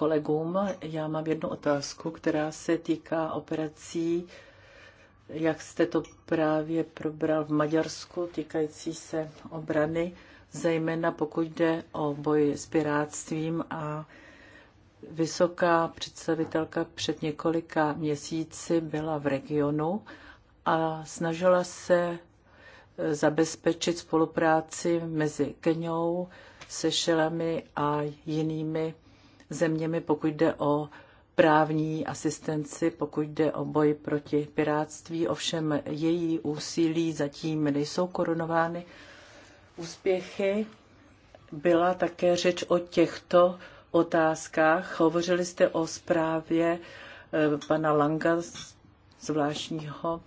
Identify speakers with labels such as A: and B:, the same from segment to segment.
A: kolegům. Já mám jednu otázku, která se týká operací, jak jste to právě probral v Maďarsku, týkající se obrany, zejména pokud jde o boj s piráctvím a vysoká představitelka před několika měsíci byla v regionu a snažila se zabezpečit spolupráci mezi Keňou, Sešelami a jinými zeměmi, pokud jde o právní asistenci, pokud jde o boj proti piráctví. Ovšem její úsilí zatím nejsou korunovány úspěchy. Byla také řeč o těchto otázkách. Hovořili jste o zprávě eh, pana Langa, zvláštního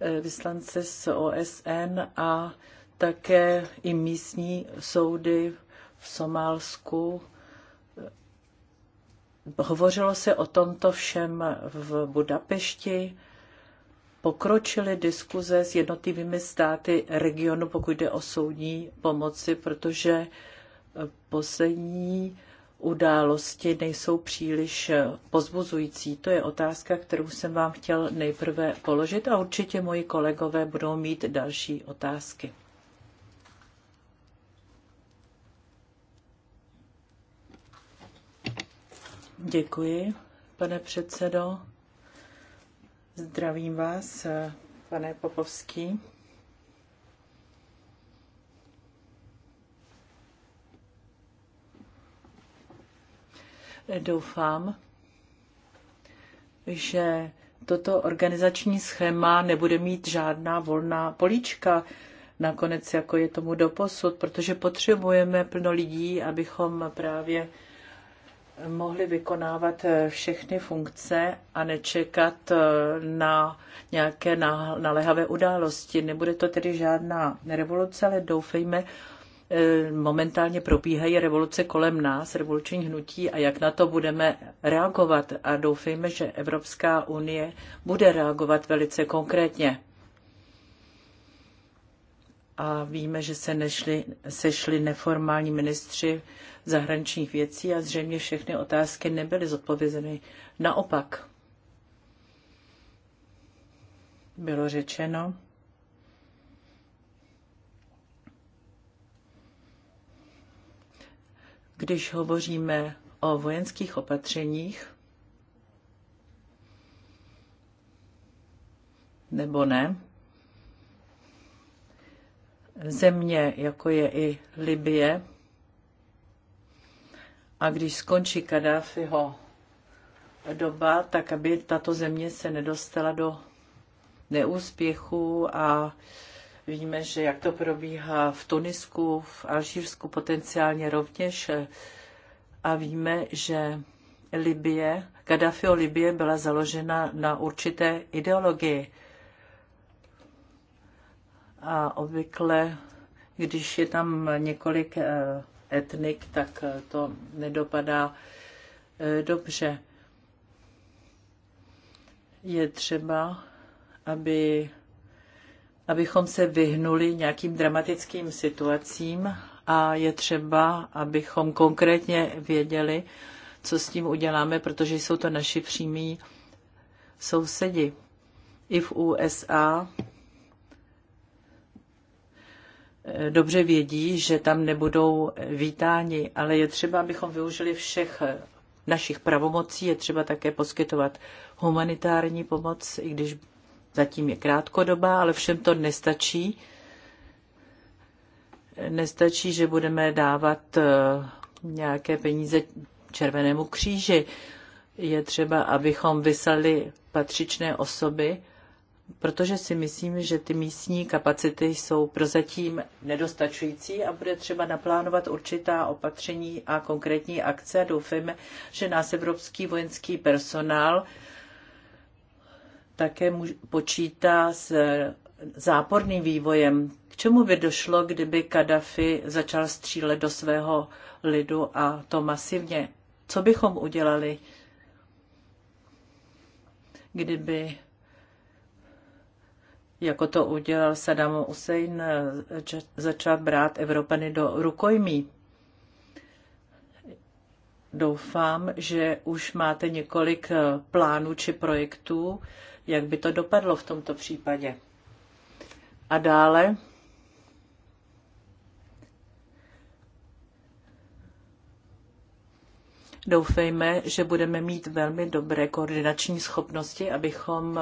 A: eh, vyslance z OSN a také i místní soudy v Somálsku Hovořilo se o tomto všem v Budapešti. Pokročily diskuze s jednotlivými státy regionu, pokud jde o soudní pomoci, protože poslední události nejsou příliš pozbuzující. To je otázka, kterou jsem vám chtěl nejprve položit a určitě moji kolegové budou mít další otázky. Děkuji, pane předsedo. Zdravím vás, pane Popovský. Doufám, že toto organizační schéma nebude mít žádná volná políčka nakonec, jako je tomu doposud, protože potřebujeme plno lidí, abychom právě mohli vykonávat eh, všechny funkce a nečekat eh, na nějaké naléhavé události. Nebude to tedy žádná revoluce, ale doufejme, eh, momentálně probíhají revoluce kolem nás, revoluční hnutí a jak na to budeme reagovat. A doufejme, že Evropská unie bude reagovat velice konkrétně. A víme, že se nešli, sešli neformální ministři zahraničních věcí a zřejmě všechny otázky nebyly zodpovězeny. Naopak bylo řečeno, když hovoříme o vojenských opatřeních, nebo ne, země, jako je i Libie, a když skončí Kadáfiho doba, tak aby tato země se nedostala do neúspěchu a víme, že jak to probíhá v Tunisku, v Alžírsku potenciálně rovněž eh, a víme, že Libie, Gaddafiho Libie byla založena na určité ideologii. A obvykle, když je tam několik eh, etnik, tak eh, to nedopadá eh, dobře. Je třeba, aby, abychom se vyhnuli nějakým dramatickým situacím a je třeba, abychom konkrétně věděli, co s tím uděláme, protože jsou to naši přímí sousedi. I v USA dobře vědí, že tam nebudou vítáni, ale je třeba, abychom využili všech našich pravomocí, je třeba také poskytovat humanitární pomoc, i když zatím je krátkodobá, ale všem to nestačí. Nestačí, že budeme dávat eh, nějaké peníze Červenému kříži. Je třeba, abychom vyslali patřičné osoby, protože si myslím, že ty místní kapacity jsou prozatím nedostačující a bude třeba naplánovat určitá opatření a konkrétní akce. Doufejme, že nás evropský vojenský personál také počítá s záporným vývojem. K čemu by došlo, kdyby Kadafi začal střílet do svého lidu a to masivně? Co bychom udělali, kdyby jako to udělal Saddam Hussein, eh, začal brát Evropany do rukojmí. Doufám, že už máte několik eh, plánů či projektů, jak by to dopadlo v tomto případě. A dále. Doufejme, že budeme mít velmi dobré koordinační schopnosti, abychom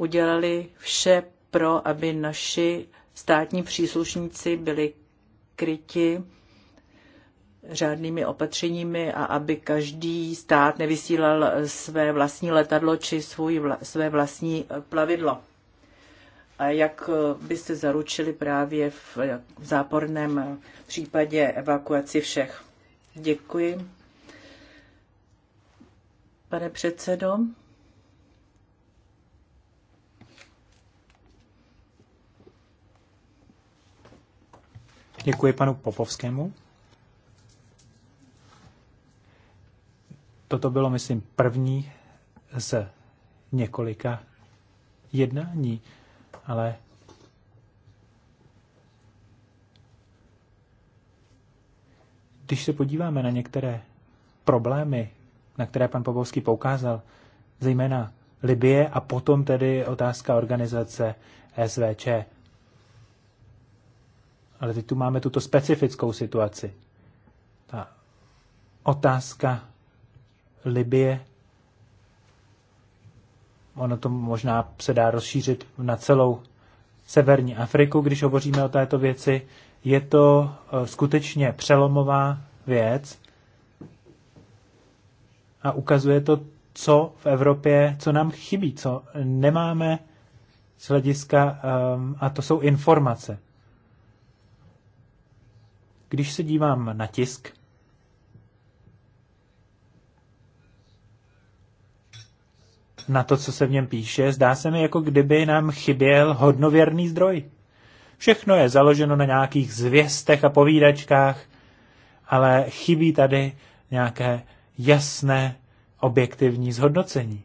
A: udělali vše pro, aby naši státní příslušníci byli kryti řádnými opatřeními a aby každý stát nevysílal své vlastní letadlo či svůj vla, své vlastní plavidlo. A jak byste zaručili právě v záporném případě evakuaci všech? Děkuji. Pane předsedo.
B: Děkuji panu Popovskému. Toto bylo, myslím, první z několika jednání, ale když se podíváme na některé problémy, na které pan Popovský poukázal, zejména Libie a potom tedy otázka organizace SVČ, ale teď tu máme tuto specifickou situaci. Ta otázka Libie, ono to možná se dá rozšířit na celou severní Afriku, když hovoříme o této věci. Je to e, skutečně přelomová věc a ukazuje to, co v Evropě, co nám chybí, co nemáme z hlediska, e, a to jsou informace. Když se dívám na tisk, na to, co se v něm píše, zdá se mi, jako kdyby nám chyběl hodnověrný zdroj. Všechno je založeno na nějakých zvěstech a povídačkách, ale chybí tady nějaké jasné objektivní zhodnocení.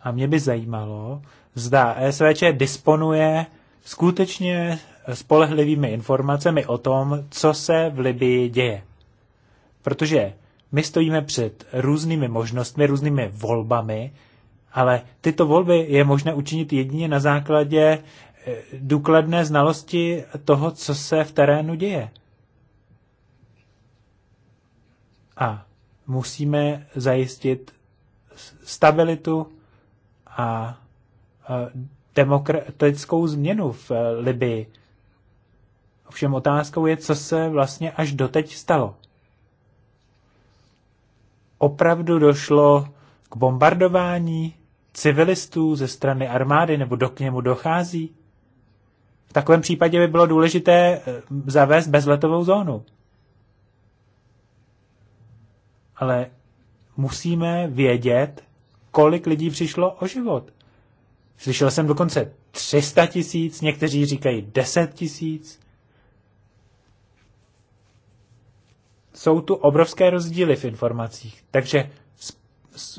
B: A mě by zajímalo, zda SVČ disponuje skutečně spolehlivými informacemi o tom, co se v Libii děje. Protože my stojíme před různými možnostmi, různými volbami, ale tyto volby je možné učinit jedině na základě eh, důkladné znalosti toho, co se v terénu děje. A musíme zajistit stabilitu a eh, demokratickou změnu v eh, Libii. Ovšem otázkou je, co se vlastně až doteď stalo. Opravdu došlo k bombardování civilistů ze strany armády, nebo do k němu dochází? V takovém případě by bylo důležité eh, zavést bezletovou zónu. Ale musíme vědět, kolik lidí přišlo o život. Slyšel jsem dokonce 300 tisíc, někteří říkají 10 tisíc. jsou tu obrovské rozdíly v informacích. Takže z,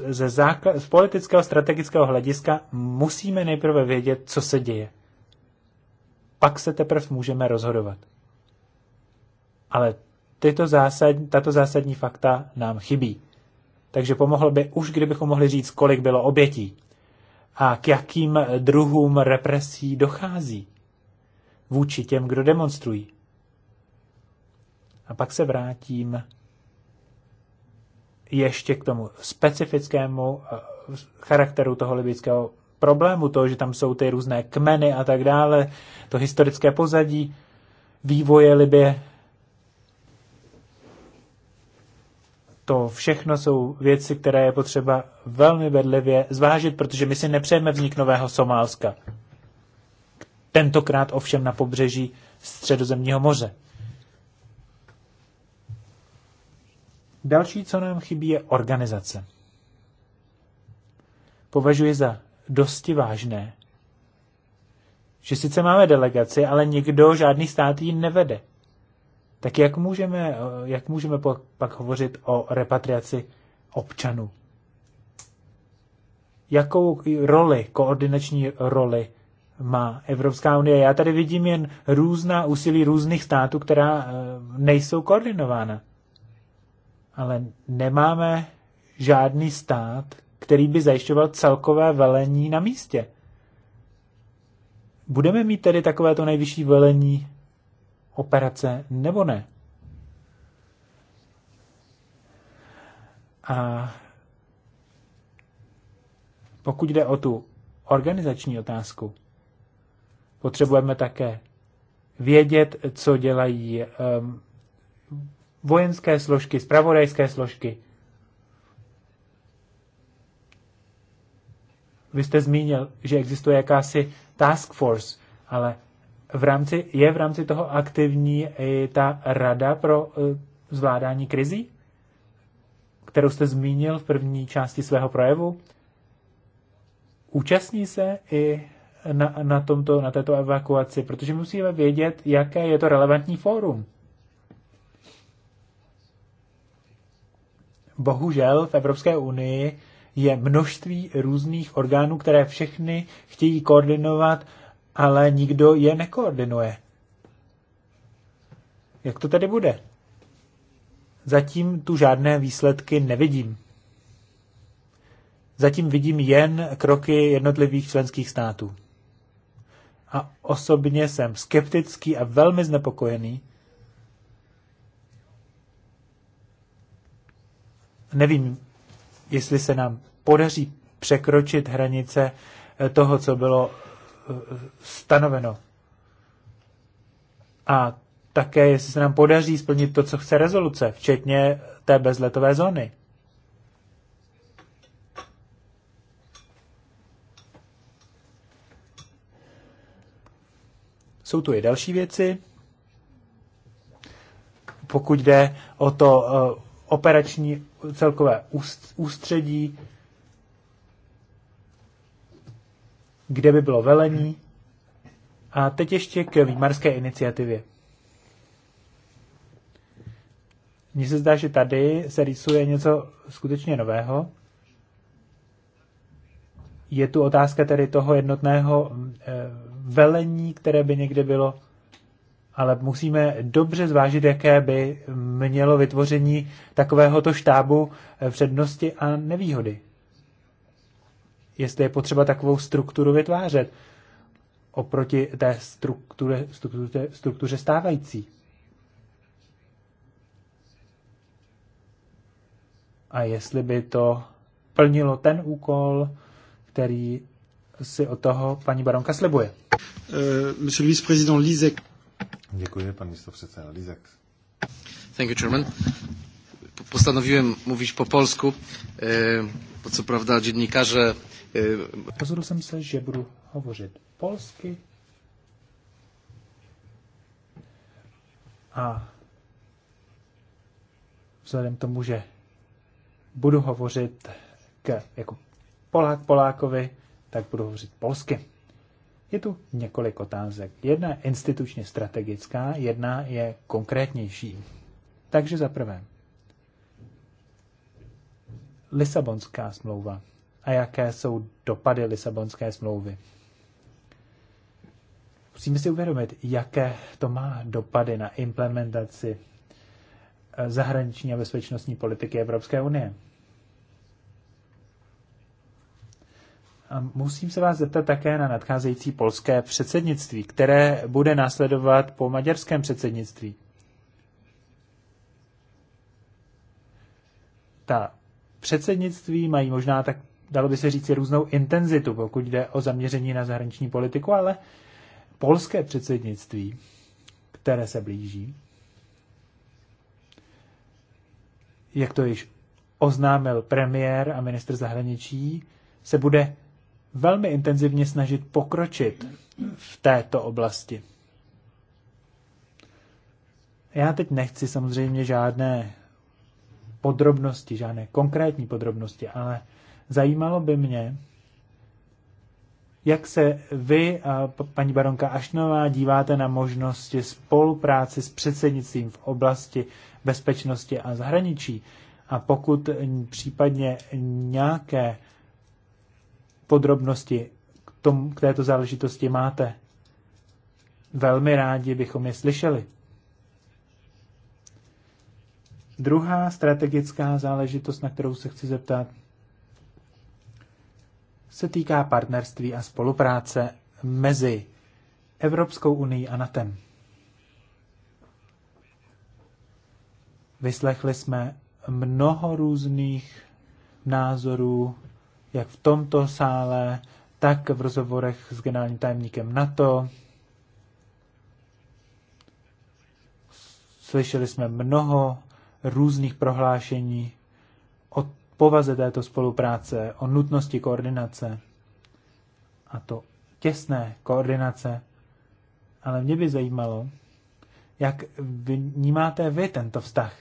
B: ze zákl- z politického strategického hlediska musíme nejprve vědět, co se děje. Pak se teprve můžeme rozhodovat. Ale tyto zásad, tato zásadní fakta nám chybí. Takže pomohlo by už, kdybychom mohli říct, kolik bylo obětí a k jakým druhům represí dochází vůči těm, kdo demonstrují. A pak se vrátím ještě k tomu specifickému eh, charakteru toho libického problému, to, že tam jsou ty různé kmeny a tak dále, to historické pozadí, vývoje Libie. To všechno jsou věci, které je potřeba velmi vedlivě zvážit, protože my si nepřejeme vznik nového Somálska. Tentokrát ovšem na pobřeží Středozemního moře. Další, co nám chybí, je organizace. Považuji za dosti vážné, že sice máme delegaci, ale nikdo, žádný stát ji nevede. Tak jak můžeme, jak můžeme pak hovořit o repatriaci občanů? Jakou roli, koordinační roli má Evropská unie? Já tady vidím jen různá úsilí různých států, která eh, nejsou koordinována ale nemáme žádný stát, který by zajišťoval celkové velení na místě. Budeme mít tedy takovéto nejvyšší velení operace nebo ne? A pokud jde o tu organizační otázku, potřebujeme také vědět, co dělají um, vojenské složky, spravodajské složky. Vy jste zmínil, že existuje jakási task force, ale v rámci, je v rámci toho aktivní i ta rada pro eh, zvládání krizí, kterou jste zmínil v první části svého projevu? Účastní se i na, na, tomto, na této evakuaci, protože musíme vědět, jaké je to relevantní fórum. bohužel v Evropské unii je množství různých orgánů, které všechny chtějí koordinovat, ale nikdo je nekoordinuje. Jak to tedy bude? Zatím tu žádné výsledky nevidím. Zatím vidím jen kroky jednotlivých členských států. A osobně jsem skeptický a velmi znepokojený, nevím, jestli se nám podaří překročit hranice eh, toho, co bylo eh, stanoveno. A také, jestli se nám podaří splnit to, co chce rezoluce, včetně té bezletové zóny. Jsou tu i další věci. Pokud jde o to eh, operační celkové ústředí, kde by bylo velení. A teď ještě k výmarské iniciativě. Mně se zdá, že tady se rýsuje něco skutečně nového. Je tu otázka tedy toho jednotného eh, velení, které by někde bylo ale musíme dobře zvážit, jaké by mělo vytvoření takovéhoto štábu eh, přednosti a nevýhody. Jestli je potřeba takovou strukturu vytvářet oproti té struktuře, struktuře, struktuře stávající. A jestli by to plnilo ten úkol, který si od toho paní baronka slibuje. Uh, monsieur le vice-président Lisek. Děkuji,
C: pan místopředseda Lizek. Thank you, Chairman. Postanowiłem mówić po polsku, e, bo co prawda dziennikarze... Rozhodl e, jsem se,
B: že budu hovořit polsky. A vzhledem tomu, že budu hovořit k, jako Polák Polákovi, tak budu hovořit polsky. Je tu několik otázek. Jedna je institučně strategická, jedna je konkrétnější. Takže za prvé, Lisabonská smlouva a jaké jsou dopady Lisabonské smlouvy. Musíme si uvědomit, jaké to má dopady na implementaci eh, zahraniční a bezpečnostní politiky Evropské unie. musím se vás zeptat také na nadcházející polské předsednictví, které bude následovat po maďarském předsednictví. Ta předsednictví mají možná tak, dalo by se říct, různou intenzitu, pokud jde o zaměření na zahraniční politiku, ale polské předsednictví, které se blíží, jak to již oznámil premiér a ministr zahraničí, se bude velmi intenzivně snažit pokročit v této oblasti. Já teď nechci samozřejmě žádné podrobnosti, žádné konkrétní podrobnosti, ale zajímalo by mě, jak se vy, paní baronka Ašnová, díváte na možnosti spolupráce s předsednictvím v oblasti bezpečnosti a zahraničí? A pokud případně nějaké podrobnosti k, tom, k této záležitosti máte. Velmi rádi bychom je slyšeli. Druhá strategická záležitost, na kterou se chci zeptat, se týká partnerství a spolupráce mezi Evropskou unii a NATO. Vyslechli jsme mnoho různých názorů jak v tomto sále, tak v rozhovorech s generálním tajemníkem NATO. Slyšeli jsme mnoho různých prohlášení o povaze této spolupráce, o nutnosti koordinace a to těsné koordinace. Ale mě by zajímalo, jak vnímáte vy tento vztah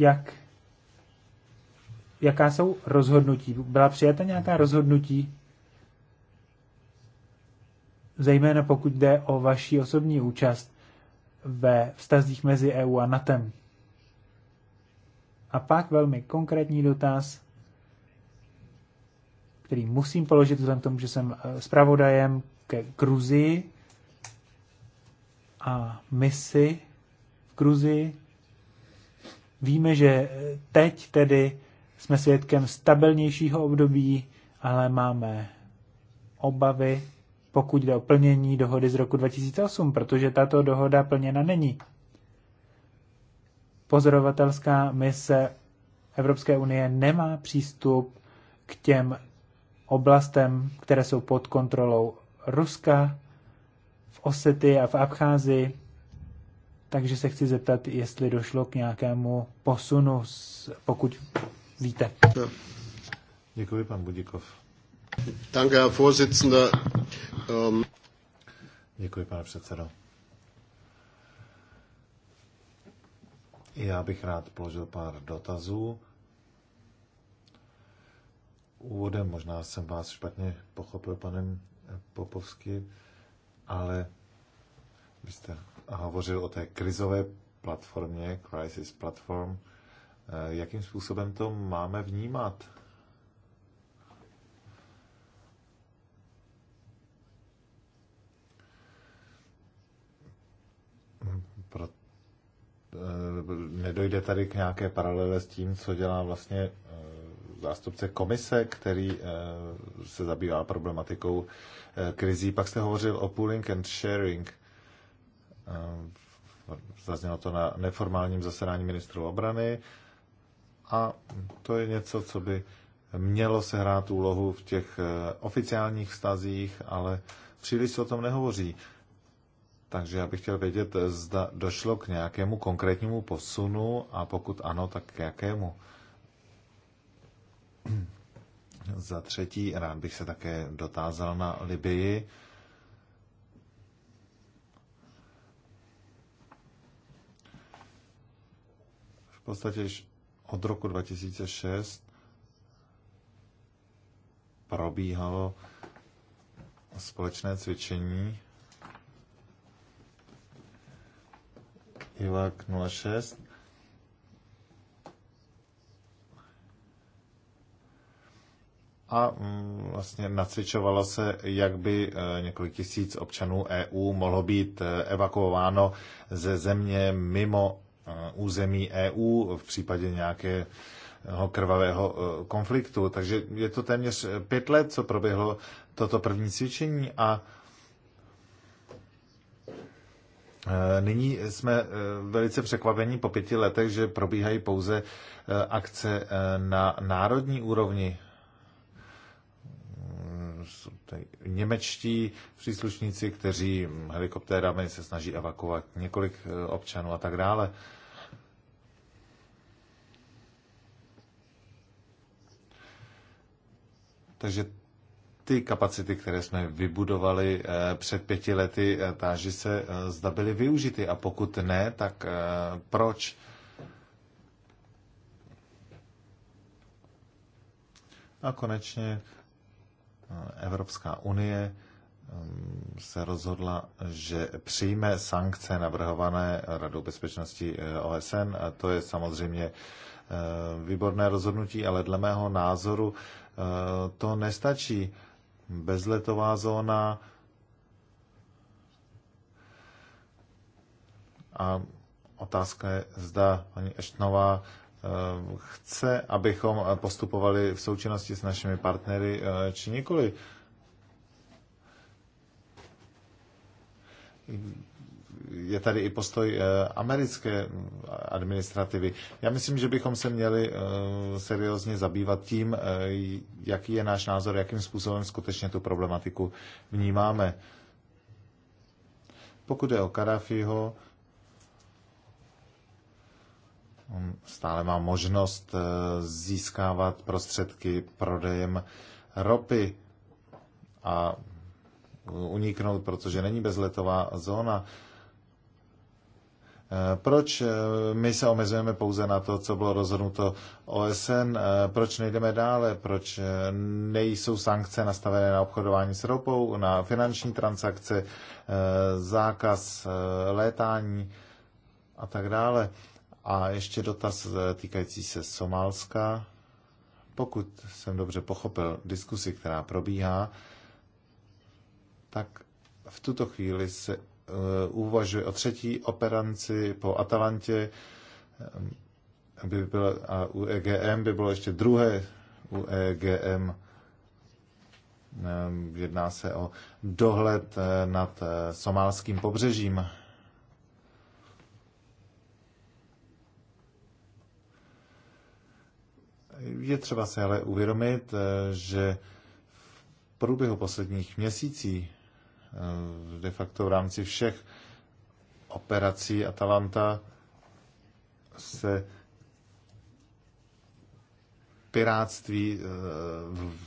B: jak, jaká jsou rozhodnutí. Byla přijata nějaká rozhodnutí, zejména pokud jde o vaši osobní účast ve vztazích mezi EU a NATEM. A pak velmi konkrétní dotaz, který musím položit vzhledem k tomu, že jsem eh, zpravodajem ke Gruzii a misi v Gruzii Víme, že teď tedy jsme svědkem stabilnějšího období, ale máme obavy, pokud jde o plnění dohody z roku 2008, protože tato dohoda plněna není. Pozorovatelská mise Evropské unie nemá přístup k těm oblastem, které jsou pod kontrolou Ruska, v Osety a v Abcházii takže se chci zeptat, jestli došlo k nějakému posunu, pokud víte.
D: Děkuji, pan Budíkov. Danke, Herr Vorsitzender. Um... Děkuji, pane předsedo. Já bych rád položil pár dotazů. Úvodem možná jsem vás špatně pochopil, panem Popovsky, ale vy jste hovořil o té krizové platformě, Crisis Platform. Eh, jakým způsobem to máme vnímat? Pro, eh, nedojde tady k nějaké paralele s tím, co dělá vlastně eh, zástupce komise, který se zabývá problematikou krizí. Pak jste hovořil o pooling and sharing. Eh, zaznělo to na neformálním zasedání ministrů obrany a to je něco, co by mělo se hrát úlohu v těch eh, oficiálních vztazích, ale příliš se o tom nehovoří. Takže já bych chtěl vědět, eh, zda došlo k nějakému konkrétnímu posunu a pokud ano, tak k jakému. Za třetí, rád bych se také dotázal na Libii. podstatě již od roku 2006 probíhalo společné cvičení IVAK 06 a mm, vlastně nacvičovalo se, jak by eh, několik tisíc občanů EU mohlo být eh, evakuováno ze země mimo Eh, území EU v případě nějakého krvavého eh, konfliktu. Takže je to téměř eh, pět let, co proběhlo toto první cvičení a Nyní jsme velice překvapeni po pěti letech, že probíhají pouze akce na národní úrovni. Mm, jsou tady němečtí příslušníci, kteří helikoptérami se snaží evakuovat několik občanů a tak dále. Takže ty kapacity, které jsme vybudovali eh, před pěti lety, eh, táži se, eh, zda byly využity a pokud ne, tak proč? A konečně Evropská unie mm, se rozhodla, že přijme sankce navrhované Radou bezpečnosti OSN. A to je samozřejmě výborné rozhodnutí, ale dle mého názoru Eh, to nestačí. Bezletová zóna a otázka je, zda paní Eštnová eh, chce, abychom postupovali v součinnosti s našimi partnery eh, či nikoli je tady i postoj eh, americké mm, administrativy. Já myslím, že bychom se měli eh, seriózně zabývat tím, eh, jaký je náš názor, jakým způsobem skutečně tu problematiku vnímáme. Pokud je o Karafiho, on stále má možnost získávat prostředky prodejem ropy a uniknout, protože není bezletová zóna. Proč eh, my se omezujeme pouze na to, co bylo rozhodnuto OSN? Eh, proč nejdeme dále? Proč eh, nejsou sankce nastavené na obchodování s ropou, na finanční transakce, zákaz létání a tak dále? A ještě dotaz týkající se Somálska. Pokud jsem dobře pochopil diskusi, která probíhá, tak v tuto chvíli se Eh, uvažuje o třetí operanci po Atalantě, eh, aby bylo, a u EGM by bylo ještě druhé u EGM. Eh, jedná se o dohled nad somálským pobřežím. Je třeba se ale uvědomit, že v průběhu posledních měsících Eh, de facto v rámci všech operací Atalanta se piráctví eh,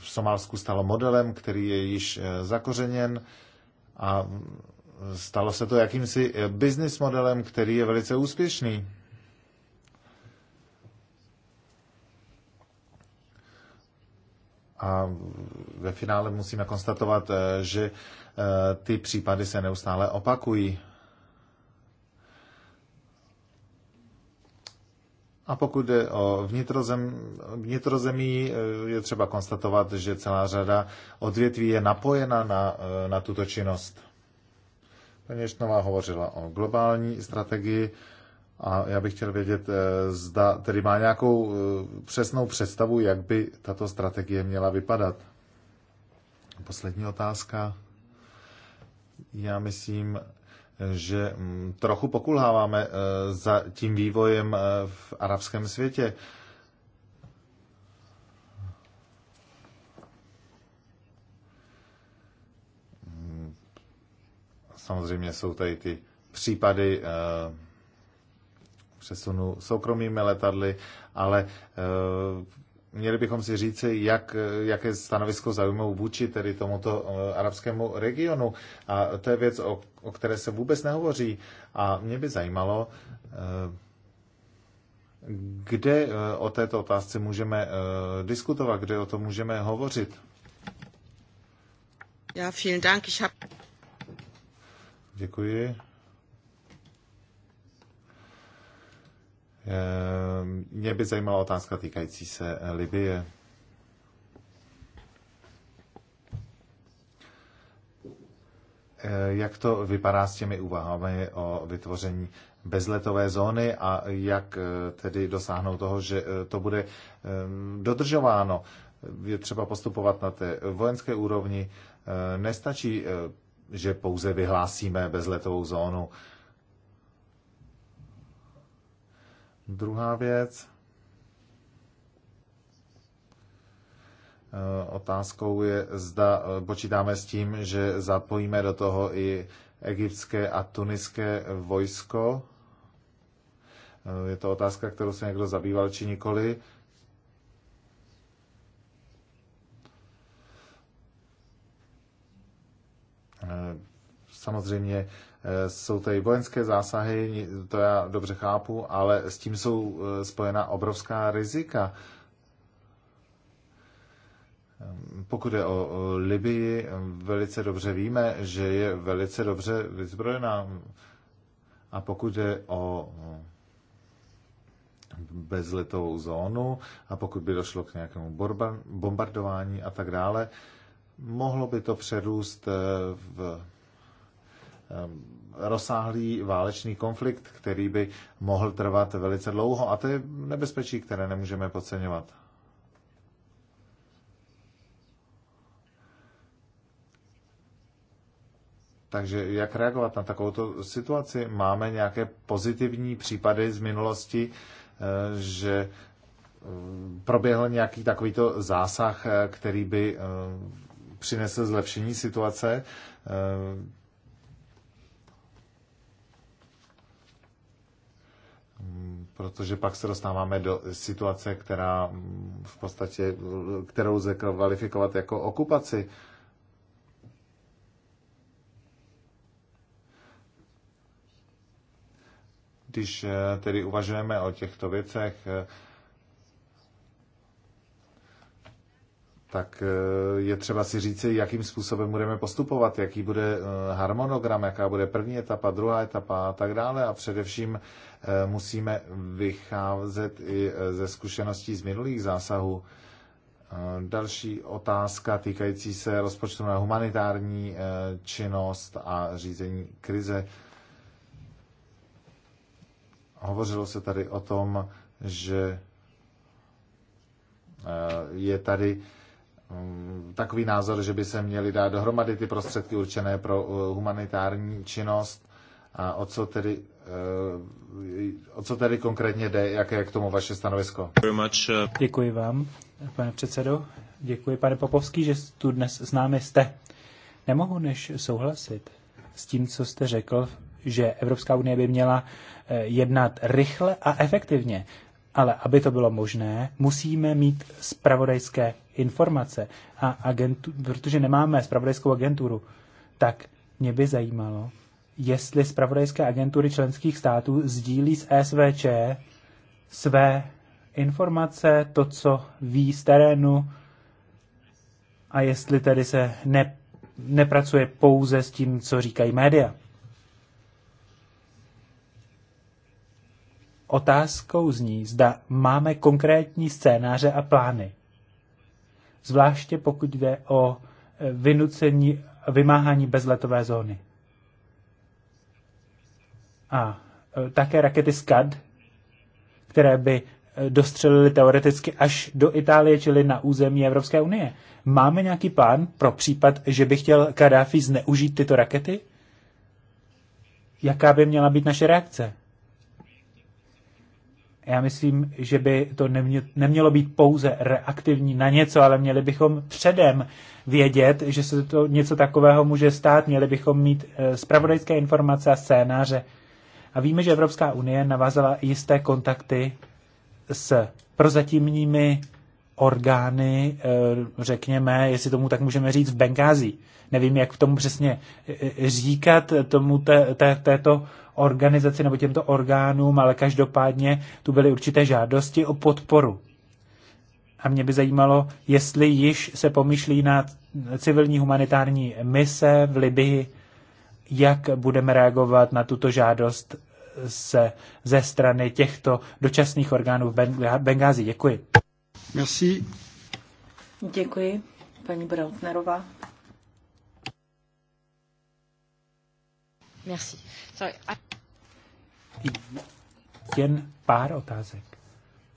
D: v Somálsku stalo modelem, který je již eh, zakořeněn a stalo se to jakýmsi business modelem, který je velice úspěšný. A ve finále musíme konstatovat, eh, že eh, ty případy se neustále opakují. A pokud jde o vnitrozem, vnitrozemí, eh, je třeba konstatovat, že celá řada odvětví je napojena na, na tuto činnost. Paní Štnová hovořila o globální strategii, a já bych chtěl vědět, eh, zda tedy má nějakou eh, přesnou představu, jak by tato strategie měla vypadat. Poslední otázka. Já myslím, že mm, trochu pokulháváme eh, za tím vývojem v arabském světě. Mm, samozřejmě jsou tady ty případy přesunu soukromými letadly, ale eh, měli bychom si říci, jak, jaké stanovisko zaujmou vůči tedy tomuto eh, arabskému regionu. A to je věc, o, o které se vůbec nehovoří. A mě by zajímalo, eh, kde o této otázce můžeme diskutovat, kde o tom můžeme hovořit.
C: Já, vielen Dank. Ich hab...
D: Děkuji. Ehm, mě by zajímala otázka týkající se eh, Libie. Eh, jak to vypadá s těmi úvahami o vytvoření bezletové zóny a jak eh, tedy dosáhnout toho, že to bude ehm, dodržováno? Je třeba postupovat na té vojenské úrovni. Nestačí, že pouze vyhlásíme bezletovou zónu Druhá věc. Eh, otázkou je, zda eh, počítáme s tím, že zapojíme do toho i egyptské a tuniské vojsko. Eh, je to otázka, kterou se někdo zabýval či nikoli. Samozřejmě Eh, jsou tady vojenské zásahy, to já dobře chápu, ale s tím jsou eh, spojená obrovská rizika. Ehm, pokud je o Libii, ehm, velice dobře víme, že je velice dobře vyzbrojená. A pokud je o mm, bezletovou zónu a pokud by došlo k nějakému bombardování a tak dále, mohlo by to přerůst eh, v ehm, rozsáhlý válečný konflikt, který by mohl trvat velice dlouho a to je nebezpečí, které nemůžeme podceňovat. Takže jak reagovat na takovou situaci? Máme nějaké pozitivní případy z minulosti, eh, že eh, proběhl nějaký takovýto zásah, eh, který by přinesl zlepšení situace. protože pak se dostáváme do situace, která mm, v podstatě, kterou lze kvalifikovat jako okupaci. Když eh, tedy uvažujeme o těchto věcech, eh, tak eh, je třeba si říci, jakým způsobem budeme postupovat, jaký bude eh, harmonogram, jaká bude první etapa, druhá etapa a tak dále. A především eh, musíme vycházet i ze zkušeností z minulých zásahů. Další otázka týkající se rozpočtu na humanitární činnost a řízení krize. Hovořilo se tady o tom, že je tady Um, takový názor, že by se měly dát dohromady ty prostředky určené pro uh, humanitární činnost a o co tedy, uh, o co tedy konkrétně jde, jaké je k tomu vaše stanovisko? Uh,
B: Děkuji vám, pane předsedo. Děkuji, pane Popovský, že tu dnes s námi jste. Nemohu než souhlasit s tím, co jste řekl, že Evropská unie by měla eh, jednat rychle a efektivně. Ale aby to bylo možné, musíme mít spravodajské informace. A agentu, protože nemáme spravodajskou agenturu, tak mě by zajímalo, jestli spravodajské agentury členských států sdílí s SVČ své informace, to, co ví z terénu, a jestli tedy se ne, nepracuje pouze s tím, co říkají média. Otázkou zní, zda máme konkrétní scénáře a plány. Zvláště pokud jde o e, vynucení vymáhání bezletové zóny. A e, také rakety SCAD, které by e, dostřelili teoreticky až do Itálie, čili na území Evropské unie. Máme nějaký plán pro případ, že by chtěl Kadáfi zneužít tyto rakety? Jaká by měla být naše reakce? Já myslím, že by to nemělo být pouze reaktivní na něco, ale měli bychom předem vědět, že se to něco takového může stát. Měli bychom mít eh, zpravodajské informace a scénáře. A víme, že Evropská unie navázala jisté kontakty s prozatímními orgány, eh, řekněme, jestli tomu tak můžeme říct, v Benghazi. Nevím, jak tomu přesně eh, říkat, tomu te, te, této organizaci nebo těmto orgánům, ale každopádně tu byly určité žádosti o podporu. A mě by zajímalo, jestli již se pomýšlí na civilní humanitární mise v Libii, jak budeme reagovat na tuto žádost se, ze strany těchto dočasných orgánů v Bengázi. Děkuji. Merci.
A: Děkuji, paní Brautnerová. Merci. Sorry.
B: Jen pár otázek.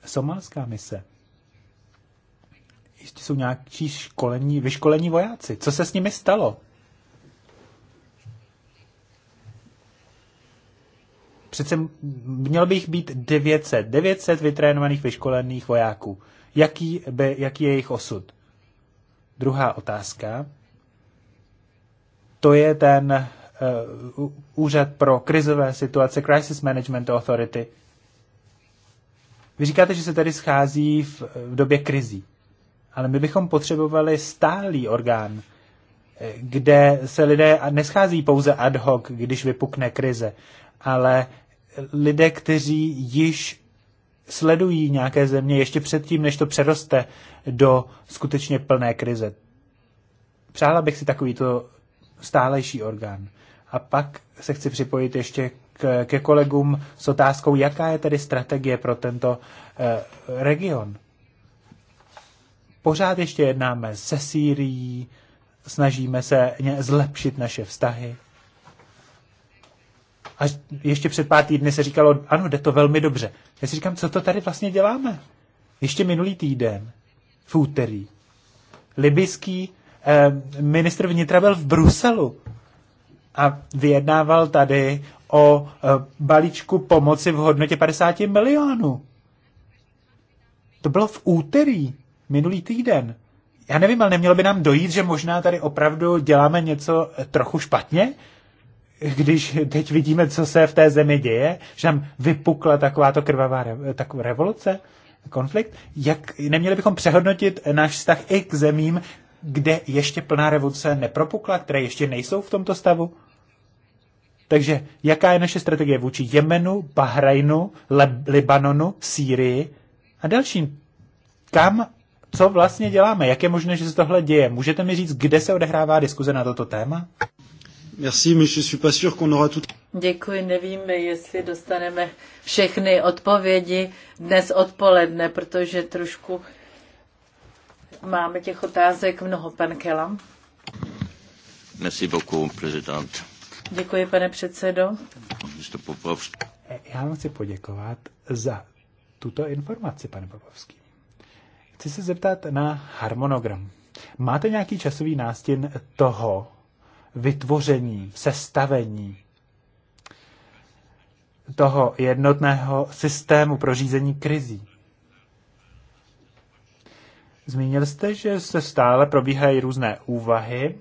B: Somálská mise. Ještě jsou nějaký školení, vyškolení vojáci. Co se s nimi stalo? Přece mělo by jich být 900. 900 vytrénovaných, vyškolených vojáků jaký, by, jaký je jejich osud. Druhá otázka, to je ten uh, úřad pro krizové situace, Crisis Management Authority. Vy říkáte, že se tady schází v, v době krizí, ale my bychom potřebovali stálý orgán, eh, kde se lidé neschází pouze ad hoc, když vypukne krize, ale lidé, kteří již sledují nějaké země ještě předtím, než to přeroste do skutečně plné krize. Přála bych si takovýto stálejší orgán. A pak se chci připojit ještě k, ke kolegům s otázkou, jaká je tedy strategie pro tento eh, region. Pořád ještě jednáme se Sýrií, snažíme se zlepšit naše vztahy a ještě před pár týdny se říkalo, ano, jde to velmi dobře. Já si říkám, co to tady vlastně děláme? Ještě minulý týden, v úterý, libyský eh, ministr vnitra byl v Bruselu a vyjednával tady o eh, balíčku pomoci v hodnotě 50 milionů. To bylo v úterý, minulý týden. Já nevím, ale nemělo by nám dojít, že možná tady opravdu děláme něco trochu špatně? když teď vidíme, co se v té zemi děje, že tam vypukla taková to krvavá taková revoluce, konflikt, jak neměli bychom přehodnotit náš vztah i k zemím, kde ještě plná revoluce nepropukla, které ještě nejsou v tomto stavu? Takže jaká je naše strategie vůči Jemenu, Bahrajnu, Leb- Libanonu, Sýrii a dalším? Kam, co vlastně děláme? Jak je možné, že se tohle děje? Můžete mi říct, kde se odehrává diskuze na toto téma? Merci, mais je suis pas sûr qu'on aura tout...
A: Děkuji, nevíme, jestli dostaneme všechny odpovědi dnes odpoledne, protože trošku máme těch otázek mnoho. Pan Kelam. Merci beaucoup, président. Děkuji, pane předsedo.
B: Já vám chci poděkovat za tuto informaci, pane Popovský. Chci se zeptat na harmonogram. Máte nějaký časový nástin toho, vytvoření, sestavení toho jednotného systému pro řízení krizí. Zmínil jste, že se stále probíhají různé úvahy,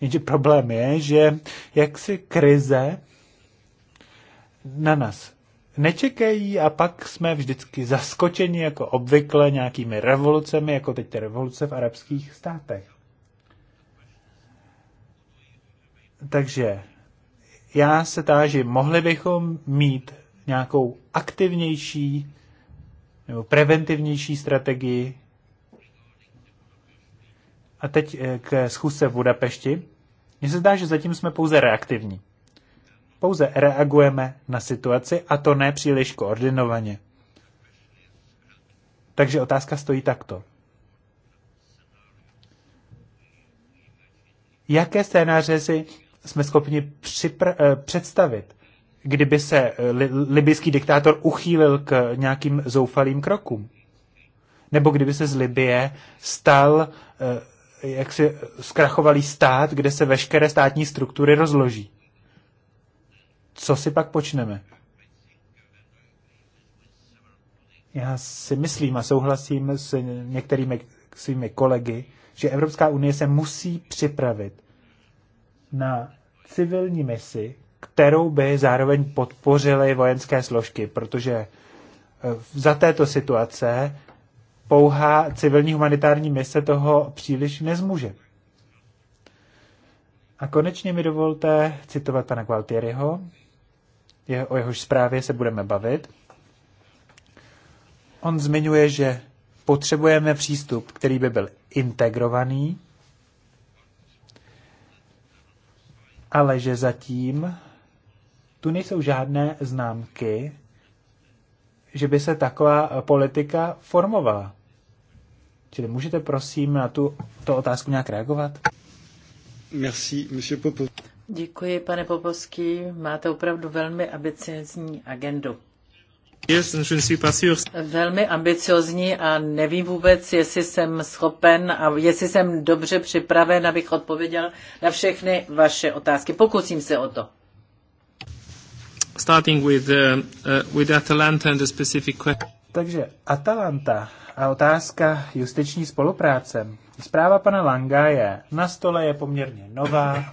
B: jenže problém je, že jak si krize na nás nečekají a pak jsme vždycky zaskočeni jako obvykle nějakými revolucemi, jako teď ty revoluce v arabských státech. Takže já se táži, mohli bychom mít nějakou aktivnější nebo preventivnější strategii. A teď eh, k schůzce v Budapešti. Mně se zdá, že zatím jsme pouze reaktivní. Pouze reagujeme na situaci a to ne příliš koordinovaně. Takže otázka stojí takto. Jaké scénáře si jsme schopni eh, představit, kdyby se eh, li- libyský diktátor uchýlil k nějakým zoufalým krokům. Nebo kdyby se z Libie stal eh, jaksi zkrachovalý stát, kde se veškeré státní struktury rozloží. Co si pak počneme? Já si myslím a souhlasím s některými svými kolegy, že Evropská unie se musí připravit na civilní misi, kterou by zároveň podpořily vojenské složky, protože eh, za této situace pouhá civilní humanitární mise toho příliš nezmůže. A konečně mi dovolte citovat pana Gualtieriho, je, o jehož zprávě se budeme bavit. On zmiňuje, že potřebujeme přístup, který by byl integrovaný, ale že zatím tu nejsou žádné známky, že by se taková politika formovala. Čili můžete prosím na tu to otázku nějak reagovat? Merci, monsieur Popo.
A: Děkuji, pane Popovský. Máte opravdu velmi ambiciozní agendu. Velmi ambiciozní a nevím vůbec, jestli jsem schopen a jestli jsem dobře připraven, abych odpověděl na všechny vaše otázky. Pokusím se o to.
B: Starting with, uh, uh with Atalanta and the specific question. Takže Atalanta a otázka justiční spolupráce. Zpráva pana Langa je na stole, je poměrně nová.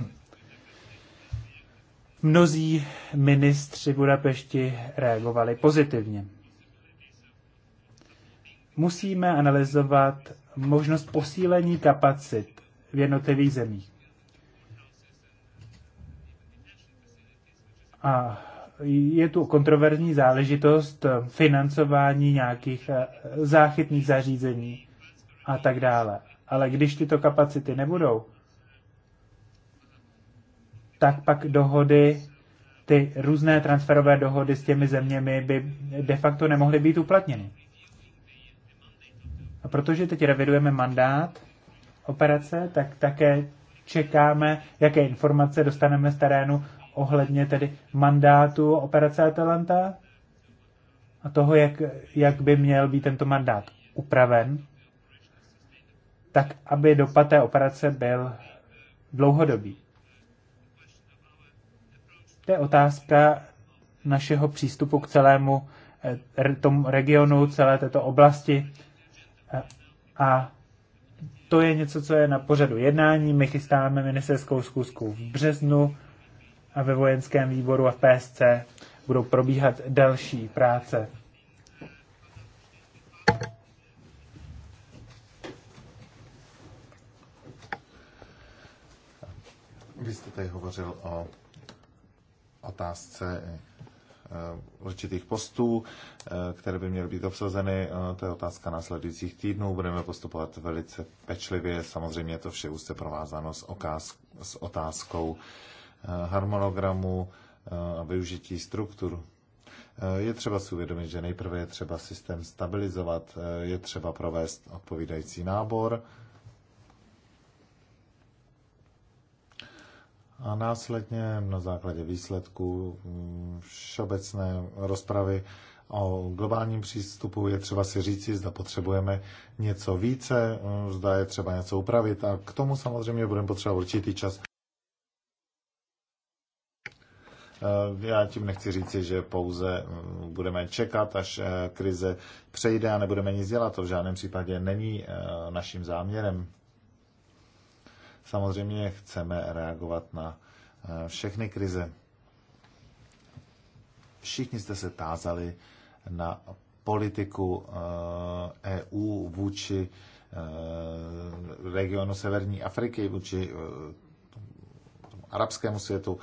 B: Mnozí ministři Budapešti reagovali pozitivně. Musíme analyzovat možnost posílení kapacit v jednotlivých zemích. A je tu kontroverzní záležitost financování nějakých eh, záchytných zařízení a tak dále. Ale když tyto kapacity nebudou, tak pak dohody, ty různé transferové dohody s těmi zeměmi by de facto nemohly být uplatněny. A protože teď revidujeme mandát operace, tak také čekáme, jaké informace dostaneme z terénu ohledně tedy mandátu operace Atalanta a toho, jak, jak by měl být tento mandát upraven, tak aby dopad té operace byl dlouhodobý. To je otázka našeho přístupu k celému eh, tomu regionu, celé této oblasti. A to je něco, co je na pořadu jednání. My chystáme ministerskou zkusku v březnu a ve vojenském výboru a v PSC budou probíhat další práce.
D: Vy jste tady hovořil o otázce eh, určitých postů, eh, které by měly být obsazeny. Eh, to je otázka následujících týdnů. Budeme postupovat velice pečlivě. Samozřejmě to vše už se provázáno s, okáz, s otázkou harmonogramu a využití struktur. Je třeba si uvědomit, že nejprve je třeba systém stabilizovat, je třeba provést odpovídající nábor, a následně na základě výsledků mm, všeobecné rozpravy o globálním přístupu je třeba si říci, zda potřebujeme něco více, mm, zda je třeba něco upravit a k tomu samozřejmě budeme potřebovat určitý čas. Eh, já tím nechci říci, že pouze mm, budeme čekat, až eh, krize přejde a nebudeme nic dělat. To v žádném případě není eh, naším záměrem. Samozřejmě chceme reagovat na eh, všechny krize. Všichni jste se tázali na politiku EU eh, e vůči eh, regionu Severní Afriky, vůči arabskému světu.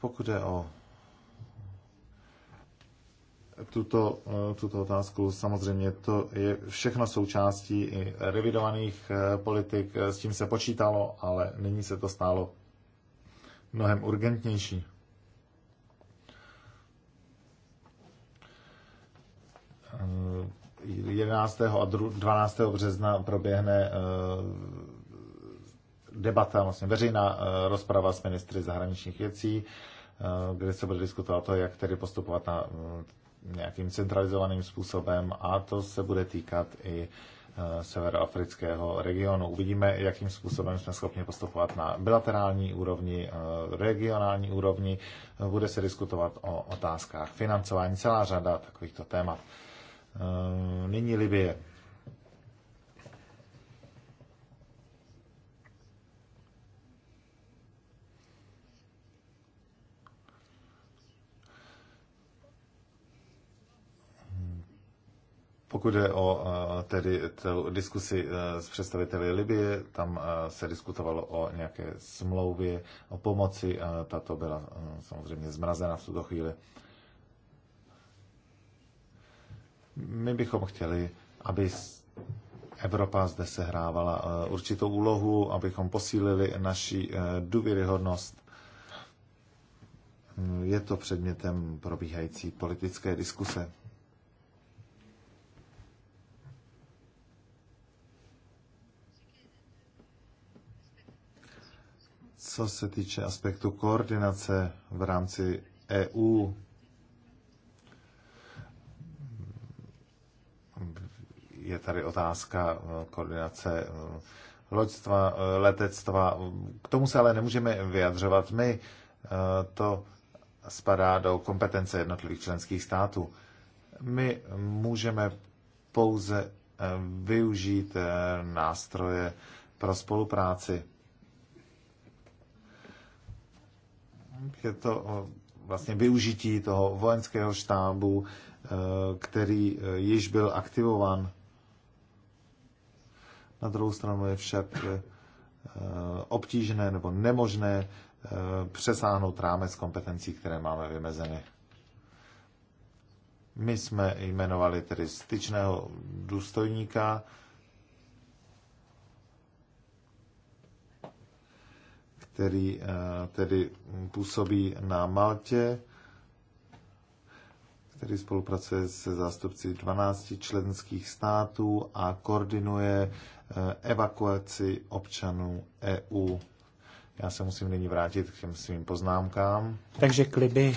D: Pokud je o tuto, eh, tuto otázku. Samozřejmě to je všechno součástí i revidovaných eh, politik, eh, s tím se počítalo, ale nyní se to stálo mnohem urgentnější. Um. 11. a 12. března proběhne debata, vlastně veřejná rozprava s ministry zahraničních věcí, kde se bude diskutovat to, jak tedy postupovat na nějakým centralizovaným způsobem a to se bude týkat i eh, severoafrického regionu. Uvidíme, jakým způsobem jsme schopni postupovat na bilaterální úrovni, eh, regionální úrovni. Bude se diskutovat o otázkách financování, celá řada takovýchto témat. Eh, nyní Libie. Pokud je o eh, tedy tu diskusi eh, s představiteli Libie, tam eh, se diskutovalo o nějaké smlouvě, o pomoci. Tato byla samozřejmě zmrazena v tuto chvíli. My bychom chtěli, aby Evropa zde sehrávala určitou úlohu, abychom posílili naši důvěryhodnost. Je to předmětem probíhající politické diskuse. co se týče aspektu koordinace v rámci EU, je tady otázka eh, koordinace eh, loďstva, eh, letectva. K tomu se ale nemůžeme vyjadřovat my. To spadá do kompetence jednotlivých členských států. My můžeme pouze využít nástroje pro spolupráci. je to eh, vlastně využití toho vojenského štábu, eh, který eh, již byl aktivován. Na druhou stranu je však obtížné nebo nemožné přesáhnout rámec kompetencí, které máme vymezeny. My jsme jmenovali tedy styčného důstojníka, který eh, tedy působí na Maltě, který spolupracuje se zástupci 12 členských států a koordinuje eh, evakuaci občanů EU. Já se musím nyní vrátit k těm svým poznámkám.
B: Takže kliby.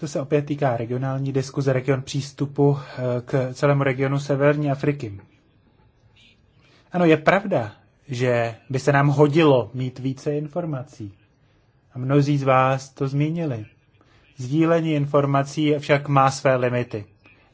B: To se opět týká regionální diskuze, region přístupu eh, k celému regionu Severní Afriky. Ano, je pravda, že by se nám hodilo mít více informací. A mnozí z vás to zmínili. Sdílení informací však má své limity.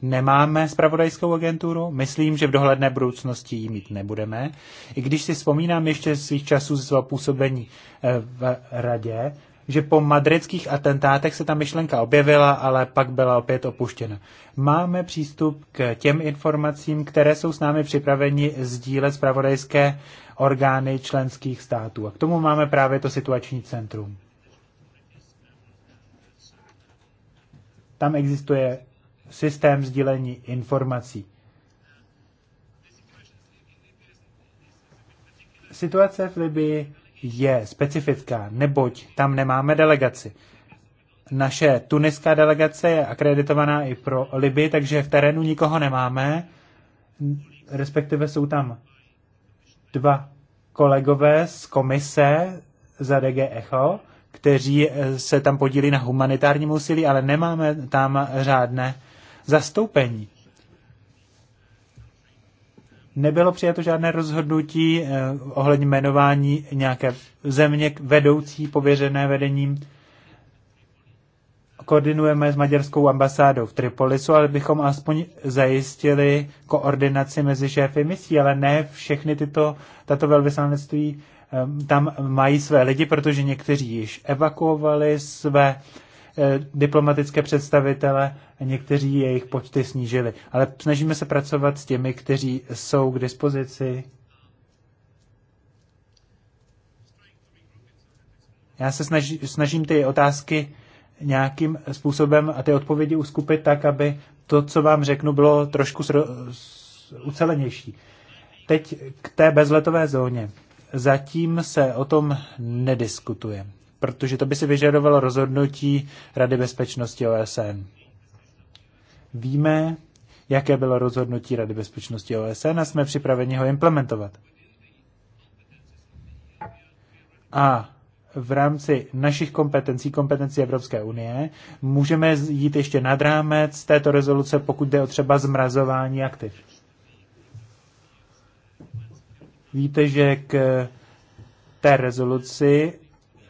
B: Nemáme spravodajskou agenturu, myslím, že v dohledné budoucnosti ji mít nebudeme. I když si vzpomínám ještě svých časů ze svého působení eh, v radě, že po madridských atentátech se ta myšlenka objevila, ale pak byla opět opuštěna. Máme přístup k těm informacím, které jsou s námi připraveni sdílet zpravodajské orgány členských států. A k tomu máme právě to situační centrum. Tam existuje systém sdílení informací. Situace v Libii je specifická, neboť tam nemáme delegaci. Naše tuniská delegace je akreditovaná i pro Liby, takže v terénu nikoho nemáme, respektive jsou tam dva kolegové z komise za DG Echo, kteří eh, se tam podílí na humanitárním úsilí, ale nemáme tam řádné zastoupení nebylo přijato žádné rozhodnutí eh, ohledně jmenování nějaké země vedoucí, pověřené vedením. Koordinujeme s maďarskou ambasádou v Tripolisu, ale bychom aspoň zajistili koordinaci mezi šéfy misí, ale ne všechny tyto, tato velvyslanectví eh, tam mají své lidi, protože někteří již evakuovali své Eh, diplomatické představitele a někteří jejich počty snížili. Ale snažíme se pracovat s těmi, kteří jsou k dispozici. Já se snaží, snažím ty otázky nějakým způsobem a ty odpovědi uskupit tak, aby to, co vám řeknu, bylo trošku sro, s, ucelenější. Teď k té bezletové zóně. Zatím se o tom nediskutujeme protože to by si vyžadovalo rozhodnutí Rady bezpečnosti OSN. Víme, jaké bylo rozhodnutí Rady bezpečnosti OSN a jsme připraveni ho implementovat. A v rámci našich kompetencí, kompetencí Evropské unie, můžeme jít ještě nad rámec této rezoluce, pokud jde o třeba zmrazování aktiv. Víte, že k té rezoluci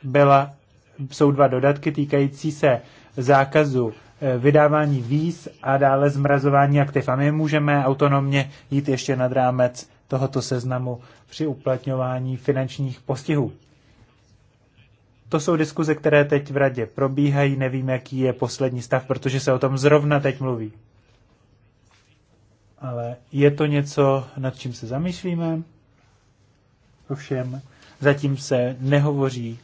B: byla, jsou dva dodatky týkající se zákazu eh, vydávání víz a dále zmrazování aktiv. A my můžeme autonomně jít ještě nad rámec tohoto seznamu při uplatňování finančních postihů. To jsou diskuze, které teď v radě probíhají. Nevím, jaký je poslední stav, protože se o tom zrovna teď mluví. Ale je to něco, nad čím se zamýšlíme. Ovšem, zatím se nehovoří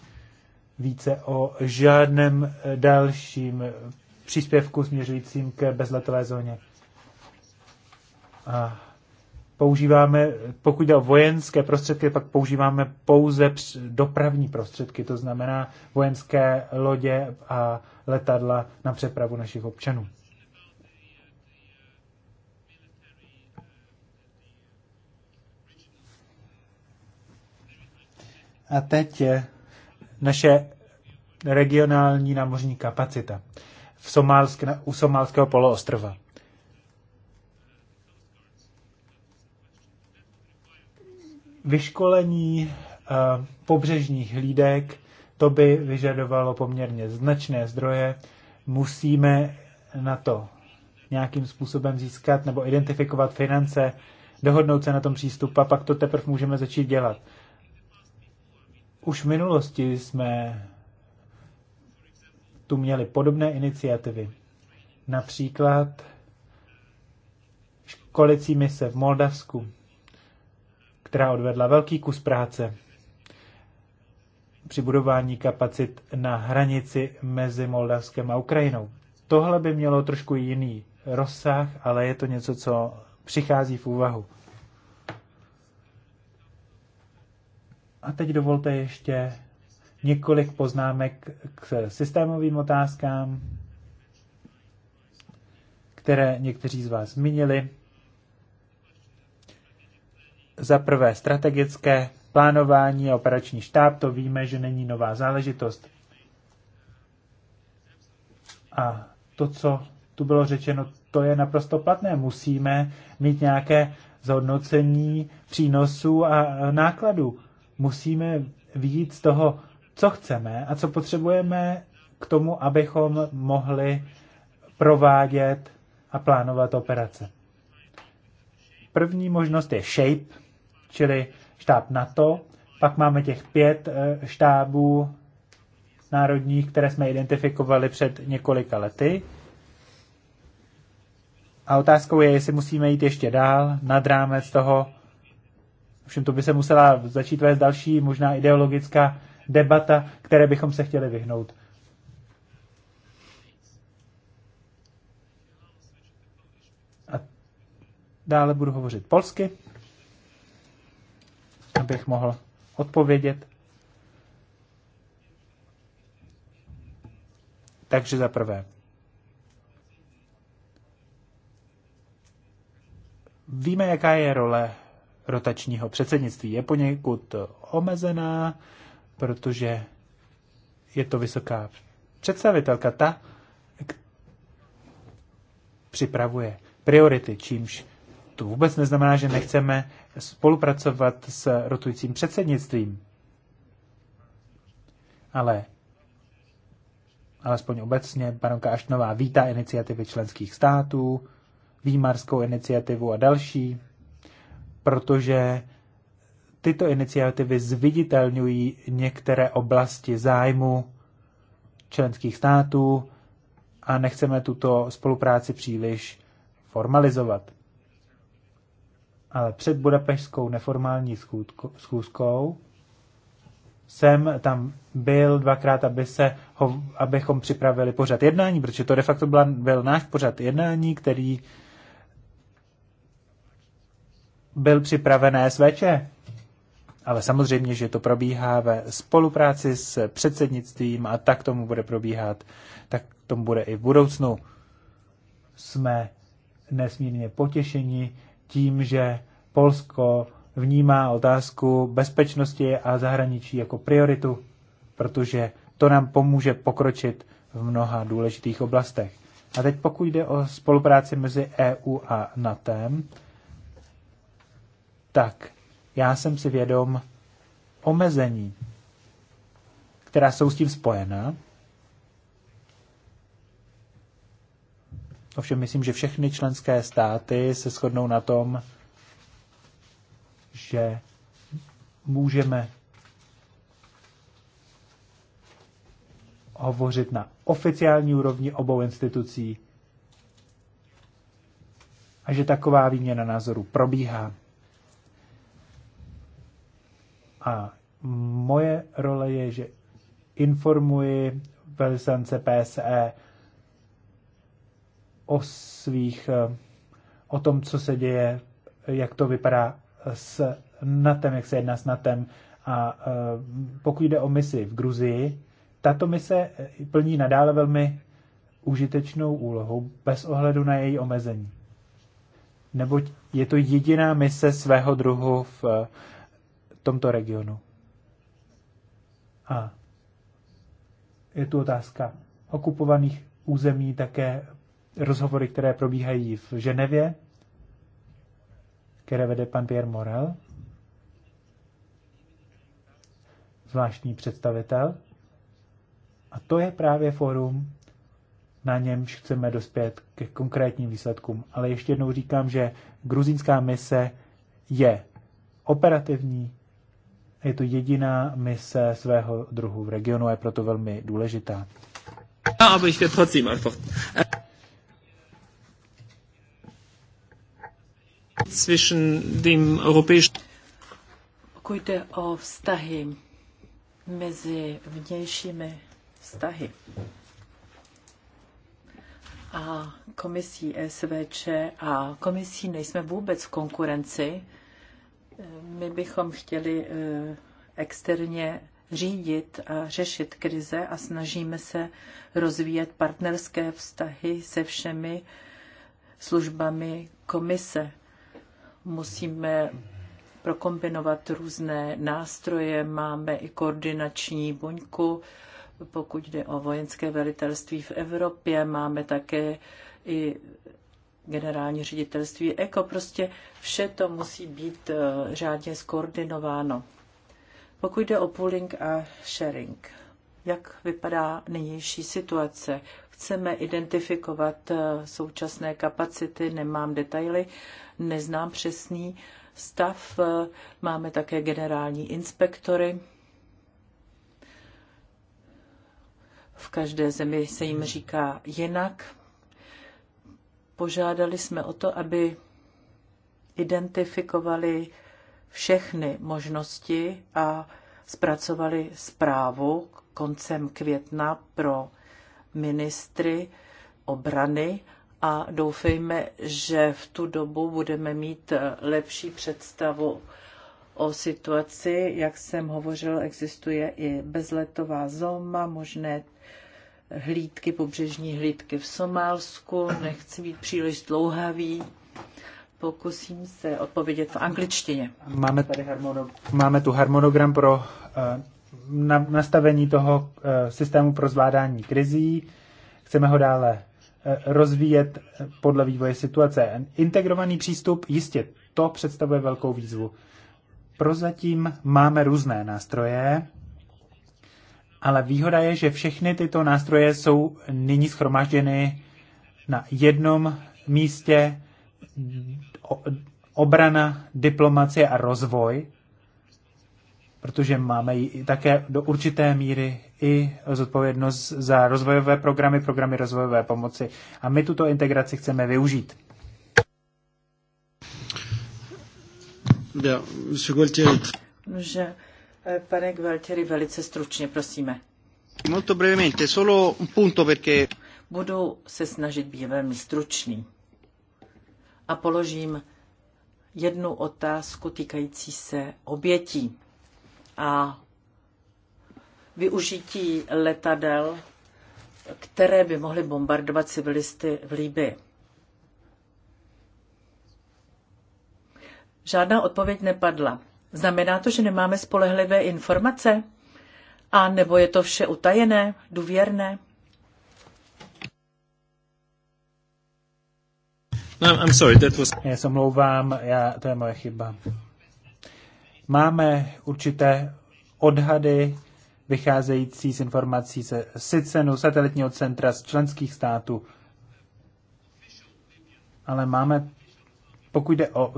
B: více o žádném dalším příspěvku směřujícím k bezletové zóně. A používáme, pokud jde o vojenské prostředky, pak používáme pouze dopravní prostředky, to znamená vojenské lodě a letadla na přepravu našich občanů. A teď je naše regionální námořní kapacita v Somálsk, u Somálského poloostrova. Vyškolení uh, pobřežních hlídek, to by vyžadovalo poměrně značné zdroje. Musíme na to nějakým způsobem získat nebo identifikovat finance, dohodnout se na tom přístupu a pak to teprve můžeme začít dělat. Už v minulosti jsme tu měli podobné iniciativy. Například školicí mise v Moldavsku, která odvedla velký kus práce při budování kapacit na hranici mezi Moldavskem a Ukrajinou. Tohle by mělo trošku jiný rozsah, ale je to něco, co přichází v úvahu. A teď dovolte ještě několik poznámek k systémovým otázkám, které někteří z vás zmínili. Za prvé strategické plánování a operační štáb, to víme, že není nová záležitost. A to, co tu bylo řečeno, to je naprosto platné. Musíme mít nějaké zhodnocení přínosů a nákladů musíme vidět z toho, co chceme a co potřebujeme k tomu, abychom mohli provádět a plánovat operace. První možnost je SHAPE, čili štáb NATO, pak máme těch pět eh, štábů národních, které jsme identifikovali před několika lety. A otázkou je, jestli musíme jít ještě dál nad rámec toho, Ovšem to by se musela začít vést další možná ideologická debata, které bychom se chtěli vyhnout. A dále budu hovořit polsky, abych mohl odpovědět. Takže za prvé. Víme, jaká je role rotačního předsednictví. Je poněkud omezená, protože je to vysoká představitelka, ta připravuje priority, čímž to vůbec neznamená, že nechceme spolupracovat s rotujícím předsednictvím. Ale alespoň obecně baronka Aštnová vítá iniciativy členských států, výmarskou iniciativu a další protože tyto iniciativy zviditelňují některé oblasti zájmu členských států a nechceme tuto spolupráci příliš formalizovat. Ale před budapešskou neformální schůzkou jsem tam byl dvakrát, aby se ho, abychom připravili pořad jednání, protože to de facto byla, byl náš pořad jednání, který byl připraven SVČ. Ale samozřejmě, že to probíhá ve spolupráci s předsednictvím a tak tomu bude probíhat, tak tomu bude i v budoucnu. Jsme nesmírně potěšeni tím, že Polsko vnímá otázku bezpečnosti a zahraničí jako prioritu, protože to nám pomůže pokročit v mnoha důležitých oblastech. A teď pokud jde o spolupráci mezi EU a NATO, tak já jsem si vědom omezení, která jsou s tím spojena. Ovšem myslím, že všechny členské státy se shodnou na tom, že můžeme hovořit na oficiální úrovni obou institucí a že taková výměna názorů probíhá. A moje role je, že informuji velizance PSE o svých, eh, o tom, co se děje, jak to vypadá s NATem, jak se jedná s NATem. A eh, pokud jde o misi v Gruzii, tato mise eh, plní nadále velmi užitečnou úlohu bez ohledu na její omezení. Neboť je to jediná mise svého druhu v tomto regionu. A je tu otázka okupovaných území, také rozhovory, které probíhají v Ženevě, které vede pan Pierre Morel, zvláštní představitel. A to je právě forum, na němž chceme dospět ke konkrétním výsledkům. Ale ještě jednou říkám, že gruzínská mise je operativní, je to jediná mise svého druhu v regionu a je proto velmi důležitá. Ja,
A: Pokud jde o vztahy mezi vnějšími vztahy a komisí SVČ a komisí nejsme vůbec v konkurenci, my bychom chtěli eh, externě řídit a řešit krize a snažíme se rozvíjet partnerské vztahy se všemi službami komise. Musíme prokombinovat různé nástroje, máme i koordinační buňku, pokud jde o vojenské velitelství v Evropě, máme také i generální ředitelství ECO. Prostě vše to musí být eh, řádně skoordinováno. Pokud jde o pooling a sharing, jak vypadá nynější situace? Chceme identifikovat eh, současné kapacity, nemám detaily, neznám přesný stav. Eh, máme také generální inspektory. V každé zemi se jim říká jinak. Požádali jsme o to, aby identifikovali všechny možnosti a zpracovali zprávu koncem května pro ministry obrany a doufejme, že v tu dobu budeme mít lepší představu o situaci. Jak jsem hovořil, existuje i bezletová zóna, možné hlídky, pobřežní hlídky v Somálsku. Nechci být příliš dlouhavý. Pokusím se odpovědět v angličtině. Máme, tady harmonogram.
B: máme tu harmonogram pro uh, na, nastavení toho uh, systému pro zvládání krizí. Chceme ho dále uh, rozvíjet podle vývoje situace. Integrovaný přístup, jistě, to představuje velkou výzvu. Prozatím máme různé nástroje, ale výhoda je, že všechny tyto nástroje jsou nyní schromažděny na jednom místě obrana, diplomacie a rozvoj, protože máme i také do určité míry i zodpovědnost za rozvojové programy, programy rozvojové pomoci. A my tuto integraci chceme využít.
A: Že Eh, pane Gvaltieri, velice stručně, prosíme. Molto brevemente, solo un punto perché... Budu se snažit být velmi stručný a položím jednu otázku týkající se obětí a využití letadel, které by mohly bombardovat civilisty v Líbii. Žádná odpověď nepadla. Znamená to, že nemáme spolehlivé informace? A nebo je to vše utajené, důvěrné?
B: No, I'm sorry, that was... Já se omlouvám, já, to je moje chyba. Máme určité odhady vycházející z informací ze SICENu, satelitního centra z členských států, ale máme, pokud jde o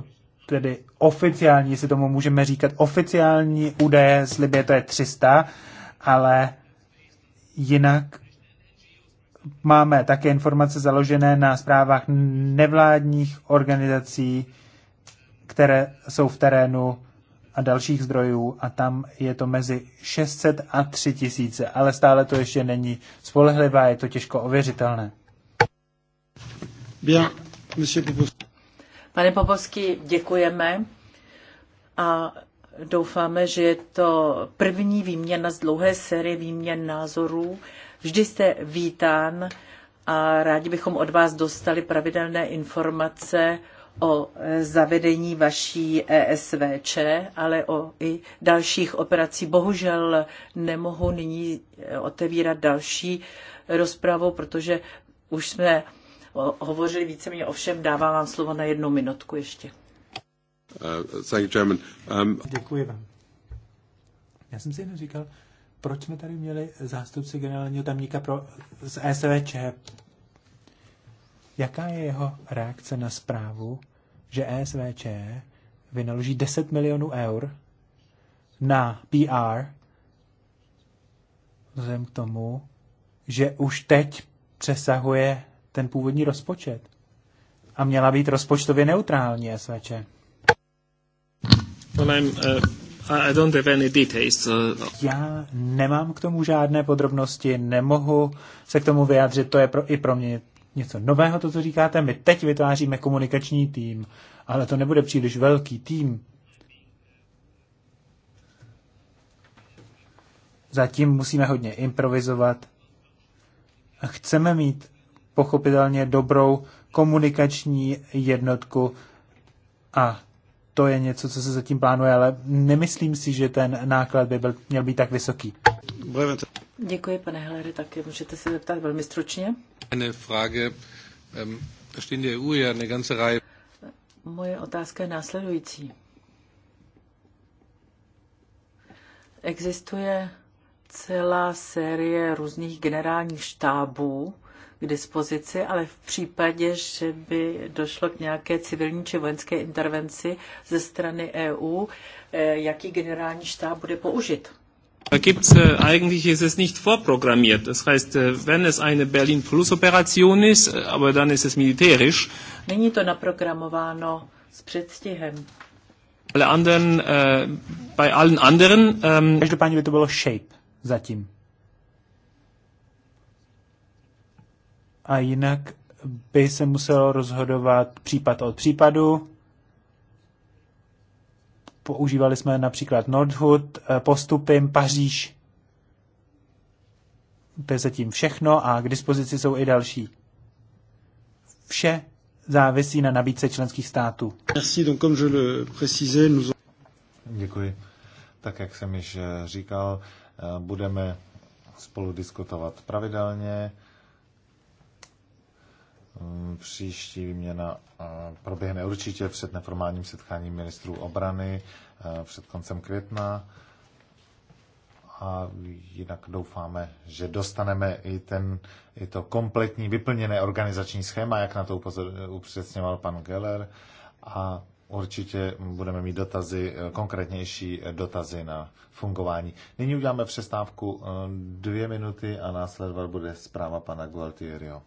B: tedy oficiální, jestli tomu můžeme říkat oficiální údaje z Libie, to je 300, ale jinak máme také informace založené na zprávách nevládních organizací, které jsou v terénu a dalších zdrojů a tam je to mezi 600 a 3000, ale stále to ještě není spolehlivé, je to těžko ověřitelné. Bien, monsieur
A: Pane Popovský, děkujeme a doufáme, že je to první výměna z dlouhé série výměn názorů. Vždy jste vítán a rádi bychom od vás dostali pravidelné informace o zavedení vaší ESVČ, ale o i dalších operací. Bohužel nemohu nyní otevírat další rozpravu, protože už jsme hovořili mě o všem. Dávám vám slovo na jednu minutku ještě. Uh, thank you,
B: um... Děkuji vám. Já jsem si jenom říkal, proč jsme tady měli zástupci generálního tamníka pro, z SVČ? Jaká je jeho reakce na zprávu, že SVČ vynaloží 10 milionů eur na PR vzhledem k tomu, že už teď přesahuje ten původní rozpočet. A měla být rozpočtově neutrální SVČ.
A: Well, I'm, uh, I don't have any details. Uh...
B: Já nemám k tomu žádné podrobnosti, nemohu se k tomu vyjádřit, to je pro, i pro mě něco nového, to, co říkáte. My teď vytváříme komunikační tým, ale to nebude příliš velký tým. Zatím musíme hodně improvizovat a chceme mít pochopitelně dobrou komunikační jednotku a to je něco, co se zatím plánuje, ale nemyslím si, že ten náklad by byl, měl být tak vysoký.
A: Děkuji, pane Hlery, tak můžete se zeptat velmi stručně.
D: Eine Frage, ähm, EU e ja eine ganze Reihe.
A: Moje otázka je následující. Existuje celá série různých generálních štábů, k dispozici, ale v případě, že by došlo k nějaké civilní či vojenské intervenci ze strany EU, eh, jaký generální štáb bude použit? Da gibt es äh, eigentlich ist es nicht
B: vorprogrammiert. Das heißt, äh, wenn es eine Berlin Plus Operation ist, äh, aber dann ist es militärisch.
A: Není to naprogramováno s předstihem.
B: Alle anderen, äh, bei allen anderen. Ähm, Každopádně by to bylo shape zatím. a jinak by se muselo rozhodovat případ od případu. Používali jsme například Nordhut, eh, postupím Paříž, to je zatím všechno a k dispozici jsou i další. Vše závisí na nabídce členských států.
D: Děkuji. Tak jak jsem již eh, říkal, eh, budeme spolu diskutovat pravidelně. Mm, příští výměna proběhne určitě před neformálním setkáním ministrů obrany před koncem května. A jinak doufáme, že dostaneme i, ten, i to kompletní vyplněné organizační schéma, jak na to upřesňoval pan Geller. A určitě budeme mít dotazy, konkrétnější dotazy na fungování. Nyní uděláme přestávku e, dvě minuty a následovat bude zpráva pana Gualtieriho.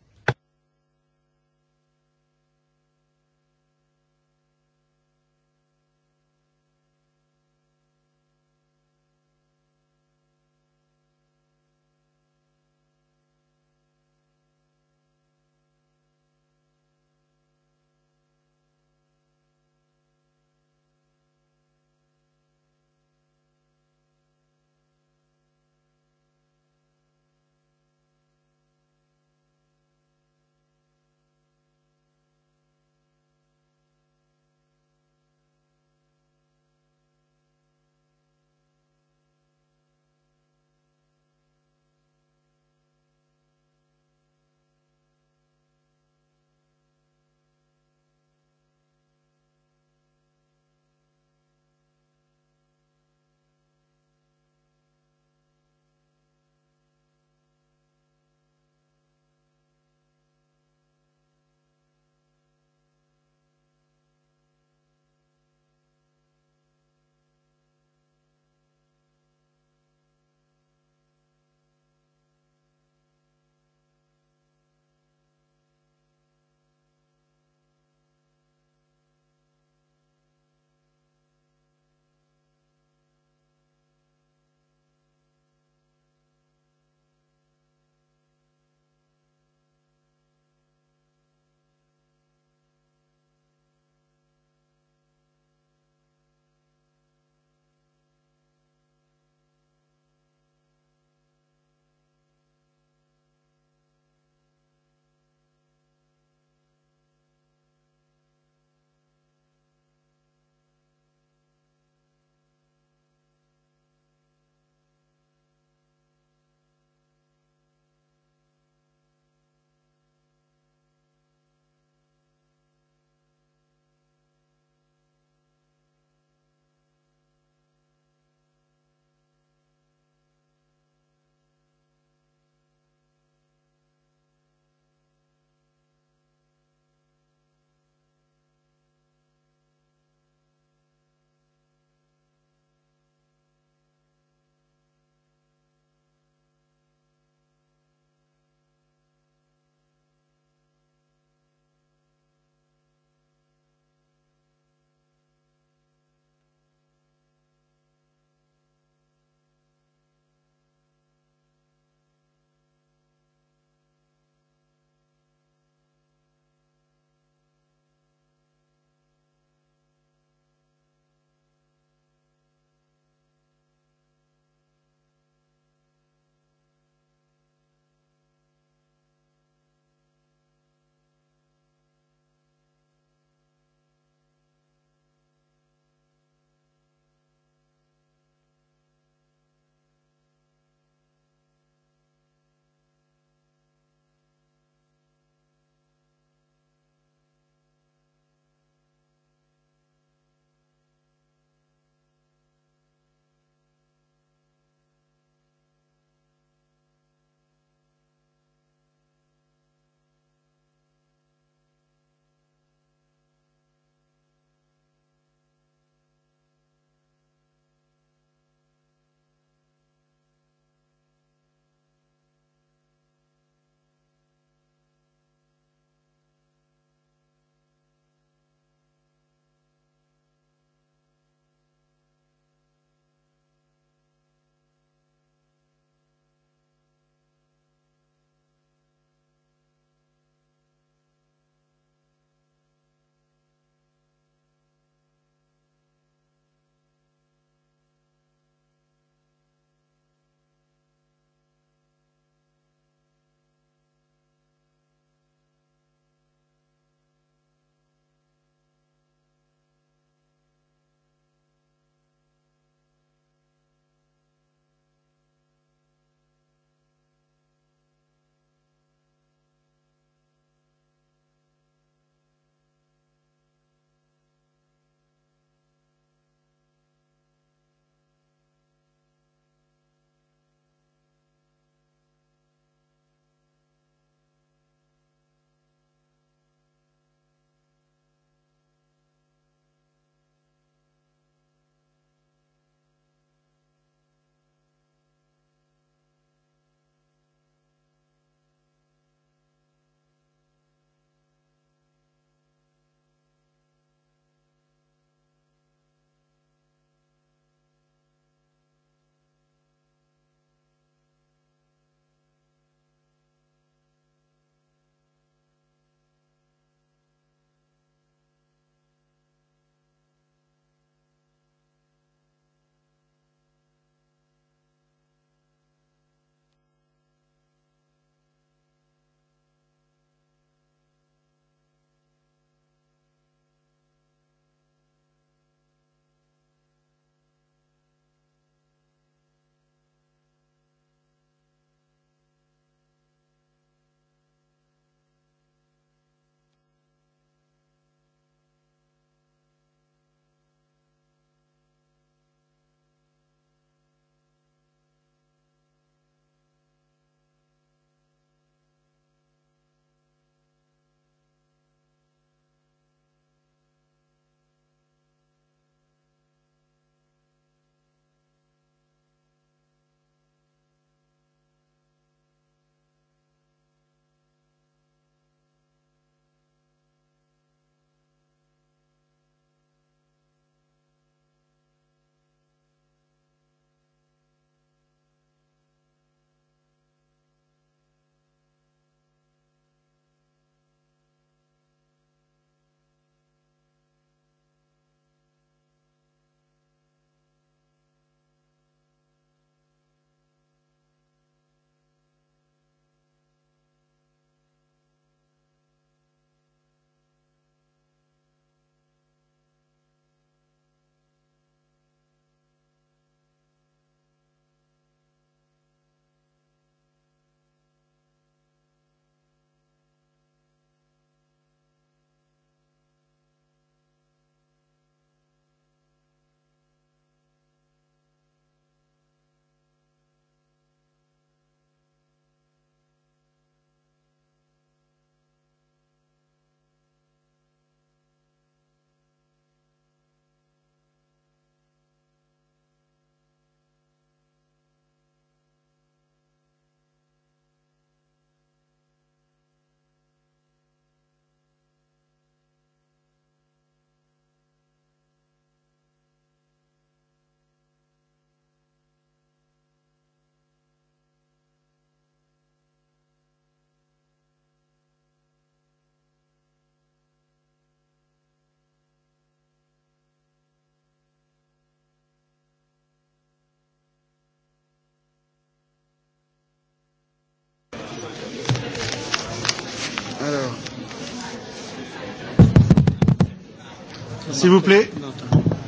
B: S'il vous plaît.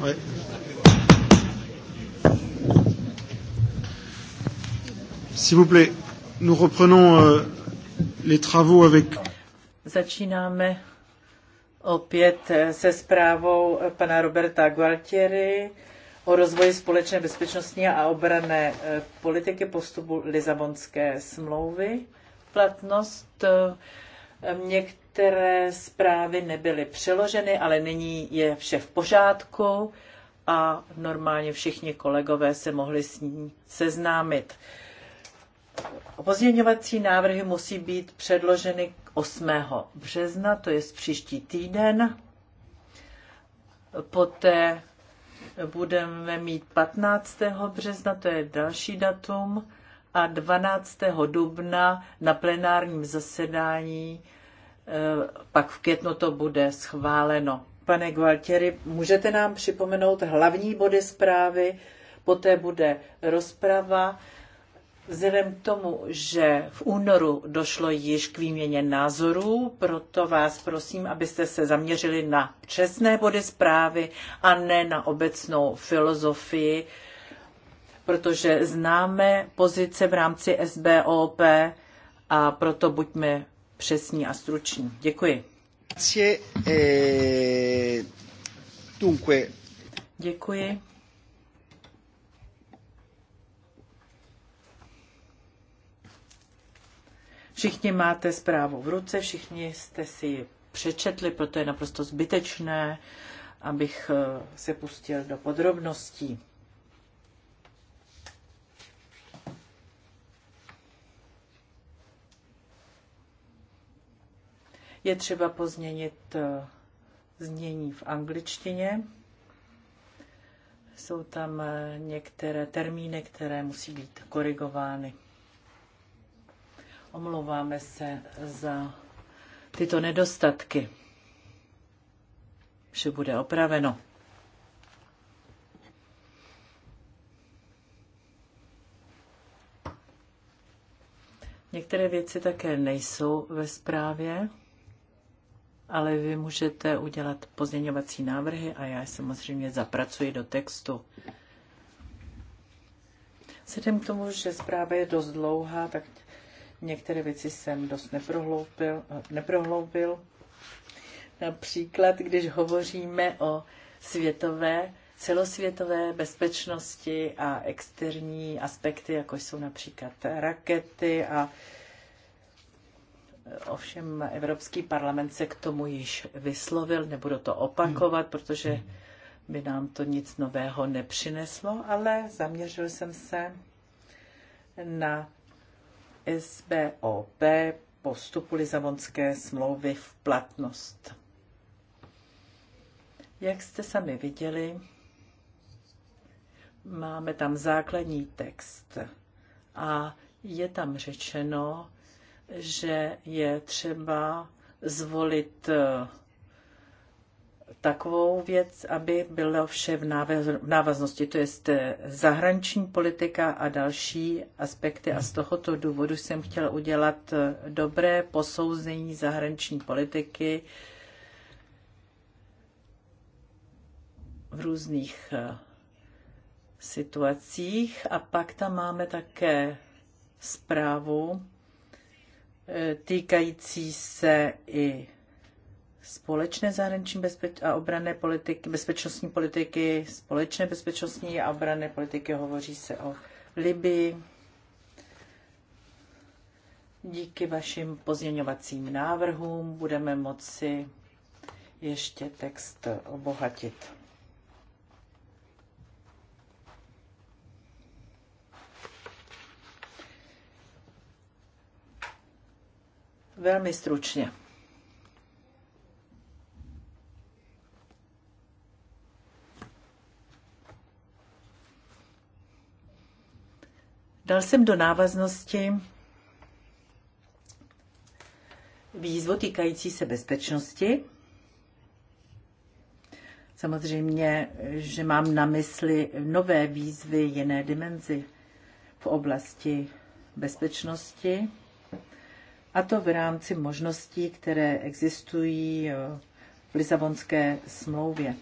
B: Ouais. S'il vous plaît, nous reprenons euh, les travaux avec.
A: Začínáme opět eh, se zprávou eh, pana Roberta Gualtieri o rozvoji společné bezpečnostní a obrané eh, politiky postupu Lizabonské smlouvy. Platnost některých Některé zprávy nebyly přeloženy, ale nyní je vše v pořádku a normálně všichni kolegové se mohli s ní seznámit. Pozměňovací návrhy musí být předloženy k 8. března, to je příští týden. Poté budeme mít 15. března, to je další datum, a 12. dubna na plenárním zasedání Eh, pak v květnu to bude schváleno. Pane Gualtieri, můžete nám připomenout hlavní body zprávy, poté bude rozprava. Vzhledem k tomu, že v únoru došlo již k výměně názorů, proto vás prosím, abyste se zaměřili na přesné body zprávy a ne na obecnou filozofii, protože známe pozice v rámci SBOP a proto buďme přesní a struční. Děkuji. Eh, Děkuji. Všichni máte zprávu v ruce, všichni jste si ji přečetli, proto je naprosto zbytečné, abych eh, se pustil do podrobností. Je třeba pozměnit eh, znění v angličtině. Jsou tam eh, některé termíny, které musí být korigovány. Omlouváme se za tyto nedostatky. Vše bude opraveno. Některé věci také nejsou ve zprávě ale vy můžete udělat pozměňovací návrhy a já samozřejmě zapracuji do textu. Vzhledem k tomu, že zpráva je dost dlouhá, tak některé věci jsem dost neprohloubil. neprohloubil. Například, když hovoříme o světové, celosvětové bezpečnosti a externí aspekty, jako jsou například rakety a Ovšem Evropský parlament se k tomu již vyslovil, nebudu to opakovat, protože by nám to nic nového nepřineslo, ale zaměřil jsem se na SBOP postupu Lizavonské smlouvy v platnost. Jak jste sami viděli, máme tam základní text a je tam řečeno, že je třeba zvolit eh, takovou věc, aby bylo vše v návaznosti, to je eh, zahraniční politika a další aspekty. A z tohoto důvodu jsem chtěla udělat eh, dobré posouzení zahraniční politiky v různých situacích. A pak tam máme také zprávu E, týkající se i společné zahraniční bezpeč- a obrané politiky, bezpečnostní politiky, společné bezpečnostní a obrané politiky, hovoří se o Libii. Díky vašim pozměňovacím návrhům budeme moci ještě text obohatit. Velmi stručně. Dal jsem do návaznosti výzvu týkající se bezpečnosti. Samozřejmě, že mám na mysli nové výzvy jiné dimenzi v oblasti bezpečnosti a to v rámci možností, které existují eh, v Lisabonské smlouvě.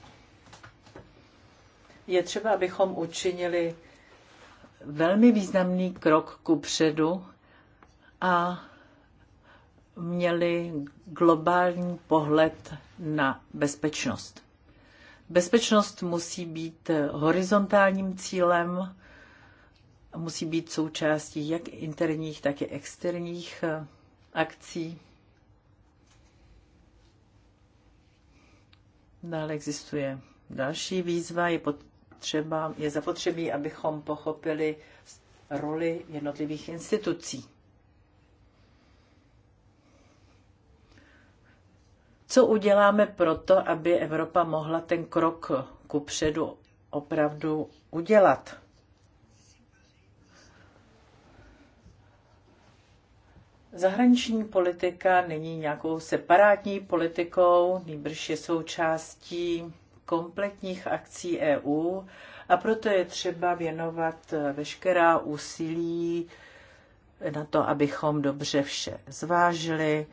A: Je třeba, abychom učinili velmi významný krok ku předu a měli globální pohled na bezpečnost. Bezpečnost musí být horizontálním cílem, musí být součástí jak interních, tak i externích eh, akcí. Dále existuje další výzva, je, potřeba, je zapotřebí, abychom pochopili roli jednotlivých institucí. Co uděláme proto, aby Evropa mohla ten krok ku předu opravdu udělat? Zahraniční politika není nějakou separátní politikou, nejbrž je součástí kompletních akcí EU a proto je třeba věnovat veškerá úsilí na to, abychom dobře vše zvážili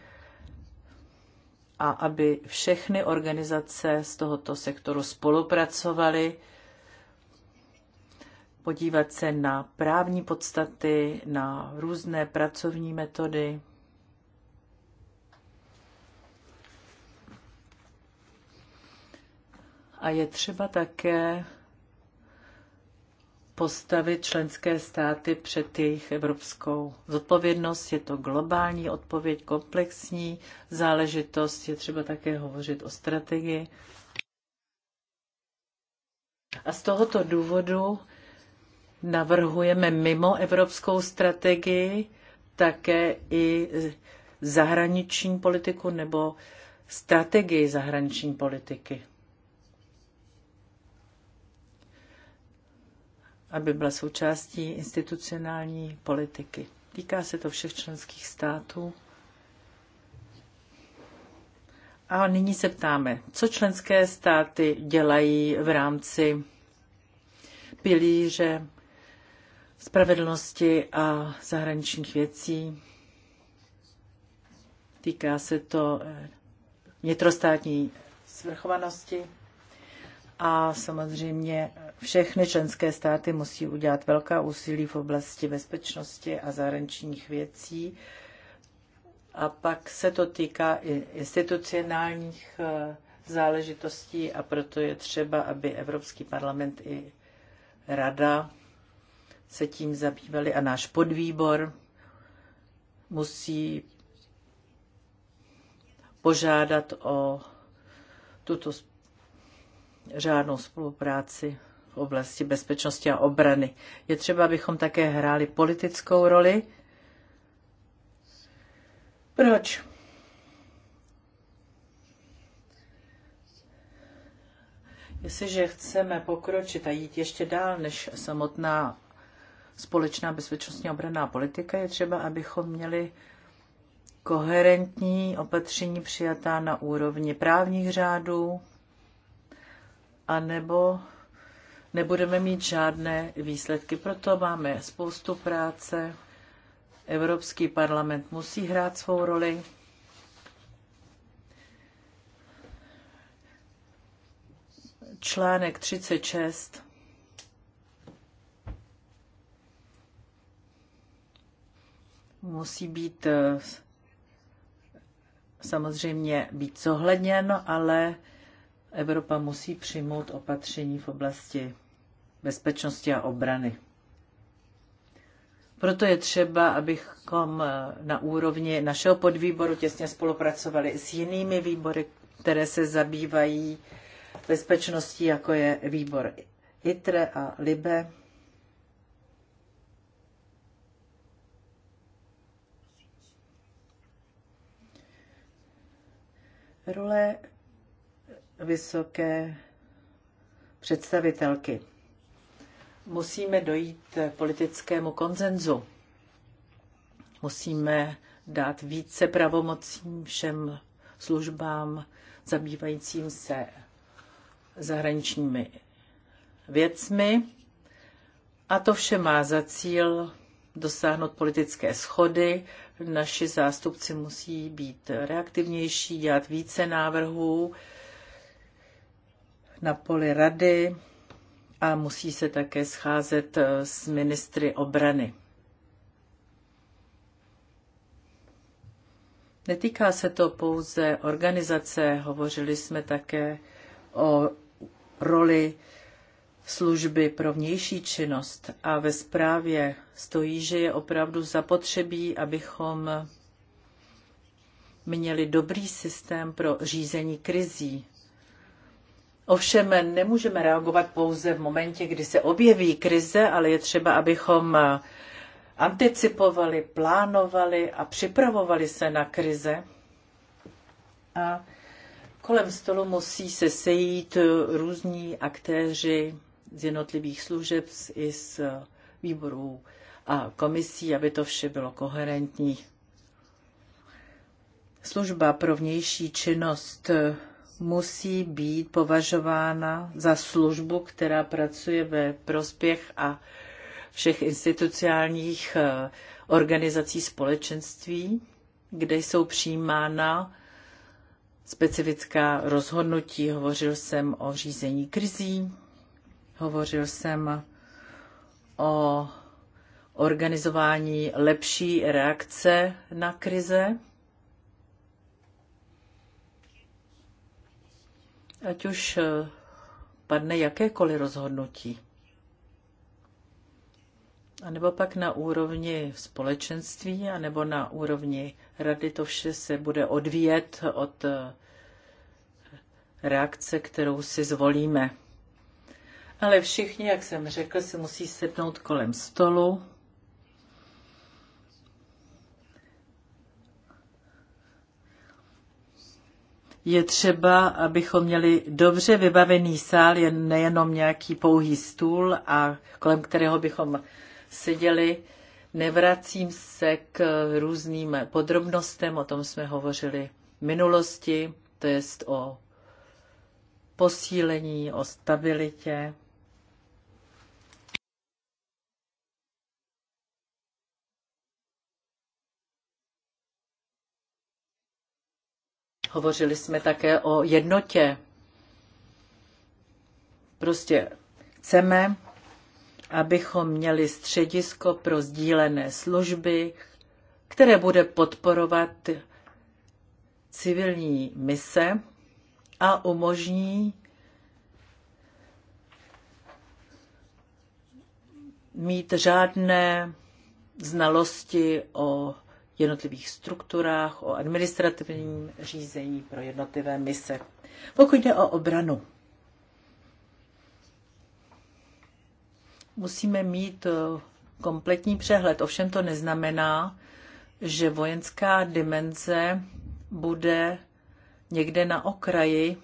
A: a aby všechny organizace z tohoto sektoru spolupracovaly podívat se na právní podstaty, na různé pracovní metody. A je třeba také postavit členské státy před jejich evropskou zodpovědnost. Je to globální odpověď, komplexní záležitost. Je třeba také hovořit o strategii. A z tohoto důvodu navrhujeme mimo evropskou strategii také i zahraniční politiku nebo strategii zahraniční politiky. aby byla součástí institucionální politiky. Týká se to všech členských států. A nyní se ptáme, co členské státy dělají v rámci pilíře spravedlnosti a zahraničních věcí. Týká se to eh, vnitrostátní svrchovanosti a samozřejmě všechny členské státy musí udělat velká úsilí v oblasti bezpečnosti a zahraničních věcí. A pak se to týká i institucionálních eh, záležitostí a proto je třeba, aby Evropský parlament i Rada se tím zabývali a náš podvýbor musí požádat o tuto řádnou spolupráci v oblasti bezpečnosti a obrany. Je třeba, abychom také hráli politickou roli. Proč? Jestliže chceme pokročit a jít ještě dál než samotná společná bezpečnostní obraná politika, je třeba, abychom měli koherentní opatření přijatá na úrovni právních řádů, anebo nebudeme mít žádné výsledky. Proto máme spoustu práce. Evropský parlament musí hrát svou roli. Článek 36 musí být eh, samozřejmě být zohledněn, ale Evropa musí přijmout opatření v oblasti bezpečnosti a obrany. Proto je třeba, abychom eh, na úrovni našeho podvýboru těsně spolupracovali s jinými výbory, které se zabývají bezpečností, jako je výbor ITRE a LIBE. Role vysoké představitelky. Musíme dojít k politickému konzenzu. Musíme dát více pravomocí všem službám zabývajícím se zahraničními věcmi. A to vše má za cíl dosáhnout politické schody naši zástupci musí být reaktivnější, dělat více návrhů na poli rady a musí se také scházet eh, s ministry obrany. Netýká se to pouze organizace, hovořili jsme také o roli služby pro vnější činnost a ve zprávě stojí, že je opravdu zapotřebí, abychom měli dobrý systém pro řízení krizí. Ovšem nemůžeme reagovat pouze v momentě, kdy se objeví krize, ale je třeba, abychom anticipovali, plánovali a připravovali se na krize. A kolem stolu musí se sejít různí aktéři, z jednotlivých služeb i z výborů a komisí, aby to vše bylo koherentní. Služba pro vnější činnost eh, musí být považována za službu, která pracuje ve prospěch a všech institucionálních eh, organizací společenství, kde jsou přijímána specifická rozhodnutí. Hovořil jsem o řízení krizí, Hovořil jsem o organizování lepší reakce na krize. Ať už eh, padne jakékoliv rozhodnutí. A nebo pak na úrovni společenství, a nebo na úrovni rady to vše se bude odvíjet od eh, reakce, kterou si zvolíme. Ale všichni, jak jsem řekl, si musí sednout kolem stolu. Je třeba, abychom měli dobře vybavený sál, jen nejenom nějaký pouhý stůl, a kolem kterého bychom seděli. Nevracím se k různým podrobnostem, o tom jsme hovořili v minulosti, to jest o posílení, o stabilitě. Hovořili jsme také o jednotě. Prostě chceme, abychom měli středisko pro sdílené služby, které bude podporovat civilní mise a umožní mít řádné znalosti o jednotlivých strukturách, o administrativním řízení pro jednotlivé mise. Pokud jde o obranu, musíme mít eh, kompletní přehled. Ovšem to neznamená, že vojenská dimenze bude někde na okraji.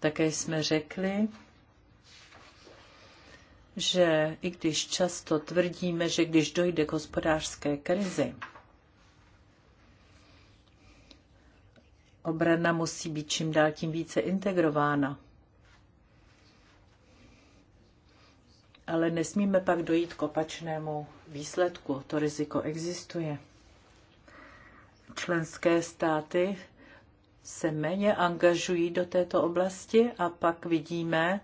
A: Také jsme řekli, že i když často tvrdíme, že když dojde k hospodářské krizi, obrana musí být čím dál tím více integrována. Ale nesmíme pak dojít k opačnému výsledku. To riziko existuje. Členské státy se méně angažují do této oblasti a pak vidíme,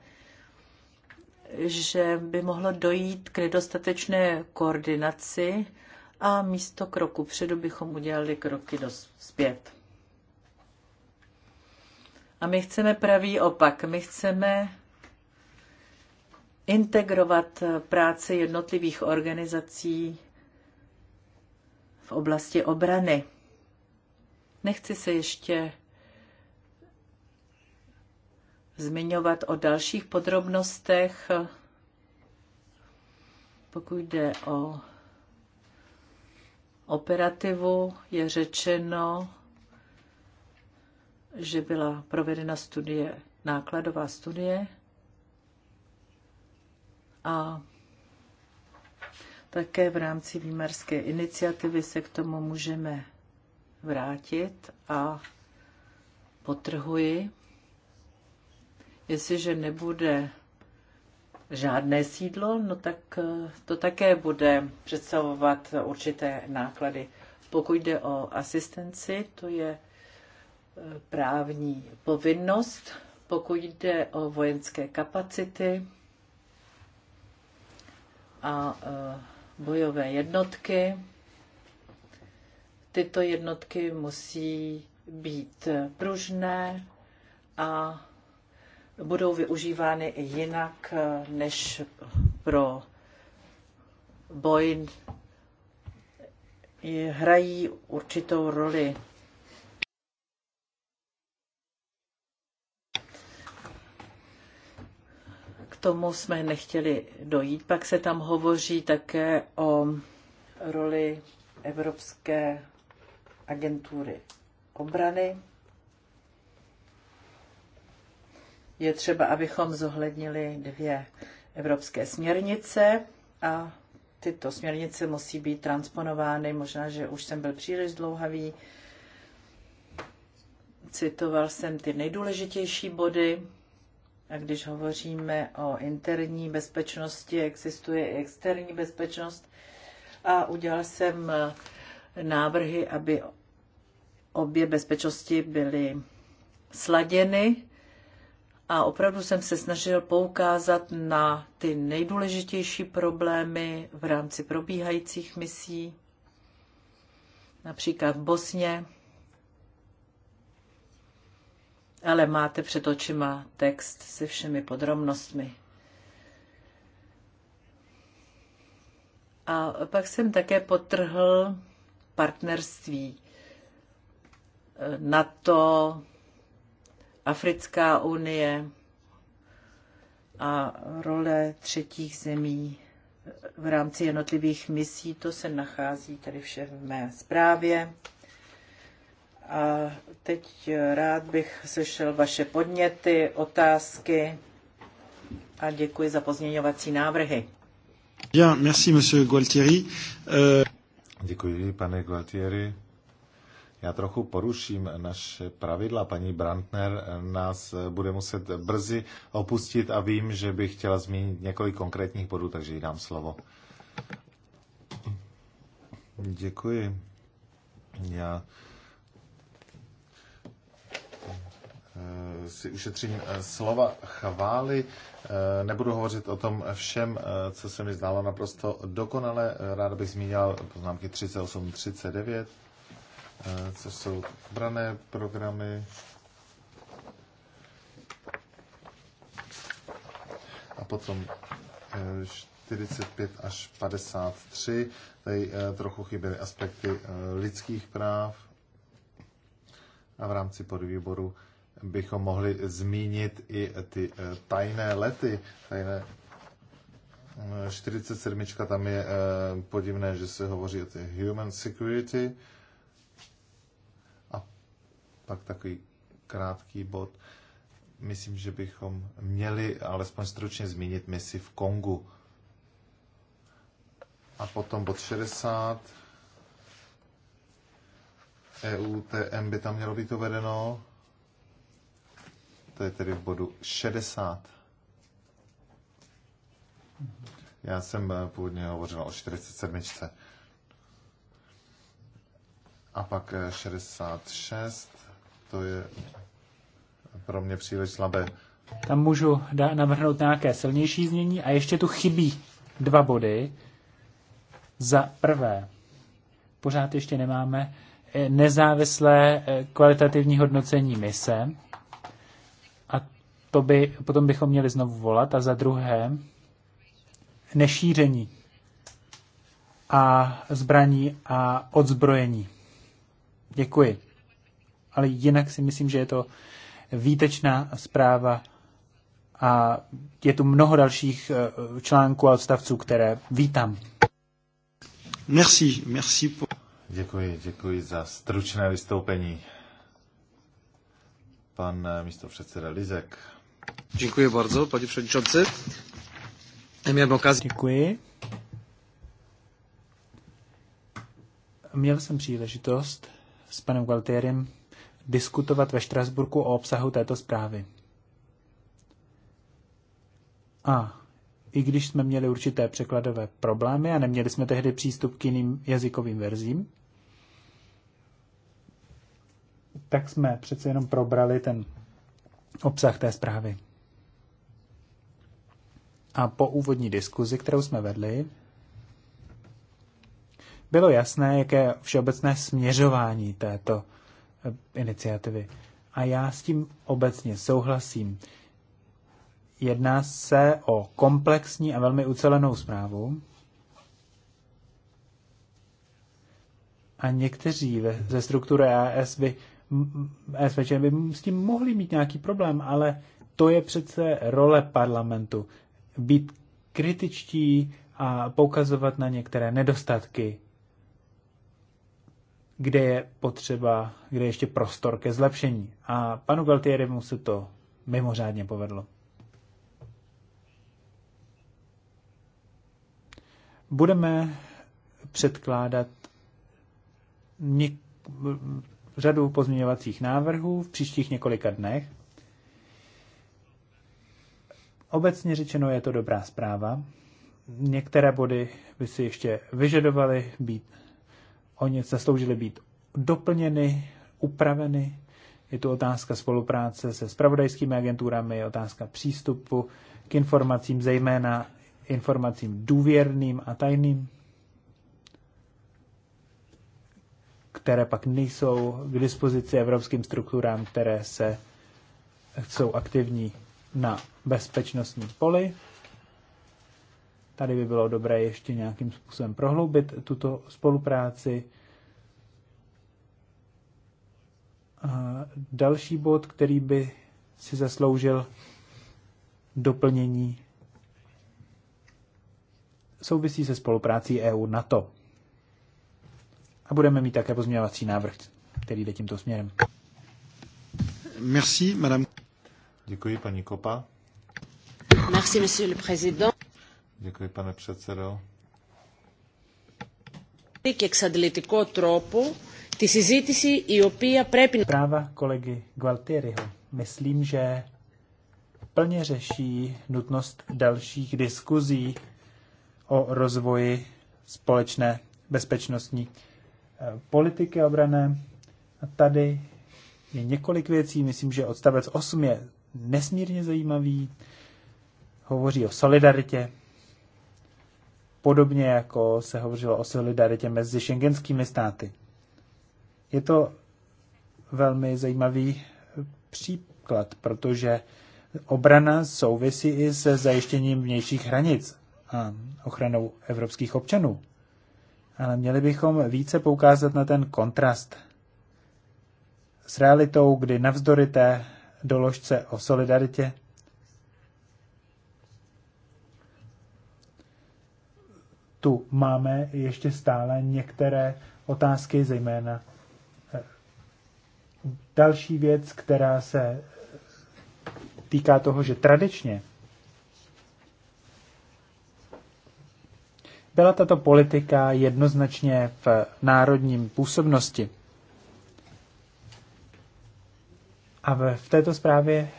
A: že by mohlo dojít k nedostatečné koordinaci a místo kroku předu bychom udělali kroky zpět. A my chceme pravý opak. My chceme integrovat práce jednotlivých organizací v oblasti obrany. Nechci se ještě zmiňovat o dalších podrobnostech, pokud jde o operativu, je řečeno, že byla provedena studie, nákladová studie a také v rámci výmarské iniciativy se k tomu můžeme vrátit a potrhuji, Jestliže nebude žádné sídlo, no tak eh, to také bude představovat určité náklady. Pokud jde o asistenci, to je eh, právní povinnost. Pokud jde o vojenské kapacity a eh, bojové jednotky, tyto jednotky musí být pružné a budou využívány jinak eh, než pro boj. Hrají určitou roli. K tomu jsme nechtěli dojít. Pak se tam hovoří také o roli Evropské agentury obrany. je třeba, abychom zohlednili dvě evropské směrnice a tyto směrnice musí být transponovány. Možná, že už jsem byl příliš dlouhavý. Citoval jsem ty nejdůležitější body. A když hovoříme o interní bezpečnosti, existuje i externí bezpečnost. A udělal jsem návrhy, aby obě bezpečnosti byly sladěny a opravdu jsem se snažil poukázat na ty nejdůležitější problémy v rámci probíhajících misí, například v Bosně. Ale máte před očima text se všemi podrobnostmi. A pak jsem také potrhl partnerství eh, na to. Africká unie a role třetích zemí v rámci jednotlivých misí. To se nachází tady vše v mé zprávě. A teď rád bych slyšel vaše podněty, otázky a děkuji za pozměňovací návrhy.
B: Bien, merci, monsieur
D: Gualtieri. Euh, děkuji, pane Gualtieri. Já trochu poruším naše pravidla. Paní Brandner nás bude muset brzy opustit a vím, že bych chtěla zmínit několik konkrétních bodů, takže jí dám slovo. Děkuji. Já eh, si ušetřím eh, slova chvály. Eh, nebudu hovořit o tom všem, co se mi zdálo naprosto dokonale. Rád bych zmínil poznámky 38, 39 Eh, co jsou obrané programy a potom 45 eh, až 53. Tady eh, trochu chyběly aspekty lidských práv a v rámci podvýboru bychom mohli zmínit i ty tajné lety. Tajné 47. tam je podivné, že se hovoří o té human security. Pak takový krátký bod. Myslím, že bychom měli alespoň stručně zmínit misi v Kongu. A potom bod 60. EUTM by tam mělo být uvedeno. To je tedy v bodu 60. Já jsem eh, původně hovořil o 47. A pak 66. Eh, to je pro mě příliš slabé.
B: Tam můžu navrhnout nějaké silnější změní a ještě tu chybí dva body. Za prvé, pořád ještě nemáme eh, nezávislé eh, kvalitativní hodnocení mise a to by, potom bychom měli znovu volat a za druhé nešíření a zbraní a odzbrojení. Děkuji ale jinak si myslím, že je to výtečná zpráva a je tu mnoho dalších eh, článků a odstavců, které vítám. Merci, merci. Po...
D: Děkuji, děkuji za stručné vystoupení. Pan eh, místo předseda Lizek. Děkuji
B: bardzo, pane předsedající. Měl okazji. Děkuji. Měl jsem příležitost s panem Gualtierem diskutovat ve Štrasburku o obsahu této zprávy. A i když jsme měli určité překladové problémy a neměli jsme tehdy přístup k jiným jazykovým verzím, tak jsme přece jenom probrali ten obsah té zprávy. A po úvodní diskuzi, kterou jsme vedli, bylo jasné, jaké všeobecné směřování této Eh, iniciativy. A já s tím obecně souhlasím. Jedná se o komplexní a velmi ucelenou zprávu. A někteří ve, ze struktury AS by, SVČ by s tím mohli mít nějaký problém, ale to je přece role parlamentu. Být kritičtí a poukazovat na některé nedostatky kde je potřeba, kde je ještě prostor ke zlepšení. A panu Galtierimu se to mimořádně povedlo. Budeme předkládat něk- řadu pozměňovacích návrhů v příštích několika dnech. Obecně řečeno je to dobrá zpráva. Některé body by si ještě vyžadovaly být oni zasloužili být doplněny, upraveny. Je tu otázka spolupráce se spravodajskými agenturami, je otázka přístupu k informacím, zejména informacím důvěrným a tajným, které pak nejsou k dispozici evropským strukturám, které se jsou aktivní na bezpečnostním poli. Tady by bylo dobré ještě nějakým způsobem prohloubit tuto spolupráci. A další bod, který by si zasloužil doplnění, souvisí se spoluprácí EU-NATO. A budeme mít také pozměňovací návrh, který jde tímto směrem.
D: Merci, madame. Děkuji, paní Kopa.
A: Merci, monsieur le président.
D: Děkuji, pane předsedo.
A: Και εξαντλητικό τρόπο τη συζήτηση η
B: Práva kolegy Gualtieriho. Myslím, že plně řeší nutnost dalších diskuzí o rozvoji společné bezpečnostní eh, politiky obrané. A tady je několik věcí. Myslím, že odstavec 8 je nesmírně zajímavý. Hovoří o solidaritě podobně jako se hovořilo o solidaritě mezi šengenskými státy. Je to velmi zajímavý příklad, protože obrana souvisí i se zajištěním vnějších hranic a ochranou evropských občanů. Ale měli bychom více poukázat na ten kontrast s realitou, kdy navzdory té doložce o solidaritě tu máme ještě stále některé otázky, zejména eh, další věc, která se týká toho, že tradičně byla tato politika jednoznačně v národním působnosti. A v této zprávě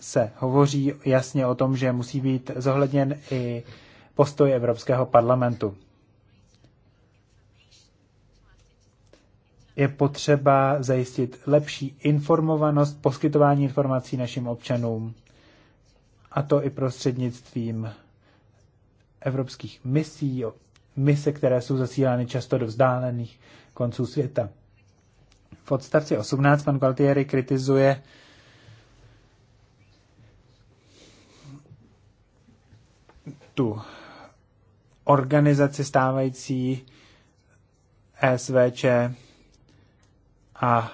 B: se hovoří jasně o tom, že musí být zohledněn i postoj Evropského parlamentu. Je potřeba zajistit lepší informovanost, poskytování informací našim občanům, a to i prostřednictvím evropských misí, mise, které jsou zasílány často do vzdálených konců světa. V odstavci 18 pan Galtieri kritizuje tu organizaci stávající SVČ a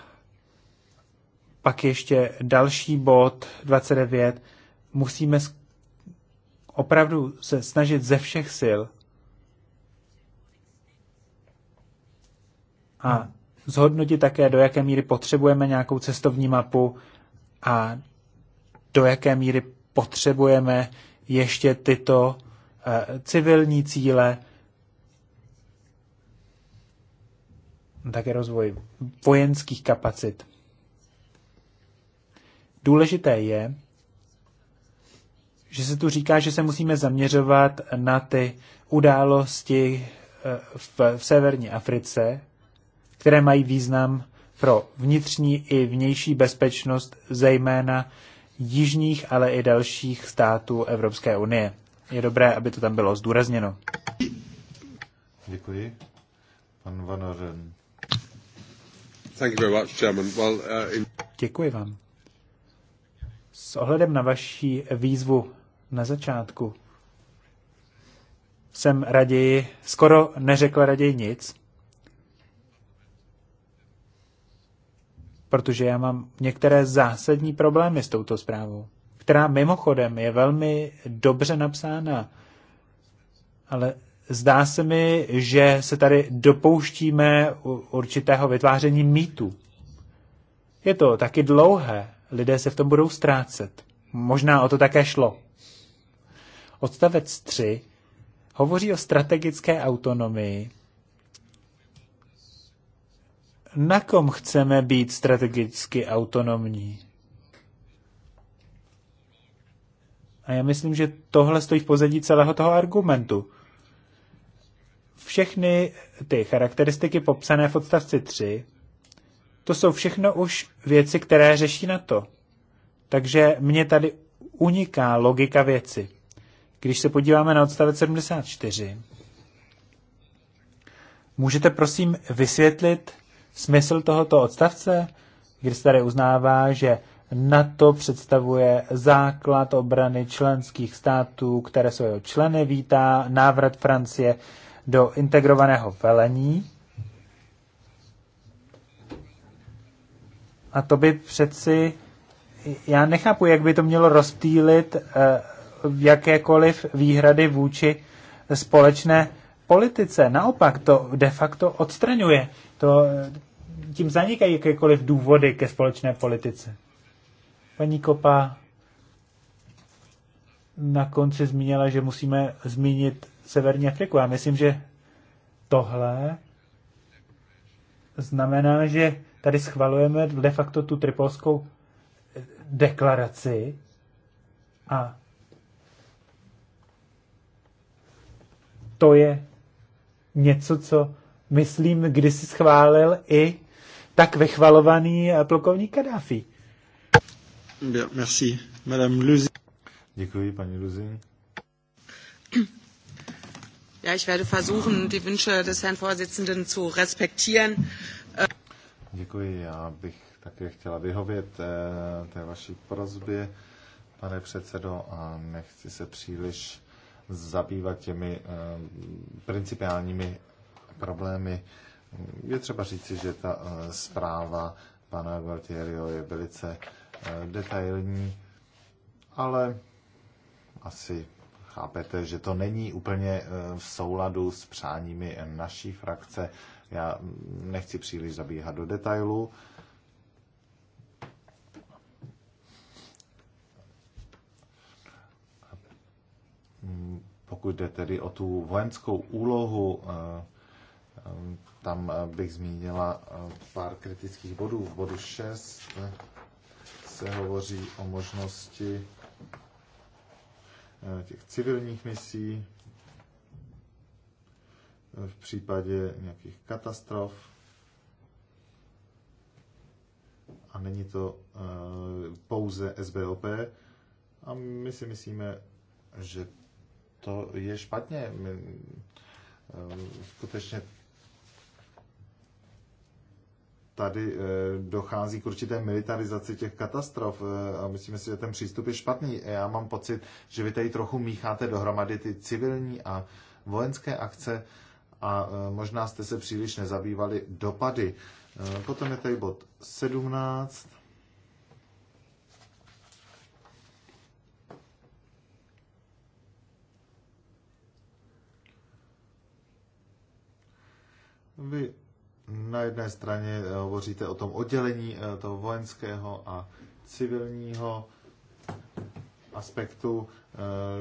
B: pak ještě další bod 29. Musíme opravdu se snažit ze všech sil a zhodnotit také, do jaké míry potřebujeme nějakou cestovní mapu a do jaké míry potřebujeme ještě tyto Eh, civilní cíle, také rozvoj vojenských kapacit. Důležité je, že se tu říká, že se musíme zaměřovat na ty události eh, v, v severní Africe, které mají význam pro vnitřní i vnější bezpečnost, zejména jižních, ale i dalších států Evropské unie je dobré, aby to tam bylo zdůrazněno.
D: Děkuji. Pan Van Oren.
B: Thank you very much, Chairman. Well, uh, in... Děkuji vám. S ohledem na vaši výzvu na začátku jsem raději, skoro neřekl raději nic, protože já mám některé zásadní problémy s touto zprávou která mimochodem je velmi dobře napsána, ale zdá se mi, že se tady dopouštíme určitého vytváření mýtu. Je to taky dlouhé, lidé se v tom budou ztrácet. Možná o to také šlo. Odstavec 3 hovoří o strategické autonomii. Na kom chceme být strategicky autonomní? A já myslím, že tohle stojí v pozadí celého toho argumentu. Všechny ty charakteristiky popsané v odstavci 3, to jsou všechno už věci, které řeší na to. Takže mě tady uniká logika věci. Když se podíváme na odstavec 74, můžete prosím vysvětlit smysl tohoto odstavce, kdy se tady uznává, že NATO představuje základ obrany členských států, které jsou jeho členy. Vítá návrat Francie do integrovaného velení. A to by přeci, já nechápu, jak by to mělo rozptýlit eh, jakékoliv výhrady vůči společné politice. Naopak to de facto odstraňuje. To, eh, tím zanikají jakékoliv důvody ke společné politice. Paní Kopa na konci zmínila, že musíme zmínit Severní Afriku. Já myslím, že tohle znamená, že tady schvalujeme de facto tu tripolskou eh, deklaraci a to je něco, co myslím, kdysi schválil i tak vychvalovaný eh, plukovník Kadáfi. Bien, merci. Madame
D: Luzin. Děkuji, paní Luzin.
C: Ja,
A: ich werde versuchen, die Wünsche des Herrn Vorsitzenden zu respektieren.
D: Děkuji, já bych také chtěla vyhovět eh, té vaší prozbě, pane předsedo, a nechci se příliš zabývat těmi eh, principiálními problémy. Je třeba říci, že ta eh, zpráva pana Gualtieriho je velice Eh, detailní, ale asi chápete, že to není úplně eh, v souladu s přáními naší frakce. Já nechci příliš zabíhat do detailu. Pokud jde tedy o tu vojenskou úlohu, eh, tam bych zmínila pár kritických bodů. V bodu 6 se hovoří o možnosti eh, těch civilních misí eh, v případě nějakých katastrof. A není to eh, pouze SBOP. A my si myslíme, že to je špatně. My skutečně tady eh, dochází k určité militarizaci těch katastrof eh, a myslíme si, že ten přístup je špatný. Já mám pocit, že vy tady trochu mícháte dohromady ty civilní a vojenské akce a eh, možná jste se příliš nezabývali dopady. Potom je tady bod 17. Vy na jedné straně eh, hovoříte o tom oddělení eh, toho vojenského a civilního aspektu,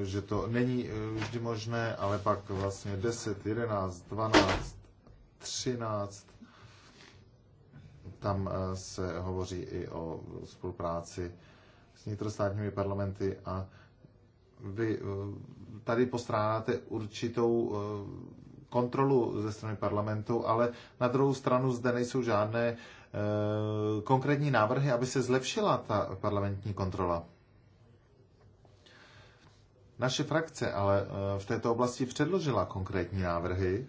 D: eh, že to není vždy možné, ale pak vlastně 10, 11, 12, 13, tam se hovoří i o spolupráci s vnitrostátními parlamenty a vy tady postrádáte určitou kontrolu ze strany parlamentu, ale na druhou stranu zde nejsou žádné eh, konkrétní návrhy, aby se zlepšila ta parlamentní kontrola. Naše frakce ale eh, v této oblasti předložila konkrétní návrhy.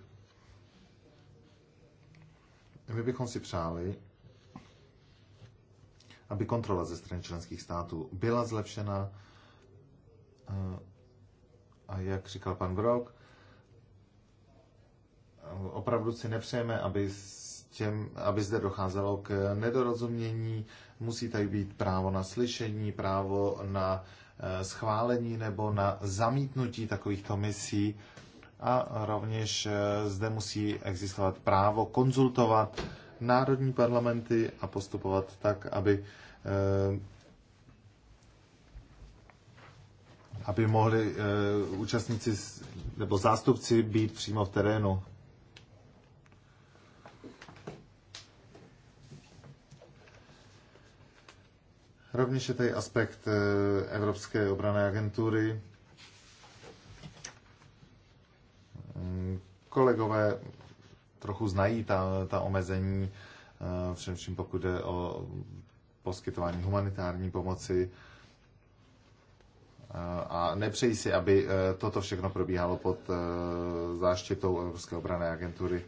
D: My bychom si přáli, aby kontrola ze strany členských států byla zlepšena. Eh, a jak říkal pan Grok, opravdu si nepřejeme, aby, s těm, aby zde docházelo k nedorozumění. Musí tady být právo na slyšení, právo na eh, schválení nebo na zamítnutí takovýchto misí a rovněž eh, zde musí existovat právo konzultovat národní parlamenty a postupovat tak, aby eh, aby mohli účastníci nebo zástupci být přímo v terénu. Rovněž je tady aspekt eh, Evropské obrané agentury. Mm, kolegové trochu znají ta, ta omezení, eh, především pokud jde o poskytování humanitární pomoci eh, a nepřeji si, aby toto všechno probíhalo pod záštitou Evropské obrané agentury.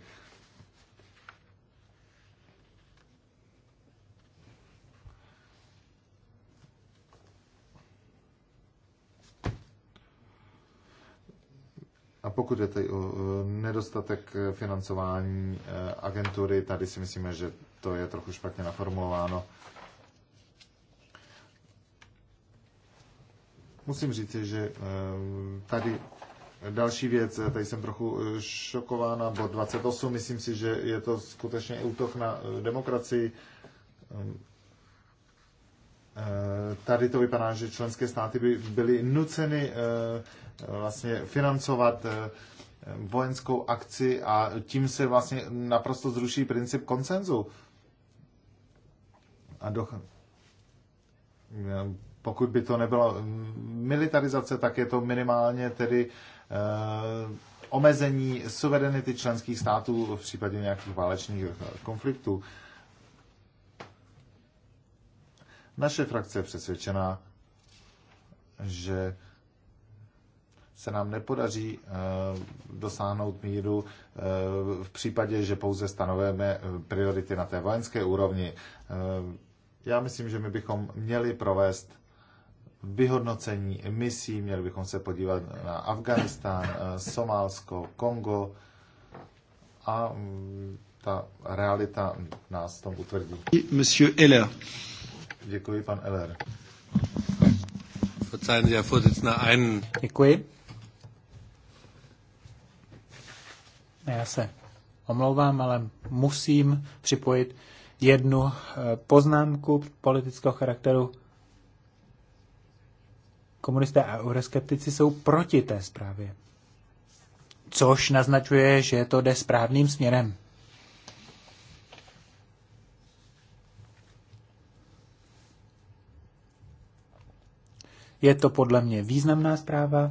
D: A pokud je tady o e, nedostatek e, financování e, agentury, tady si myslíme, že to je trochu špatně naformulováno. Musím říct, že tady další věc, tady jsem trochu šokována, bod 28, myslím si, že je to skutečně útok na demokracii. Eh, tady to vypadá, že členské státy by byly nuceny eh, vlastně financovat eh, vojenskou akci a tím se vlastně naprosto zruší princip koncenzu. A doch... Pokud by to nebyla militarizace, tak je to minimálně tedy omezení suverenity členských států v případě nějakých válečných konfliktů. Naše frakce je přesvědčená, že se nám nepodaří eh, dosáhnout míru eh, v případě, že pouze stanovujeme eh, priority na té vojenské úrovni. Já myslím, že my bychom měli provést vyhodnocení misí, měli bychom se podívat na Afganistán, Somálsko, Kongo a mm, ta realita nás v tom utvrdí.
B: Monsieur Heller.
D: Děkuji, pan Eller.
B: Děkuji. Já se omlouvám, ale musím připojit jednu eh, poznámku politického charakteru. Komunisté a euroskeptici jsou proti té zprávě, což naznačuje, že to jde správným směrem. Je to podle mě významná zpráva.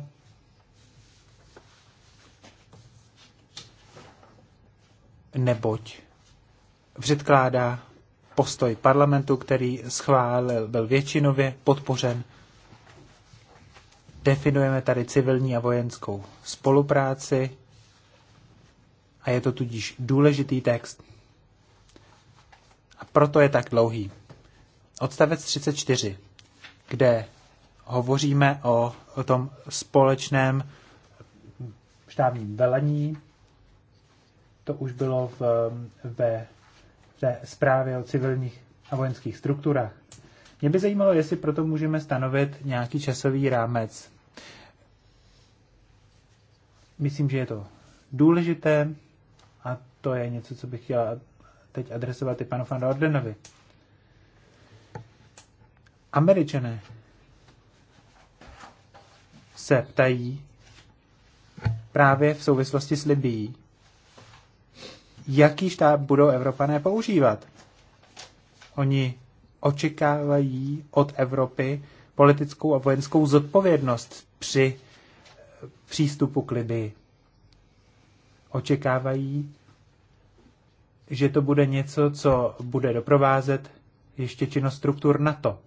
B: Neboť předkládá postoj parlamentu, který schválil, byl většinově podpořen. Definujeme tady civilní a vojenskou spolupráci a je to tudíž důležitý text. A proto je tak dlouhý. Odstavec 34, kde hovoříme o, o tom společném štávním velení. To už bylo v, ve, v té zprávě o civilních a vojenských strukturách. Mě by zajímalo, jestli proto můžeme stanovit nějaký časový rámec. Myslím, že je to důležité a to je něco, co bych chtěla teď adresovat i panu Van Ordenovi. Američané se ptají právě v souvislosti s Libií, jaký štáb budou Evropané používat. Oni očekávají od Evropy politickou a vojenskou zodpovědnost při eh, přístupu k Libii. Očekávají, že to bude něco, co bude doprovázet ještě činnost struktur NATO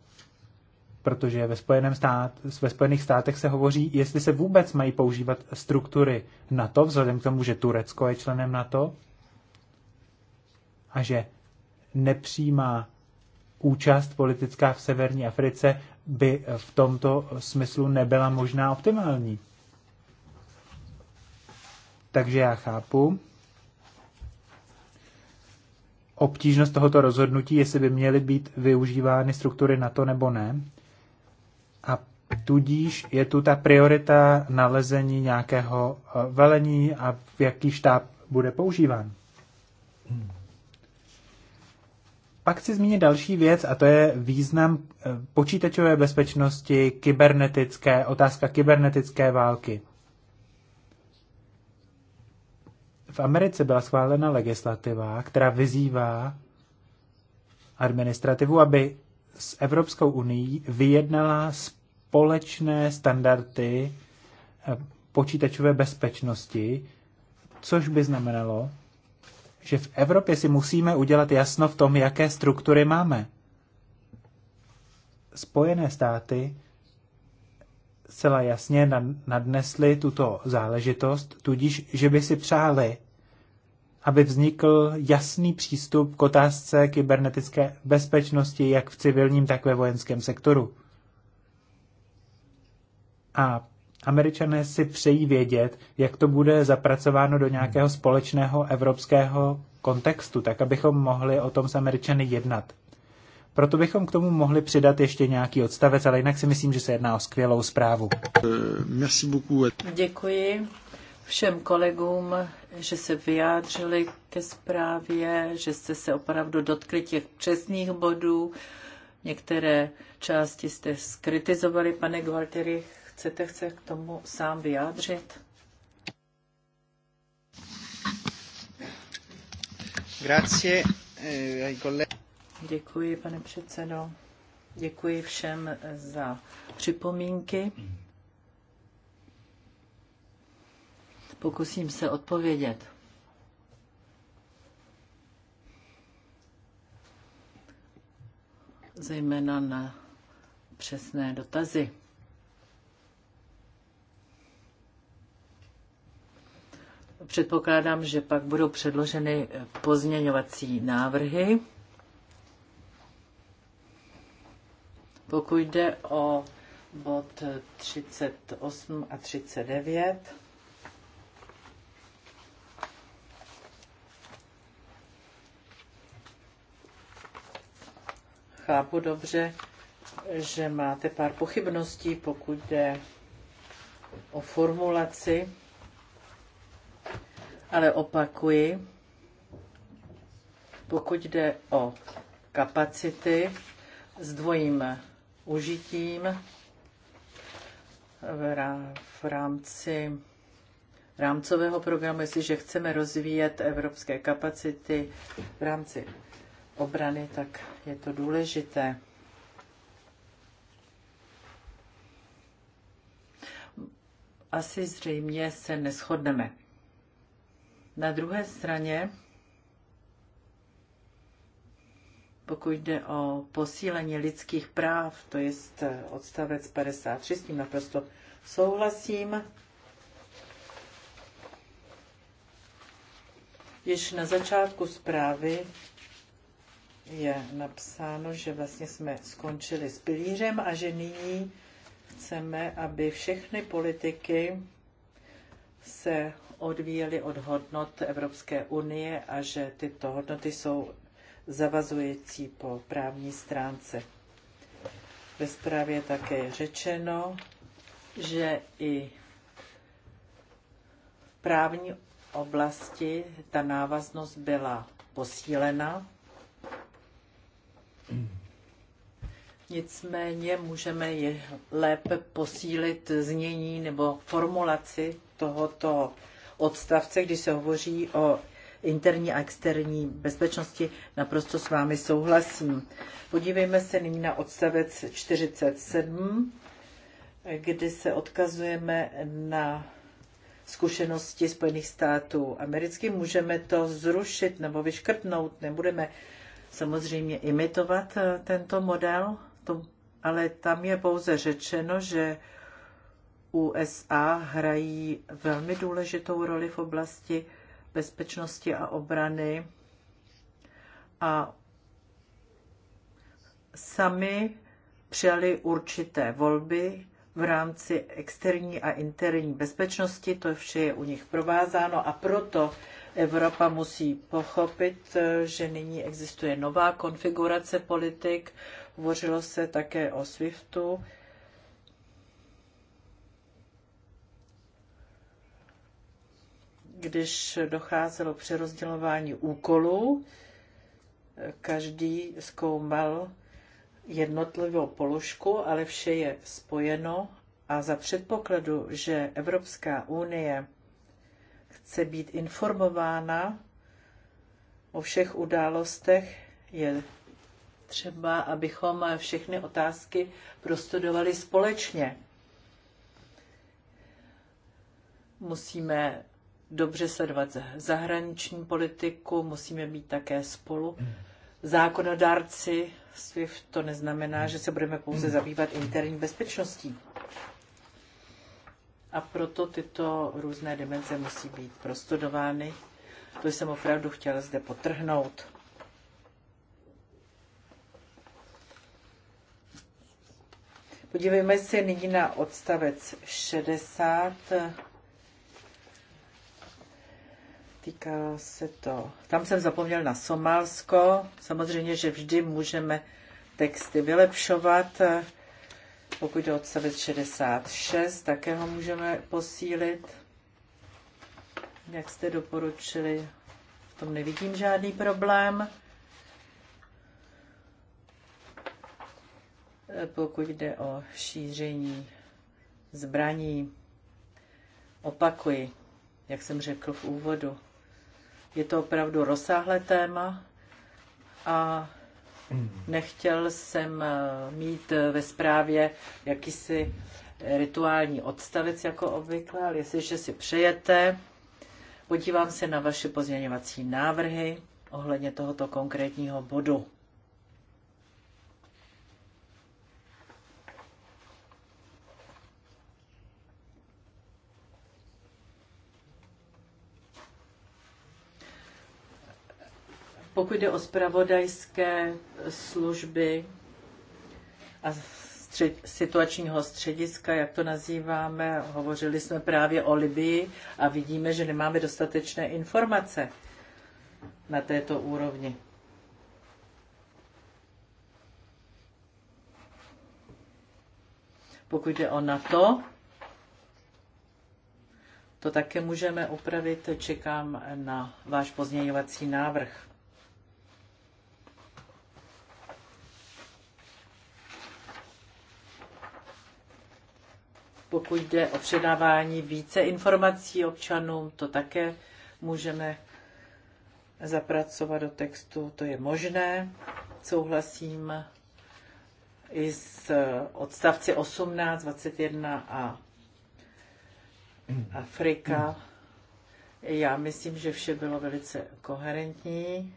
B: protože ve, Spojeném stát, ve Spojených státech se hovoří, jestli se vůbec mají používat struktury NATO, vzhledem k tomu, že Turecko je členem NATO a že nepřijímá účast politická v severní Africe by v tomto smyslu nebyla možná optimální. Takže já chápu obtížnost tohoto rozhodnutí, jestli by měly být využívány struktury na to nebo ne. Tudíž je tu ta priorita nalezení nějakého eh, velení a v jaký štáb bude používán. Pak chci zmínit další věc a to je význam eh, počítačové bezpečnosti, kybernetické, otázka kybernetické války. V Americe byla schválena legislativa, která vyzývá administrativu, aby s Evropskou unii vyjednala společné standardy eh, počítačové bezpečnosti, což by znamenalo, že v Evropě si musíme udělat jasno v tom, jaké struktury máme. Spojené státy zcela jasně nadnesly tuto záležitost, tudíž, že by si přáli, aby vznikl jasný přístup k otázce kybernetické bezpečnosti jak v civilním, tak ve vojenském sektoru a američané si přejí vědět, jak to bude zapracováno do nějakého společného evropského kontextu, tak abychom mohli o tom s američany jednat. Proto bychom k tomu mohli přidat ještě nějaký odstavec, ale jinak si myslím, že se jedná o skvělou zprávu.
A: Děkuji všem kolegům, že se vyjádřili ke zprávě, že jste se opravdu dotkli těch přesných bodů. Některé části jste skritizovali, pane Gvalterich chcete se k tomu sám vyjádřit? Grazie. Eh, Děkuji, pane předsedo. Děkuji všem eh, za připomínky. Pokusím se odpovědět. Zejména na přesné dotazy. Předpokládám, že pak budou předloženy pozměňovací návrhy. Pokud jde o bod 38 a 39, chápu dobře, že máte pár pochybností, pokud jde o formulaci ale opakuji, pokud jde o kapacity s dvojím užitím v rámci rámcového programu, jestliže chceme rozvíjet evropské kapacity v rámci obrany, tak je to důležité. Asi zřejmě se neschodneme. Na druhé straně, pokud jde o posílení lidských práv, to je eh, odstavec 53, s tím naprosto souhlasím. Již na začátku zprávy je napsáno, že vlastně jsme skončili s pilířem a že nyní chceme, aby všechny politiky se odvíjely od hodnot Evropské unie a že tyto hodnoty jsou zavazující po právní stránce. Ve zprávě také řečeno, že i v právní oblasti ta návaznost byla posílena. Nicméně můžeme je lépe posílit znění nebo formulaci tohoto odstavce, kdy se hovoří o interní a externí bezpečnosti, naprosto s vámi souhlasím. Podívejme se nyní na odstavec 47, kdy se odkazujeme na zkušenosti Spojených států amerických. Můžeme to zrušit nebo vyškrtnout, nebudeme samozřejmě imitovat eh, tento model, ale tam je pouze řečeno, že USA hrají velmi důležitou roli v oblasti bezpečnosti a obrany a sami přijali určité volby v rámci externí a interní bezpečnosti, to vše je u nich provázáno a proto Evropa musí pochopit, že nyní existuje nová konfigurace politik. Hovořilo se také o SWIFTu, když docházelo při rozdělování úkolů, každý zkoumal jednotlivou položku, ale vše je spojeno a za předpokladu, že Evropská unie chce být informována o všech událostech, je třeba, abychom všechny otázky prostudovali společně. Musíme dobře sledovat zahraniční politiku, musíme být také spolu. Zákonodárci SWIFT to neznamená, že se budeme pouze zabývat interní bezpečností. A proto tyto různé dimenze musí být prostudovány. To jsem opravdu chtěla zde potrhnout. Podívejme se nyní na odstavec 60 Týká se to. Tam jsem zapomněl na Somálsko. Samozřejmě, že vždy můžeme texty vylepšovat. Pokud je odstavec 66, také ho můžeme posílit. Jak jste doporučili, v tom nevidím žádný problém. Pokud jde o šíření zbraní, opakuji, jak jsem řekl v úvodu, je to opravdu rozsáhlé téma a nechtěl jsem eh, mít eh, ve zprávě jakýsi eh, rituální odstavec jako obvykle, ale jestliže si přejete, podívám se na vaše pozměňovací návrhy ohledně tohoto konkrétního bodu. Pokud jde o spravodajské služby a střed, situačního střediska, jak to nazýváme, hovořili jsme právě o Libii a vidíme, že nemáme dostatečné informace na této úrovni. Pokud jde o NATO, to také můžeme upravit. Čekám na váš pozměňovací návrh. pokud jde o předávání více informací občanům, to také můžeme zapracovat do textu, to je možné. Souhlasím i s odstavci 18, 21 a Afrika. Já myslím, že vše bylo velice koherentní.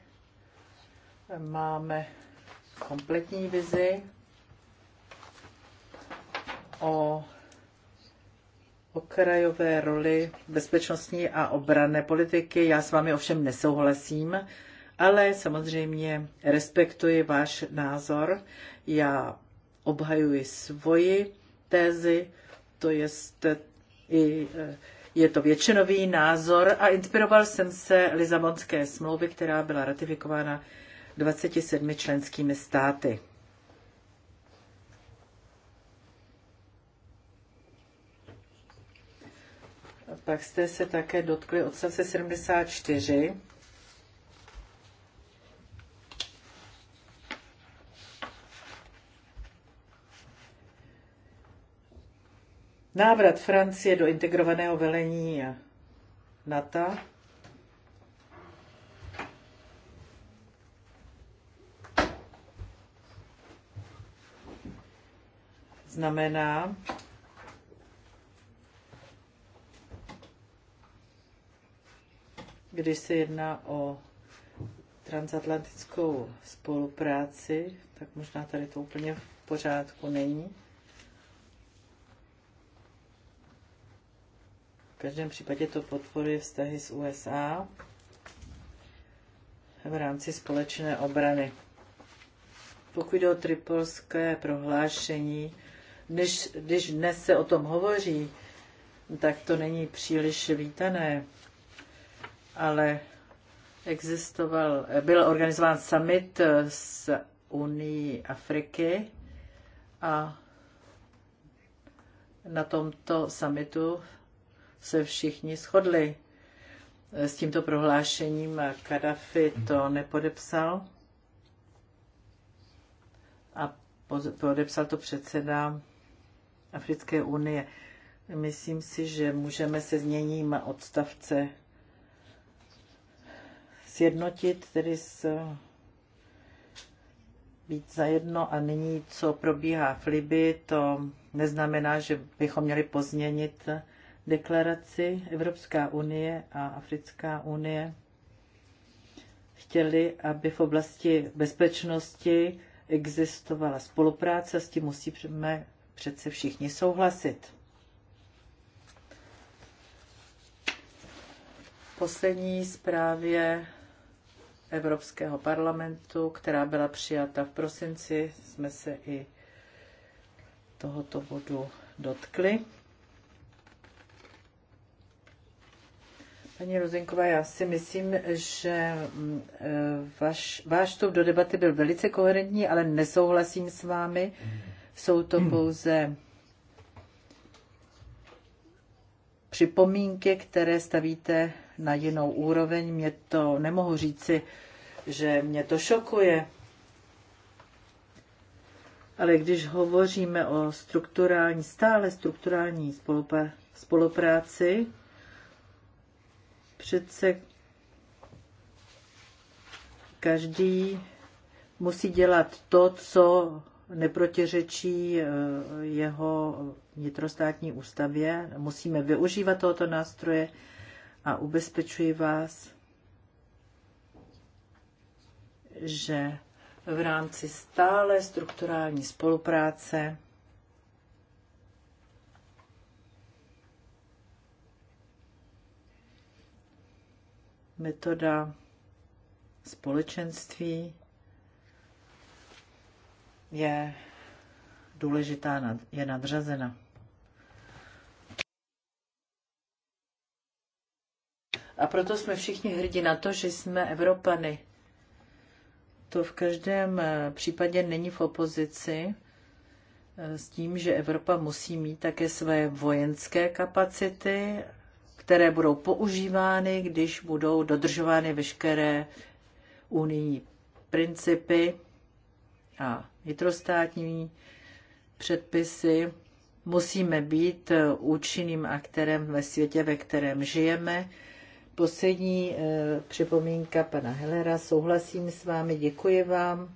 A: Máme kompletní vizi o okrajové roli bezpečnostní a obranné politiky. Já s vámi ovšem nesouhlasím, ale samozřejmě respektuji váš názor. Já obhajuji svoji tézi, to jest i eh, je to většinový názor a inspiroval jsem se Lizabonské smlouvy, která byla ratifikována 27 členskými
C: státy.
A: Pak jste se také dotkli odstavce 74. Návrat Francie do integrovaného velení NATO. Znamená, když se jedná o transatlantickou spolupráci, tak možná tady to úplně v pořádku není. V každém případě to podporuje vztahy s USA v rámci společné obrany. Pokud jde o tripolské prohlášení, když, když dnes se o tom hovoří, tak to není příliš vítané ale existoval, byl organizován summit eh, s Unii Afriky a na tomto summitu se všichni shodli eh, s tímto prohlášením a Kadafi to nepodepsal a podepsal to předseda Africké unie. Myslím si, že můžeme se změním odstavce sjednotit, tedy s, být zajedno a nyní, co probíhá v Liby, to neznamená, že bychom měli pozměnit deklaraci Evropská unie a Africká unie chtěli, aby v oblasti bezpečnosti existovala spolupráce, s tím musíme přece všichni souhlasit. poslední zprávě Evropského parlamentu, která byla přijata v prosinci, jsme se i tohoto bodu dotkli. Paní Rozinková, já si myslím, že mm, e, váš, váš vstup do debaty byl velice koherentní, ale nesouhlasím s vámi. Jsou to pouze připomínky, které stavíte na jinou úroveň. Mě to nemohu říci, že mě to šokuje. Ale když hovoříme o strukturální, stále strukturální spolupráci, přece každý musí dělat to, co neprotiřečí eh, jeho vnitrostátní ústavě. Musíme využívat tohoto nástroje a ubezpečuji vás, že v rámci stále strukturální spolupráce metoda společenství je důležitá, je nadřazena. A proto jsme všichni hrdí na to, že jsme Evropany. To v každém eh, případě není v opozici eh, s tím, že Evropa musí mít také své vojenské kapacity, které budou používány, když budou dodržovány veškeré unijní principy a vnitrostátní předpisy. Musíme být eh, účinným aktérem ve světě, ve kterém žijeme poslední eh, připomínka pana Helera. Souhlasím s vámi, děkuji vám.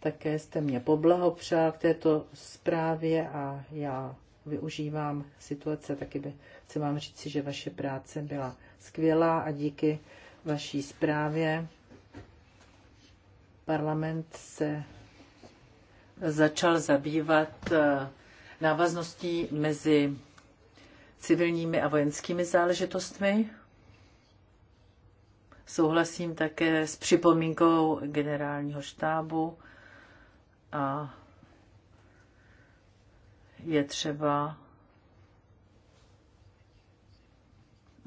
A: Také jste mě poblahopřál k této zprávě a já využívám situace. Taky by, chci vám říct, že vaše práce byla skvělá a díky vaší zprávě parlament se začal zabývat eh, návazností mezi civilními a vojenskými záležitostmi. Souhlasím také s připomínkou generálního štábu a je třeba,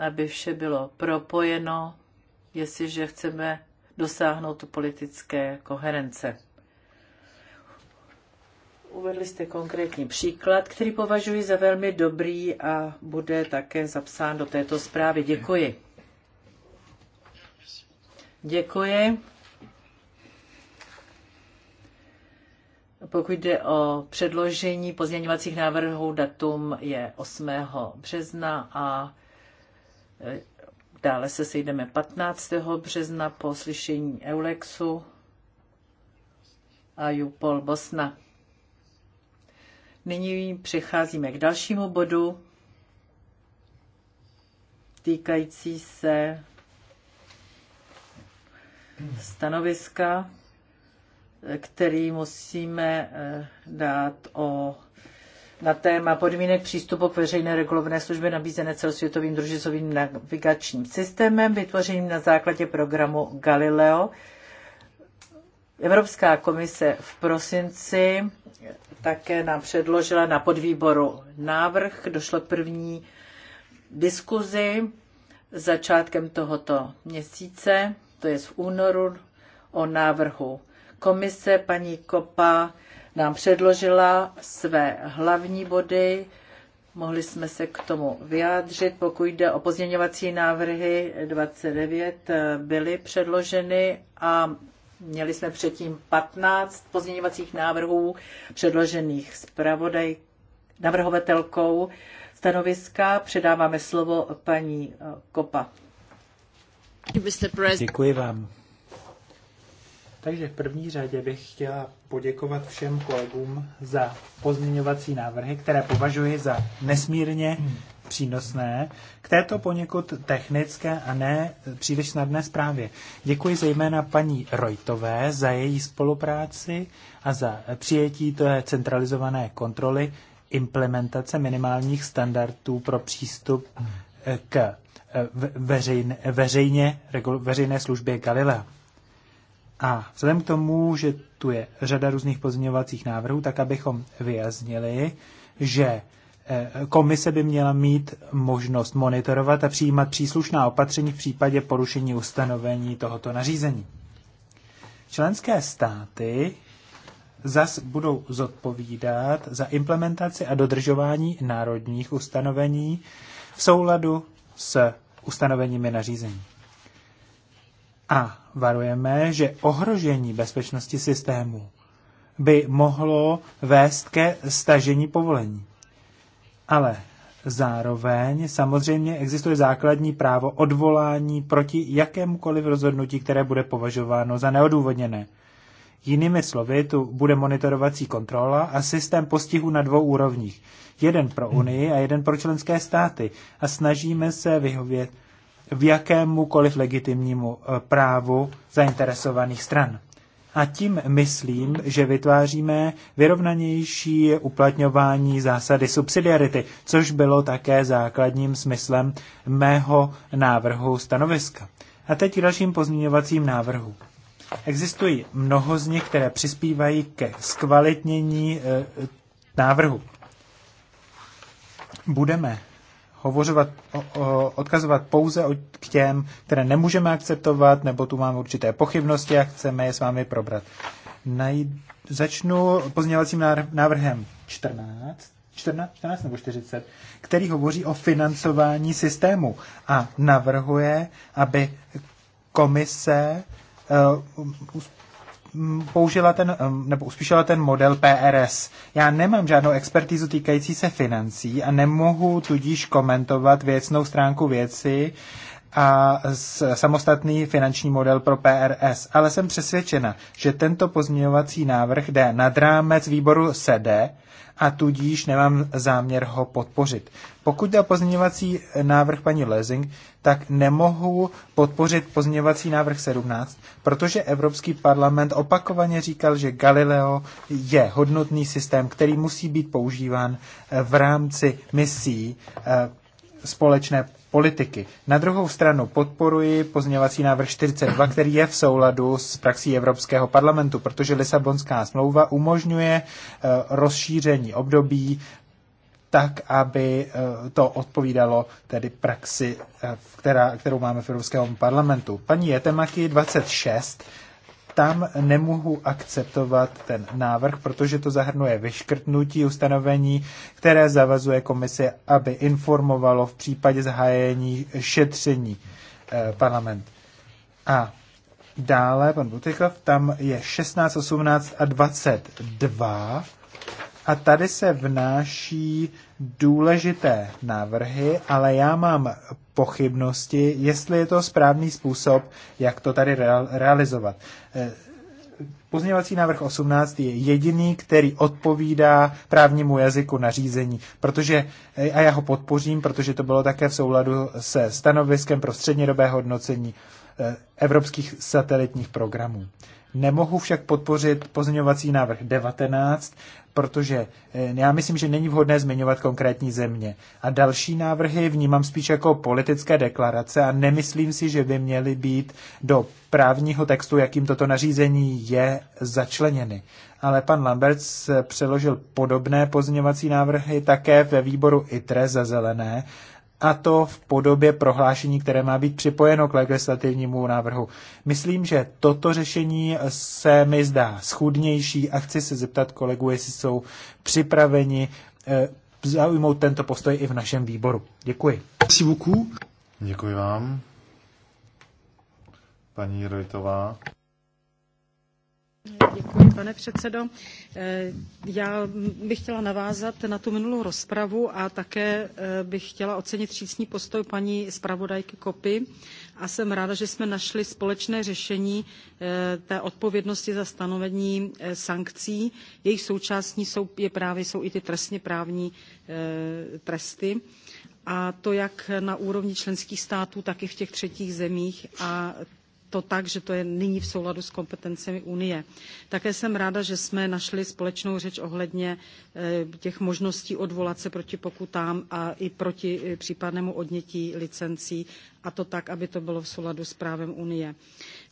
A: aby vše bylo propojeno, jestliže chceme dosáhnout politické koherence. Uvedli jste konkrétní příklad, který považuji za velmi dobrý a bude také zapsán do této zprávy. Děkuji. Děkuji. Pokud jde o předložení pozměňovacích návrhů, datum je 8. března a e, dále se sejdeme 15. března po slyšení Eulexu a Jupol Bosna. Nyní přecházíme k dalšímu bodu týkající se stanoviska, který musíme eh, dát o, na téma podmínek přístupu k veřejné regulované službě nabízené celosvětovým družicovým navigačním systémem, vytvořeným na základě programu Galileo, Evropská komise v prosinci také nám předložila na podvýboru návrh, došlo k první diskuzi začátkem tohoto měsíce, to je v únoru, o návrhu komise. Paní Kopa nám předložila své hlavní body, mohli jsme se k tomu vyjádřit. Pokud jde o pozměňovací návrhy 29, byly předloženy a Měli jsme předtím 15 pozměňovacích návrhů předložených zpravodaj navrhovatelkou stanoviska. Předáváme slovo paní eh, Kopa.
B: Děkuji vám. Takže v první řadě bych chtěla poděkovat všem kolegům za pozměňovací návrhy, které považuji za nesmírně přínosné k této poněkud technické a ne příliš snadné zprávě. Děkuji zejména paní Rojtové za její spolupráci a za přijetí té centralizované kontroly implementace minimálních standardů pro přístup eh, k eh, veřejné, veřejně, veřejné službě Galilea. A vzhledem k tomu, že tu je řada různých pozměňovacích návrhů, tak abychom vyjasnili, že Eh, komise by měla mít možnost monitorovat a přijímat příslušná opatření v případě porušení ustanovení tohoto nařízení. Členské státy zas budou zodpovídat za implementaci a dodržování národních ustanovení v souladu s ustanoveními nařízení. A varujeme, že ohrožení bezpečnosti systému by mohlo vést ke stažení povolení. Ale zároveň samozřejmě existuje základní právo odvolání proti jakémukoliv rozhodnutí, které bude považováno za neodůvodněné. Jinými slovy, tu bude monitorovací kontrola a systém postihu na dvou úrovních. Jeden pro Unii a jeden pro členské státy. A snažíme se vyhovět v jakémukoliv legitimnímu eh, právu zainteresovaných stran. A tím myslím, že vytváříme vyrovnanější uplatňování zásady subsidiarity, což bylo také základním smyslem mého návrhu stanoviska. A teď k dalším pozměňovacím návrhu. Existují mnoho z nich, které přispívají ke zkvalitnění e, návrhu. Budeme hovořovat, odkazovat pouze k těm, které nemůžeme akceptovat, nebo tu máme určité pochybnosti a chceme je s vámi probrat. Naj... Začnu pozměňovacím návrhem 14, 14, 14 nebo 40, který hovoří o financování systému a navrhuje, aby komise eh, použila ten, nebo uspíšila ten model PRS. Já nemám žádnou expertízu týkající se financí a nemohu tudíž komentovat věcnou stránku věci a samostatný finanční model pro PRS. Ale jsem přesvědčena, že tento pozměňovací návrh jde nad rámec výboru SEDE a tudíž nemám záměr ho podpořit. Pokud jde o pozměňovací návrh paní Lezing, tak nemohu podpořit pozměňovací návrh 17, protože Evropský parlament opakovaně říkal, že Galileo je hodnotný systém, který musí být používán v rámci misí eh, společné politiky. Na druhou stranu podporuji pozměňovací návrh 42, který je v souladu s praxí Evropského parlamentu, protože Lisabonská smlouva umožňuje eh, rozšíření období tak, aby eh, to odpovídalo tedy praxi, eh, která, kterou máme v Evropském parlamentu. Paní Jetemaki 26 tam nemohu akceptovat ten návrh, protože to zahrnuje vyškrtnutí ustanovení, které zavazuje komise, aby informovalo v případě zahájení šetření eh, parlament. A dále, pan Butychov, tam je 16, 18 a 22 a tady se vnáší důležité návrhy, ale já mám pochybnosti, jestli je to správný způsob, jak to tady realizovat. Eh, pozměňovací návrh 18 je jediný, který odpovídá právnímu jazyku nařízení, protože, eh, a já ho podpořím, protože to bylo také v souladu se stanoviskem pro střednědobé hodnocení eh, evropských satelitních programů. Nemohu však podpořit pozměňovací návrh 19, protože eh, já myslím, že není vhodné zmiňovat konkrétní země. A další návrhy vnímám spíš jako politické deklarace a nemyslím si, že by měly být do právního textu, jakým toto nařízení je, začleněny. Ale pan Lamberts přeložil podobné pozměňovací návrhy také ve výboru ITRE za zelené a to v podobě prohlášení, které má být připojeno k legislativnímu návrhu. Myslím, že toto řešení se mi zdá schudnější a chci se zeptat kolegů, jestli jsou připraveni eh, zaujmout tento postoj i v našem výboru. Děkuji.
D: Děkuji vám. Paní Rojtová.
C: Děkuji, pane předsedo. Eh, já bych chtěla navázat na tu minulou rozpravu a také eh, bych chtěla ocenit přísný postoj paní zpravodajky Kopy a jsem ráda, že jsme našli společné řešení eh, té odpovědnosti za stanovení sankcí. Jejich součástí jsou, je právě, jsou i ty trestně právní tresty a to jak na úrovni členských států, tak i v těch třetích zemích a to tak, že to je nyní v souladu s kompetencemi Unie. Také jsem ráda, že jsme našli společnou řeč ohledně eh, těch možností odvolat se proti pokutám a i proti eh, případnému odnětí licencí a to tak, aby to bylo v souladu s právem Unie.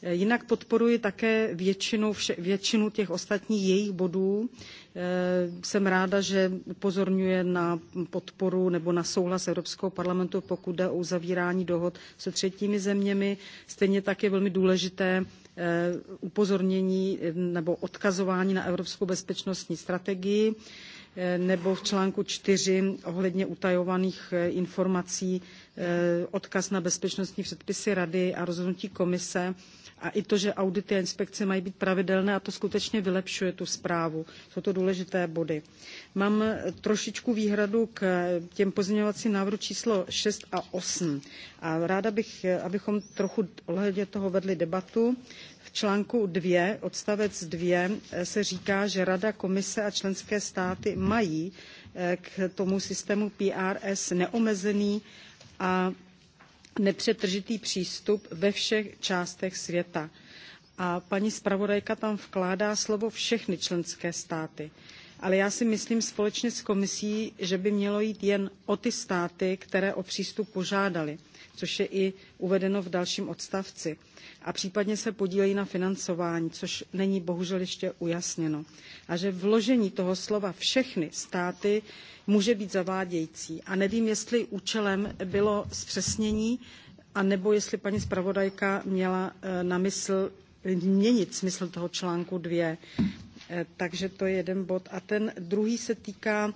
C: Jinak podporuji také většinu, vše, většinu těch ostatních jejich bodů. Eh, jsem ráda, že upozorňuje na podporu nebo na souhlas Evropského parlamentu, pokud jde o uzavírání dohod se třetími zeměmi. Stejně tak je velmi důležité eh, upozornění nebo odkazování na Evropskou bezpečnostní strategii eh, nebo v článku 4 ohledně utajovaných informací odkaz na bezpečnostní předpisy Rady a rozhodnutí komise a i to, že audity a inspekce mají být pravidelné a to skutečně vylepšuje tu zprávu. Jsou to důležité body. Mám trošičku výhradu k těm pozměňovacím návrhu číslo 6 a 8 a ráda bych, abychom trochu ohledně toho vedli debatu v článku 2, odstavec 2, se říká, že Rada, Komise a členské státy mají eh, k tomu systému PRS neomezený a nepřetržitý přístup ve všech částech světa. A paní zpravodajka tam vkládá slovo všechny členské státy. Ale já si myslím společně s komisí, že by mělo jít jen o ty státy, které o přístup požádali, což je i uvedeno v dalším odstavci. A případně se podílejí na financování, což není bohužel ještě ujasněno. A že vložení toho slova všechny státy může být zavádějící. A nevím, jestli účelem bylo zpřesnění, a nebo jestli paní zpravodajka měla eh, na mysl měnit smysl toho článku dvě, eh, Takže to je jeden bod. A ten druhý se týká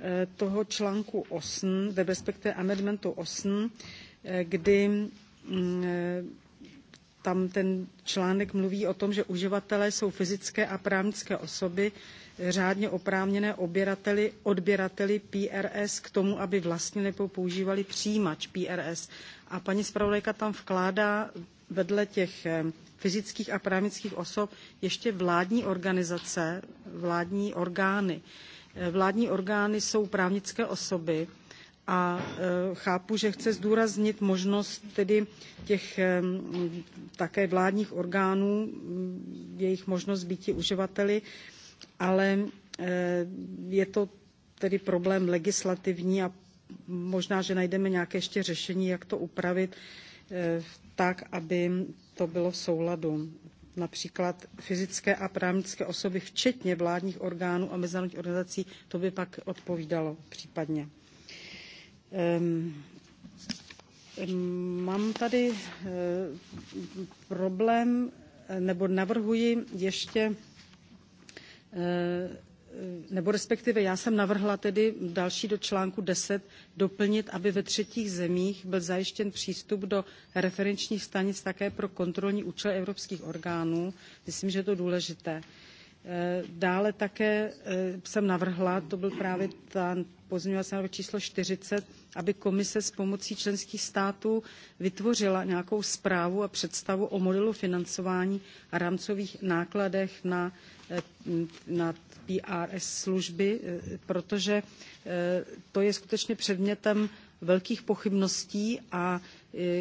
C: eh, toho článku 8, ve respektive amendmentu 8, kdy mm, tam ten článek mluví o tom, že uživatelé jsou fyzické a právnické osoby řádně oprávněné oběrateli, odběrateli PRS k tomu, aby vlastně nebo používali přijímač PRS. A paní zpravodajka tam vkládá vedle těch eh, fyzických a právnických osob ještě vládní organizace, vládní orgány. Eh, vládní orgány jsou právnické osoby a eh, chápu, že chce zdůraznit možnost tedy těch také vládních orgánů, mm, jejich možnost býti uživateli ale eh, je to tedy problém legislativní a možná, že najdeme nějaké ještě řešení, jak to upravit eh, tak, aby to bylo v souladu. Například fyzické a právnické osoby, včetně vládních orgánů a mezinárodních organizací, to by pak odpovídalo případně. Ehm, mám tady eh, problém, nebo navrhuji ještě Eh, nebo respektive já jsem navrhla tedy další do článku 10 doplnit, aby ve třetích zemích byl zajištěn přístup do referenčních stanic také pro kontrolní účely evropských orgánů. Myslím, že je to důležité. Eh, dále také eh, jsem navrhla, to byl právě ten pozměňovací návrh číslo 40, aby komise s pomocí členských států vytvořila nějakou zprávu a představu o modelu financování a rámcových nákladech na Eh, na PRS služby, eh, protože eh, to je skutečně předmětem velkých pochybností a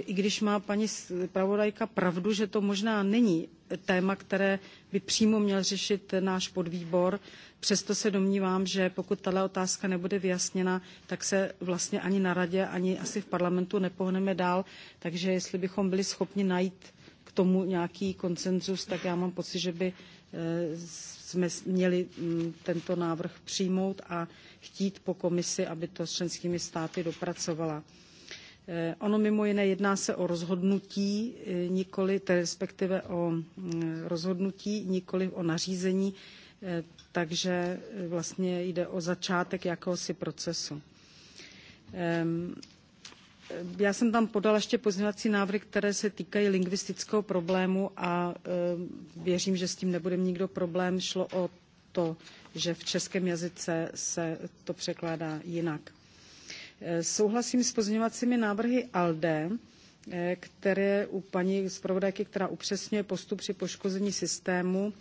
C: i když má paní zpravodajka pravdu, že to možná není téma, které by přímo měl řešit náš podvýbor, přesto se domnívám, že pokud tato otázka nebude vyjasněna, tak se vlastně ani na radě, ani asi v parlamentu nepohneme dál, takže jestli bychom byli schopni najít k tomu nějaký koncenzus, tak já mám pocit, že by Eh, jsme měli mm, tento návrh přijmout a chtít po komisi, aby to s členskými státy dopracovala. Eh, ono mimo jiné jedná se o rozhodnutí, eh, nikoli, respektive o mm, rozhodnutí, nikoli o nařízení, takže vlastně jde o začátek jakéhosi procesu. Ehm, Eh, já jsem tam podala ještě pozměňovací návrhy, které se týkají lingvistického problému a eh, věřím, že s tím nebude nikdo problém. Šlo o to, že v českém jazyce se to překládá jinak. Eh, souhlasím s pozměňovacími návrhy ALDE, které u paní zpravodajky, která upřesňuje postup při poškození systému.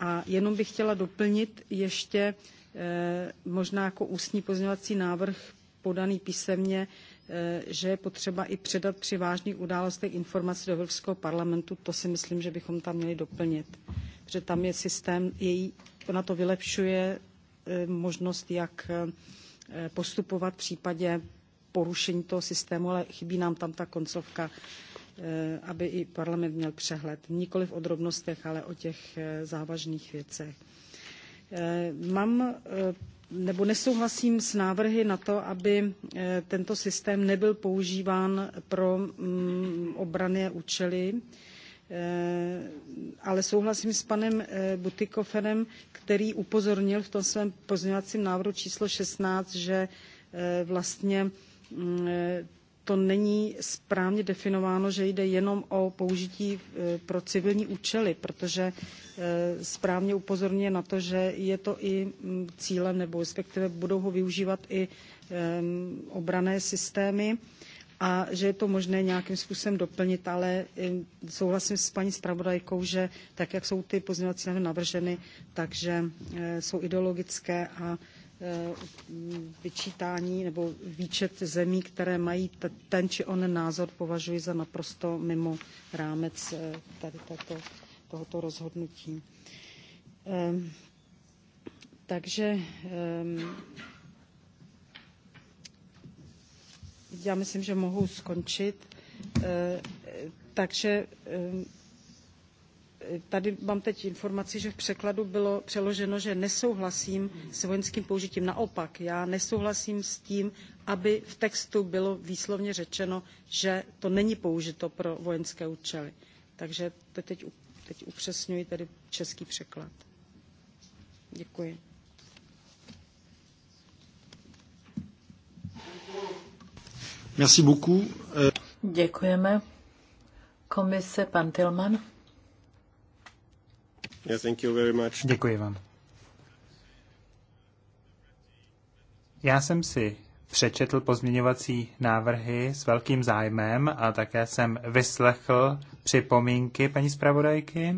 C: A jenom bych chtěla doplnit ještě možná jako ústní pozměňovací návrh podaný písemně Eh, že je potřeba i předat při vážných událostech informace do Evropského parlamentu. To si myslím, že bychom tam měli doplnit, protože tam je systém, její, ona to vylepšuje eh, možnost, jak eh, postupovat v případě porušení toho systému, ale chybí nám tam ta koncovka, aby i parlament měl přehled. Nikoli o drobnostech, ale o těch závažných věcech. Mám nebo nesouhlasím s návrhy na to, aby eh, tento systém nebyl používán pro mm, obrané účely, eh, ale souhlasím s panem eh, Butikoferem, který upozornil v tom svém pozměňovacím návrhu číslo 16, že vlastně mm, to není správně definováno, že jde jenom o použití e, pro civilní účely, protože e, správně upozorňuje na to, že je to i mm, cílem, nebo respektive budou ho využívat i obrané systémy a že je to možné nějakým způsobem doplnit, ale souhlasím s paní zpravodajkou, že tak, jak jsou ty pozměňovací návrhy navrženy, takže e, jsou ideologické a Eh, vyčítání nebo výčet zemí, které mají ten či onen názor, považuji za naprosto mimo rámec eh, tady tato, tohoto rozhodnutí. Eh, takže já myslím, že mohu skončit. Takže tady mám teď informaci, že v překladu bylo přeloženo, že nesouhlasím s vojenským použitím. Naopak, já nesouhlasím s tím, aby v textu bylo výslovně řečeno, že to není použito pro vojenské účely. Takže to teď, teď upřesňuji tedy český překlad. Děkuji.
B: Merci beaucoup.
A: Děkujeme. Komise, pan Tilman.
B: Yeah, thank you very much. Děkuji vám. Já jsem si přečetl pozměňovací návrhy s velkým zájmem a také jsem vyslechl připomínky paní zpravodajky.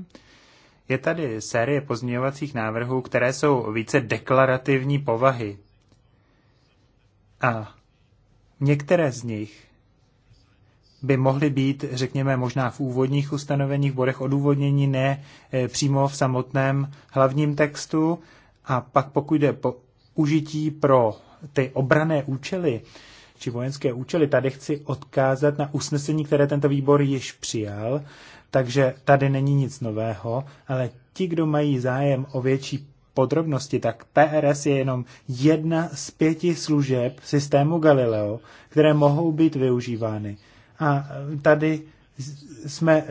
B: Je tady série pozměňovacích návrhů, které jsou více deklarativní povahy. A některé z nich by mohly být, řekněme, možná v úvodních ustanoveních, bodech odůvodnění, ne eh, přímo v samotném hlavním textu. A pak pokud jde po užití pro ty obrané účely, či vojenské účely, tady chci odkázat na usnesení, které tento výbor již přijal, takže tady není nic nového, ale ti, kdo mají zájem o větší podrobnosti, tak PRS je jenom jedna z pěti služeb systému Galileo, které mohou být využívány a tady jsme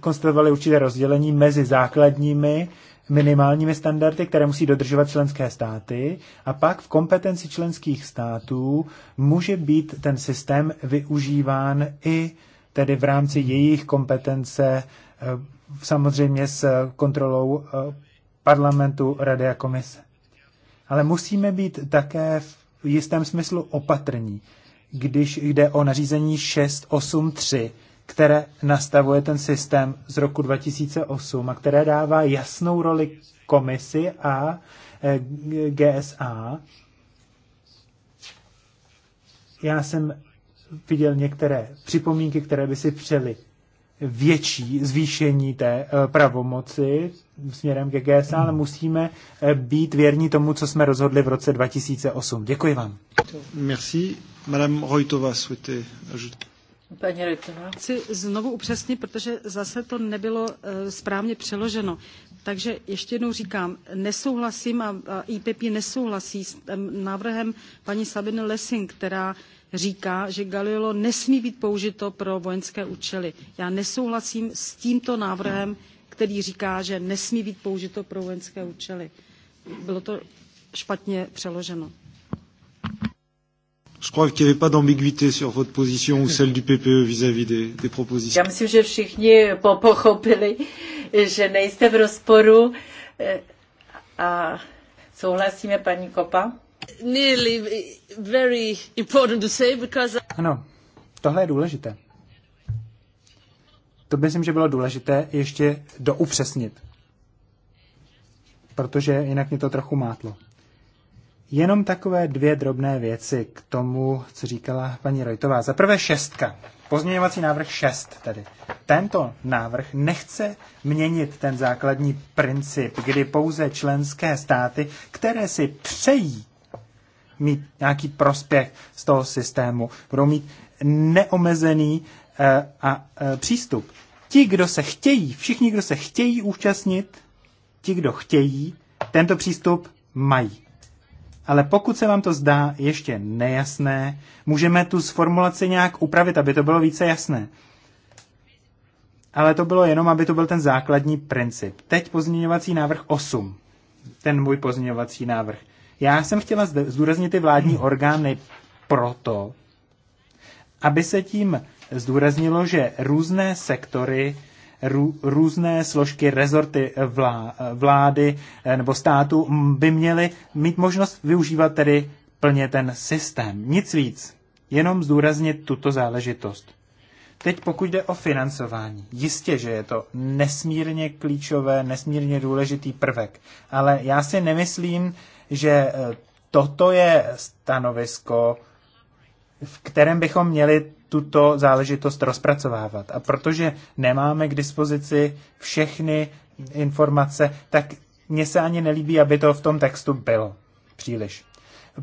B: konstruovali určité rozdělení mezi základními minimálními standardy, které musí dodržovat členské státy a pak v kompetenci členských států může být ten systém využíván i tedy v rámci jejich kompetence e, samozřejmě s kontrolou e, parlamentu, rady a komise. Ale musíme být také v jistém smyslu opatrní když jde o nařízení 683, které nastavuje ten systém z roku 2008 a které dává jasnou roli komisi a eh, GSA. Já jsem viděl některé připomínky, které by si přeli větší zvýšení té eh, pravomoci směrem ke GSA, ale musíme eh, být věrní tomu, co jsme rozhodli v roce 2008. Děkuji vám. Merci. Madame Rojtová souhaitait ajouter.
C: Chci znovu upřesnit, protože zase to nebylo eh, správně přeloženo. Takže ještě jednou říkám, nesouhlasím a IPP nesouhlasí s návrhem paní Sabine Lessing, která říká, že Galileo nesmí být použito pro vojenské účely. Já nesouhlasím s tímto návrhem, který říká, že nesmí být použito pro vojenské účely. Bylo to špatně přeloženo.
B: Je crois qu'il n'y avait pas d'ambiguïté sur votre position ou celle du PPE vis-à-vis -vis des, des
C: propositions.
A: Já myslím, že všichni pochopili, že nejste v rozporu eh, a souhlasíme, paní Kopa. very important to say because... Ano,
B: tohle je důležité. To myslím, že bylo důležité ještě doupřesnit, protože jinak mě to trochu mátlo. Jenom takové dvě drobné věci k tomu, co říkala paní Rojtová. Za prvé šestka. Pozměňovací návrh 6 tedy. Tento návrh nechce měnit ten základní princip, kdy pouze členské státy, které si přejí mít nějaký prospěch z toho systému, budou mít neomezený e, a, e, přístup. Ti, kdo se chtějí, všichni, kdo se chtějí účastnit, ti, kdo chtějí, tento přístup mají ale pokud se vám to zdá ještě nejasné, můžeme tu sformulaci nějak upravit, aby to bylo více jasné. Ale to bylo jenom, aby to byl ten základní princip. Teď pozměňovací návrh 8. Ten můj pozměňovací návrh. Já jsem chtěla zdůraznit ty vládní orgány proto, aby se tím zdůraznilo, že různé sektory rů, různé složky, rezorty vlá, vlády eh, nebo státu by měly mít možnost využívat tedy plně ten systém. Nic víc, jenom zdůraznit tuto záležitost. Teď pokud jde o financování, jistě, že je to nesmírně klíčové, nesmírně důležitý prvek, ale já si nemyslím, že eh, toto je stanovisko, v kterém bychom měli tuto záležitost rozpracovávat. A protože nemáme k dispozici všechny informace, tak mně se ani nelíbí, aby to v tom textu bylo příliš.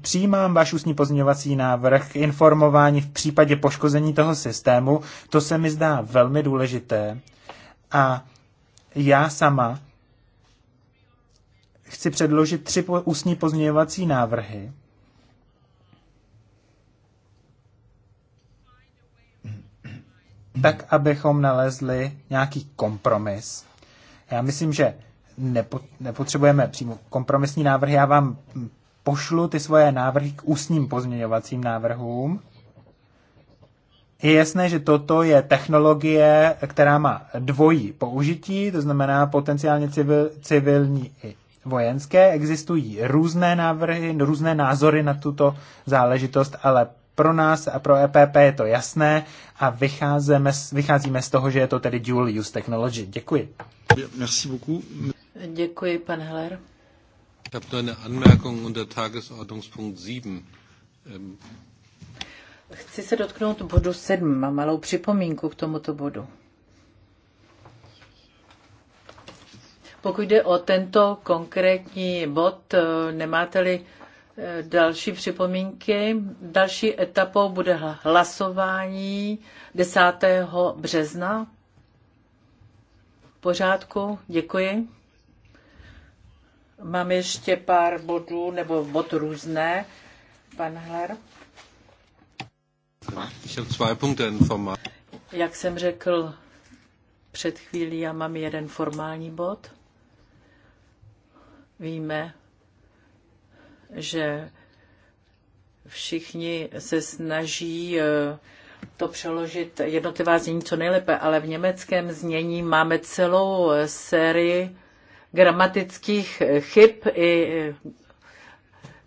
B: Přijímám váš ústní pozměňovací návrh k informování v případě poškození toho systému. To se mi zdá velmi důležité. A já sama chci předložit tři ústní pozměňovací návrhy, tak abychom nalezli nějaký kompromis. Já myslím, že nepotřebujeme přímo kompromisní návrh. Já vám pošlu ty svoje návrhy k ústním pozměňovacím návrhům. Je jasné, že toto je technologie, která má dvojí použití, to znamená potenciálně civil, civilní i vojenské. Existují různé návrhy, různé názory na tuto záležitost, ale pro nás a pro EPP je to jasné a vycházíme, vycházíme z toho, že je to tedy dual use technology. Děkuji. Merci beaucoup.
A: Děkuji, pan Heller. Ich habe nur eine Anmerkung unter Tagesordnungspunkt 7. Ähm, Chci se dotknout bodu 7. Mám malou připomínku k tomuto bodu. Pokud jde o tento konkrétní bod, eh, nemáte-li další připomínky. Další etapou bude hlasování 10. března. V pořádku, děkuji. Mám ještě pár bodů, nebo bod různé. Pan Hler. Jak jsem řekl před chvílí, já mám jeden formální bod. Víme, že všichni se snaží eh, to přeložit jednotlivá znění co nejlépe, ale v německém znění máme celou eh, sérii gramatických eh, chyb i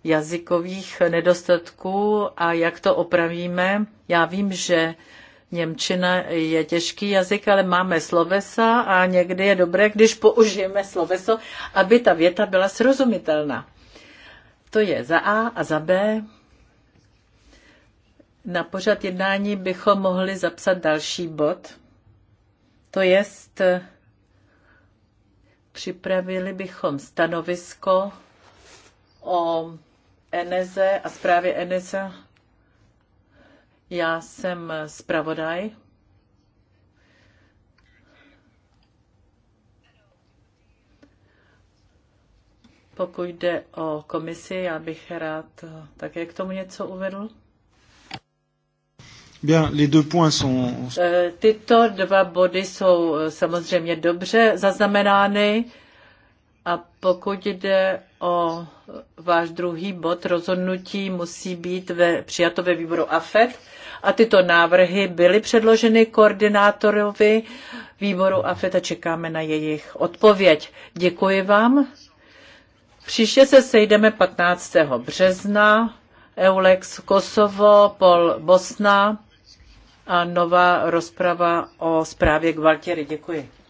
A: jazykových nedostatků a jak to opravíme. Já vím, že Němčina je těžký jazyk, ale máme slovesa a někdy je dobré, když použijeme sloveso, aby ta věta byla srozumitelná. To je za A a za B. Na pořad jednání bychom mohli zapsat další bod. To jest, připravili bychom stanovisko o Eneze a zprávě Eneze. Já jsem zpravodaj Pokud jde o komisi, já bych rád eh, také k tomu něco uvedl.
B: Bien, les deux points sont...
A: Eh, tyto dva body jsou eh, samozřejmě dobře zaznamenány. A pokud jde o váš druhý bod, rozhodnutí musí být ve, přijato ve výboru AFET. A tyto návrhy byly předloženy koordinátorovi výboru AFET a čekáme na jejich odpověď. Děkuji vám. Příště se sejdeme 15. března, Eulex Kosovo, Pol Bosna a nová rozprava o zprávě Valtěry. Děkuji.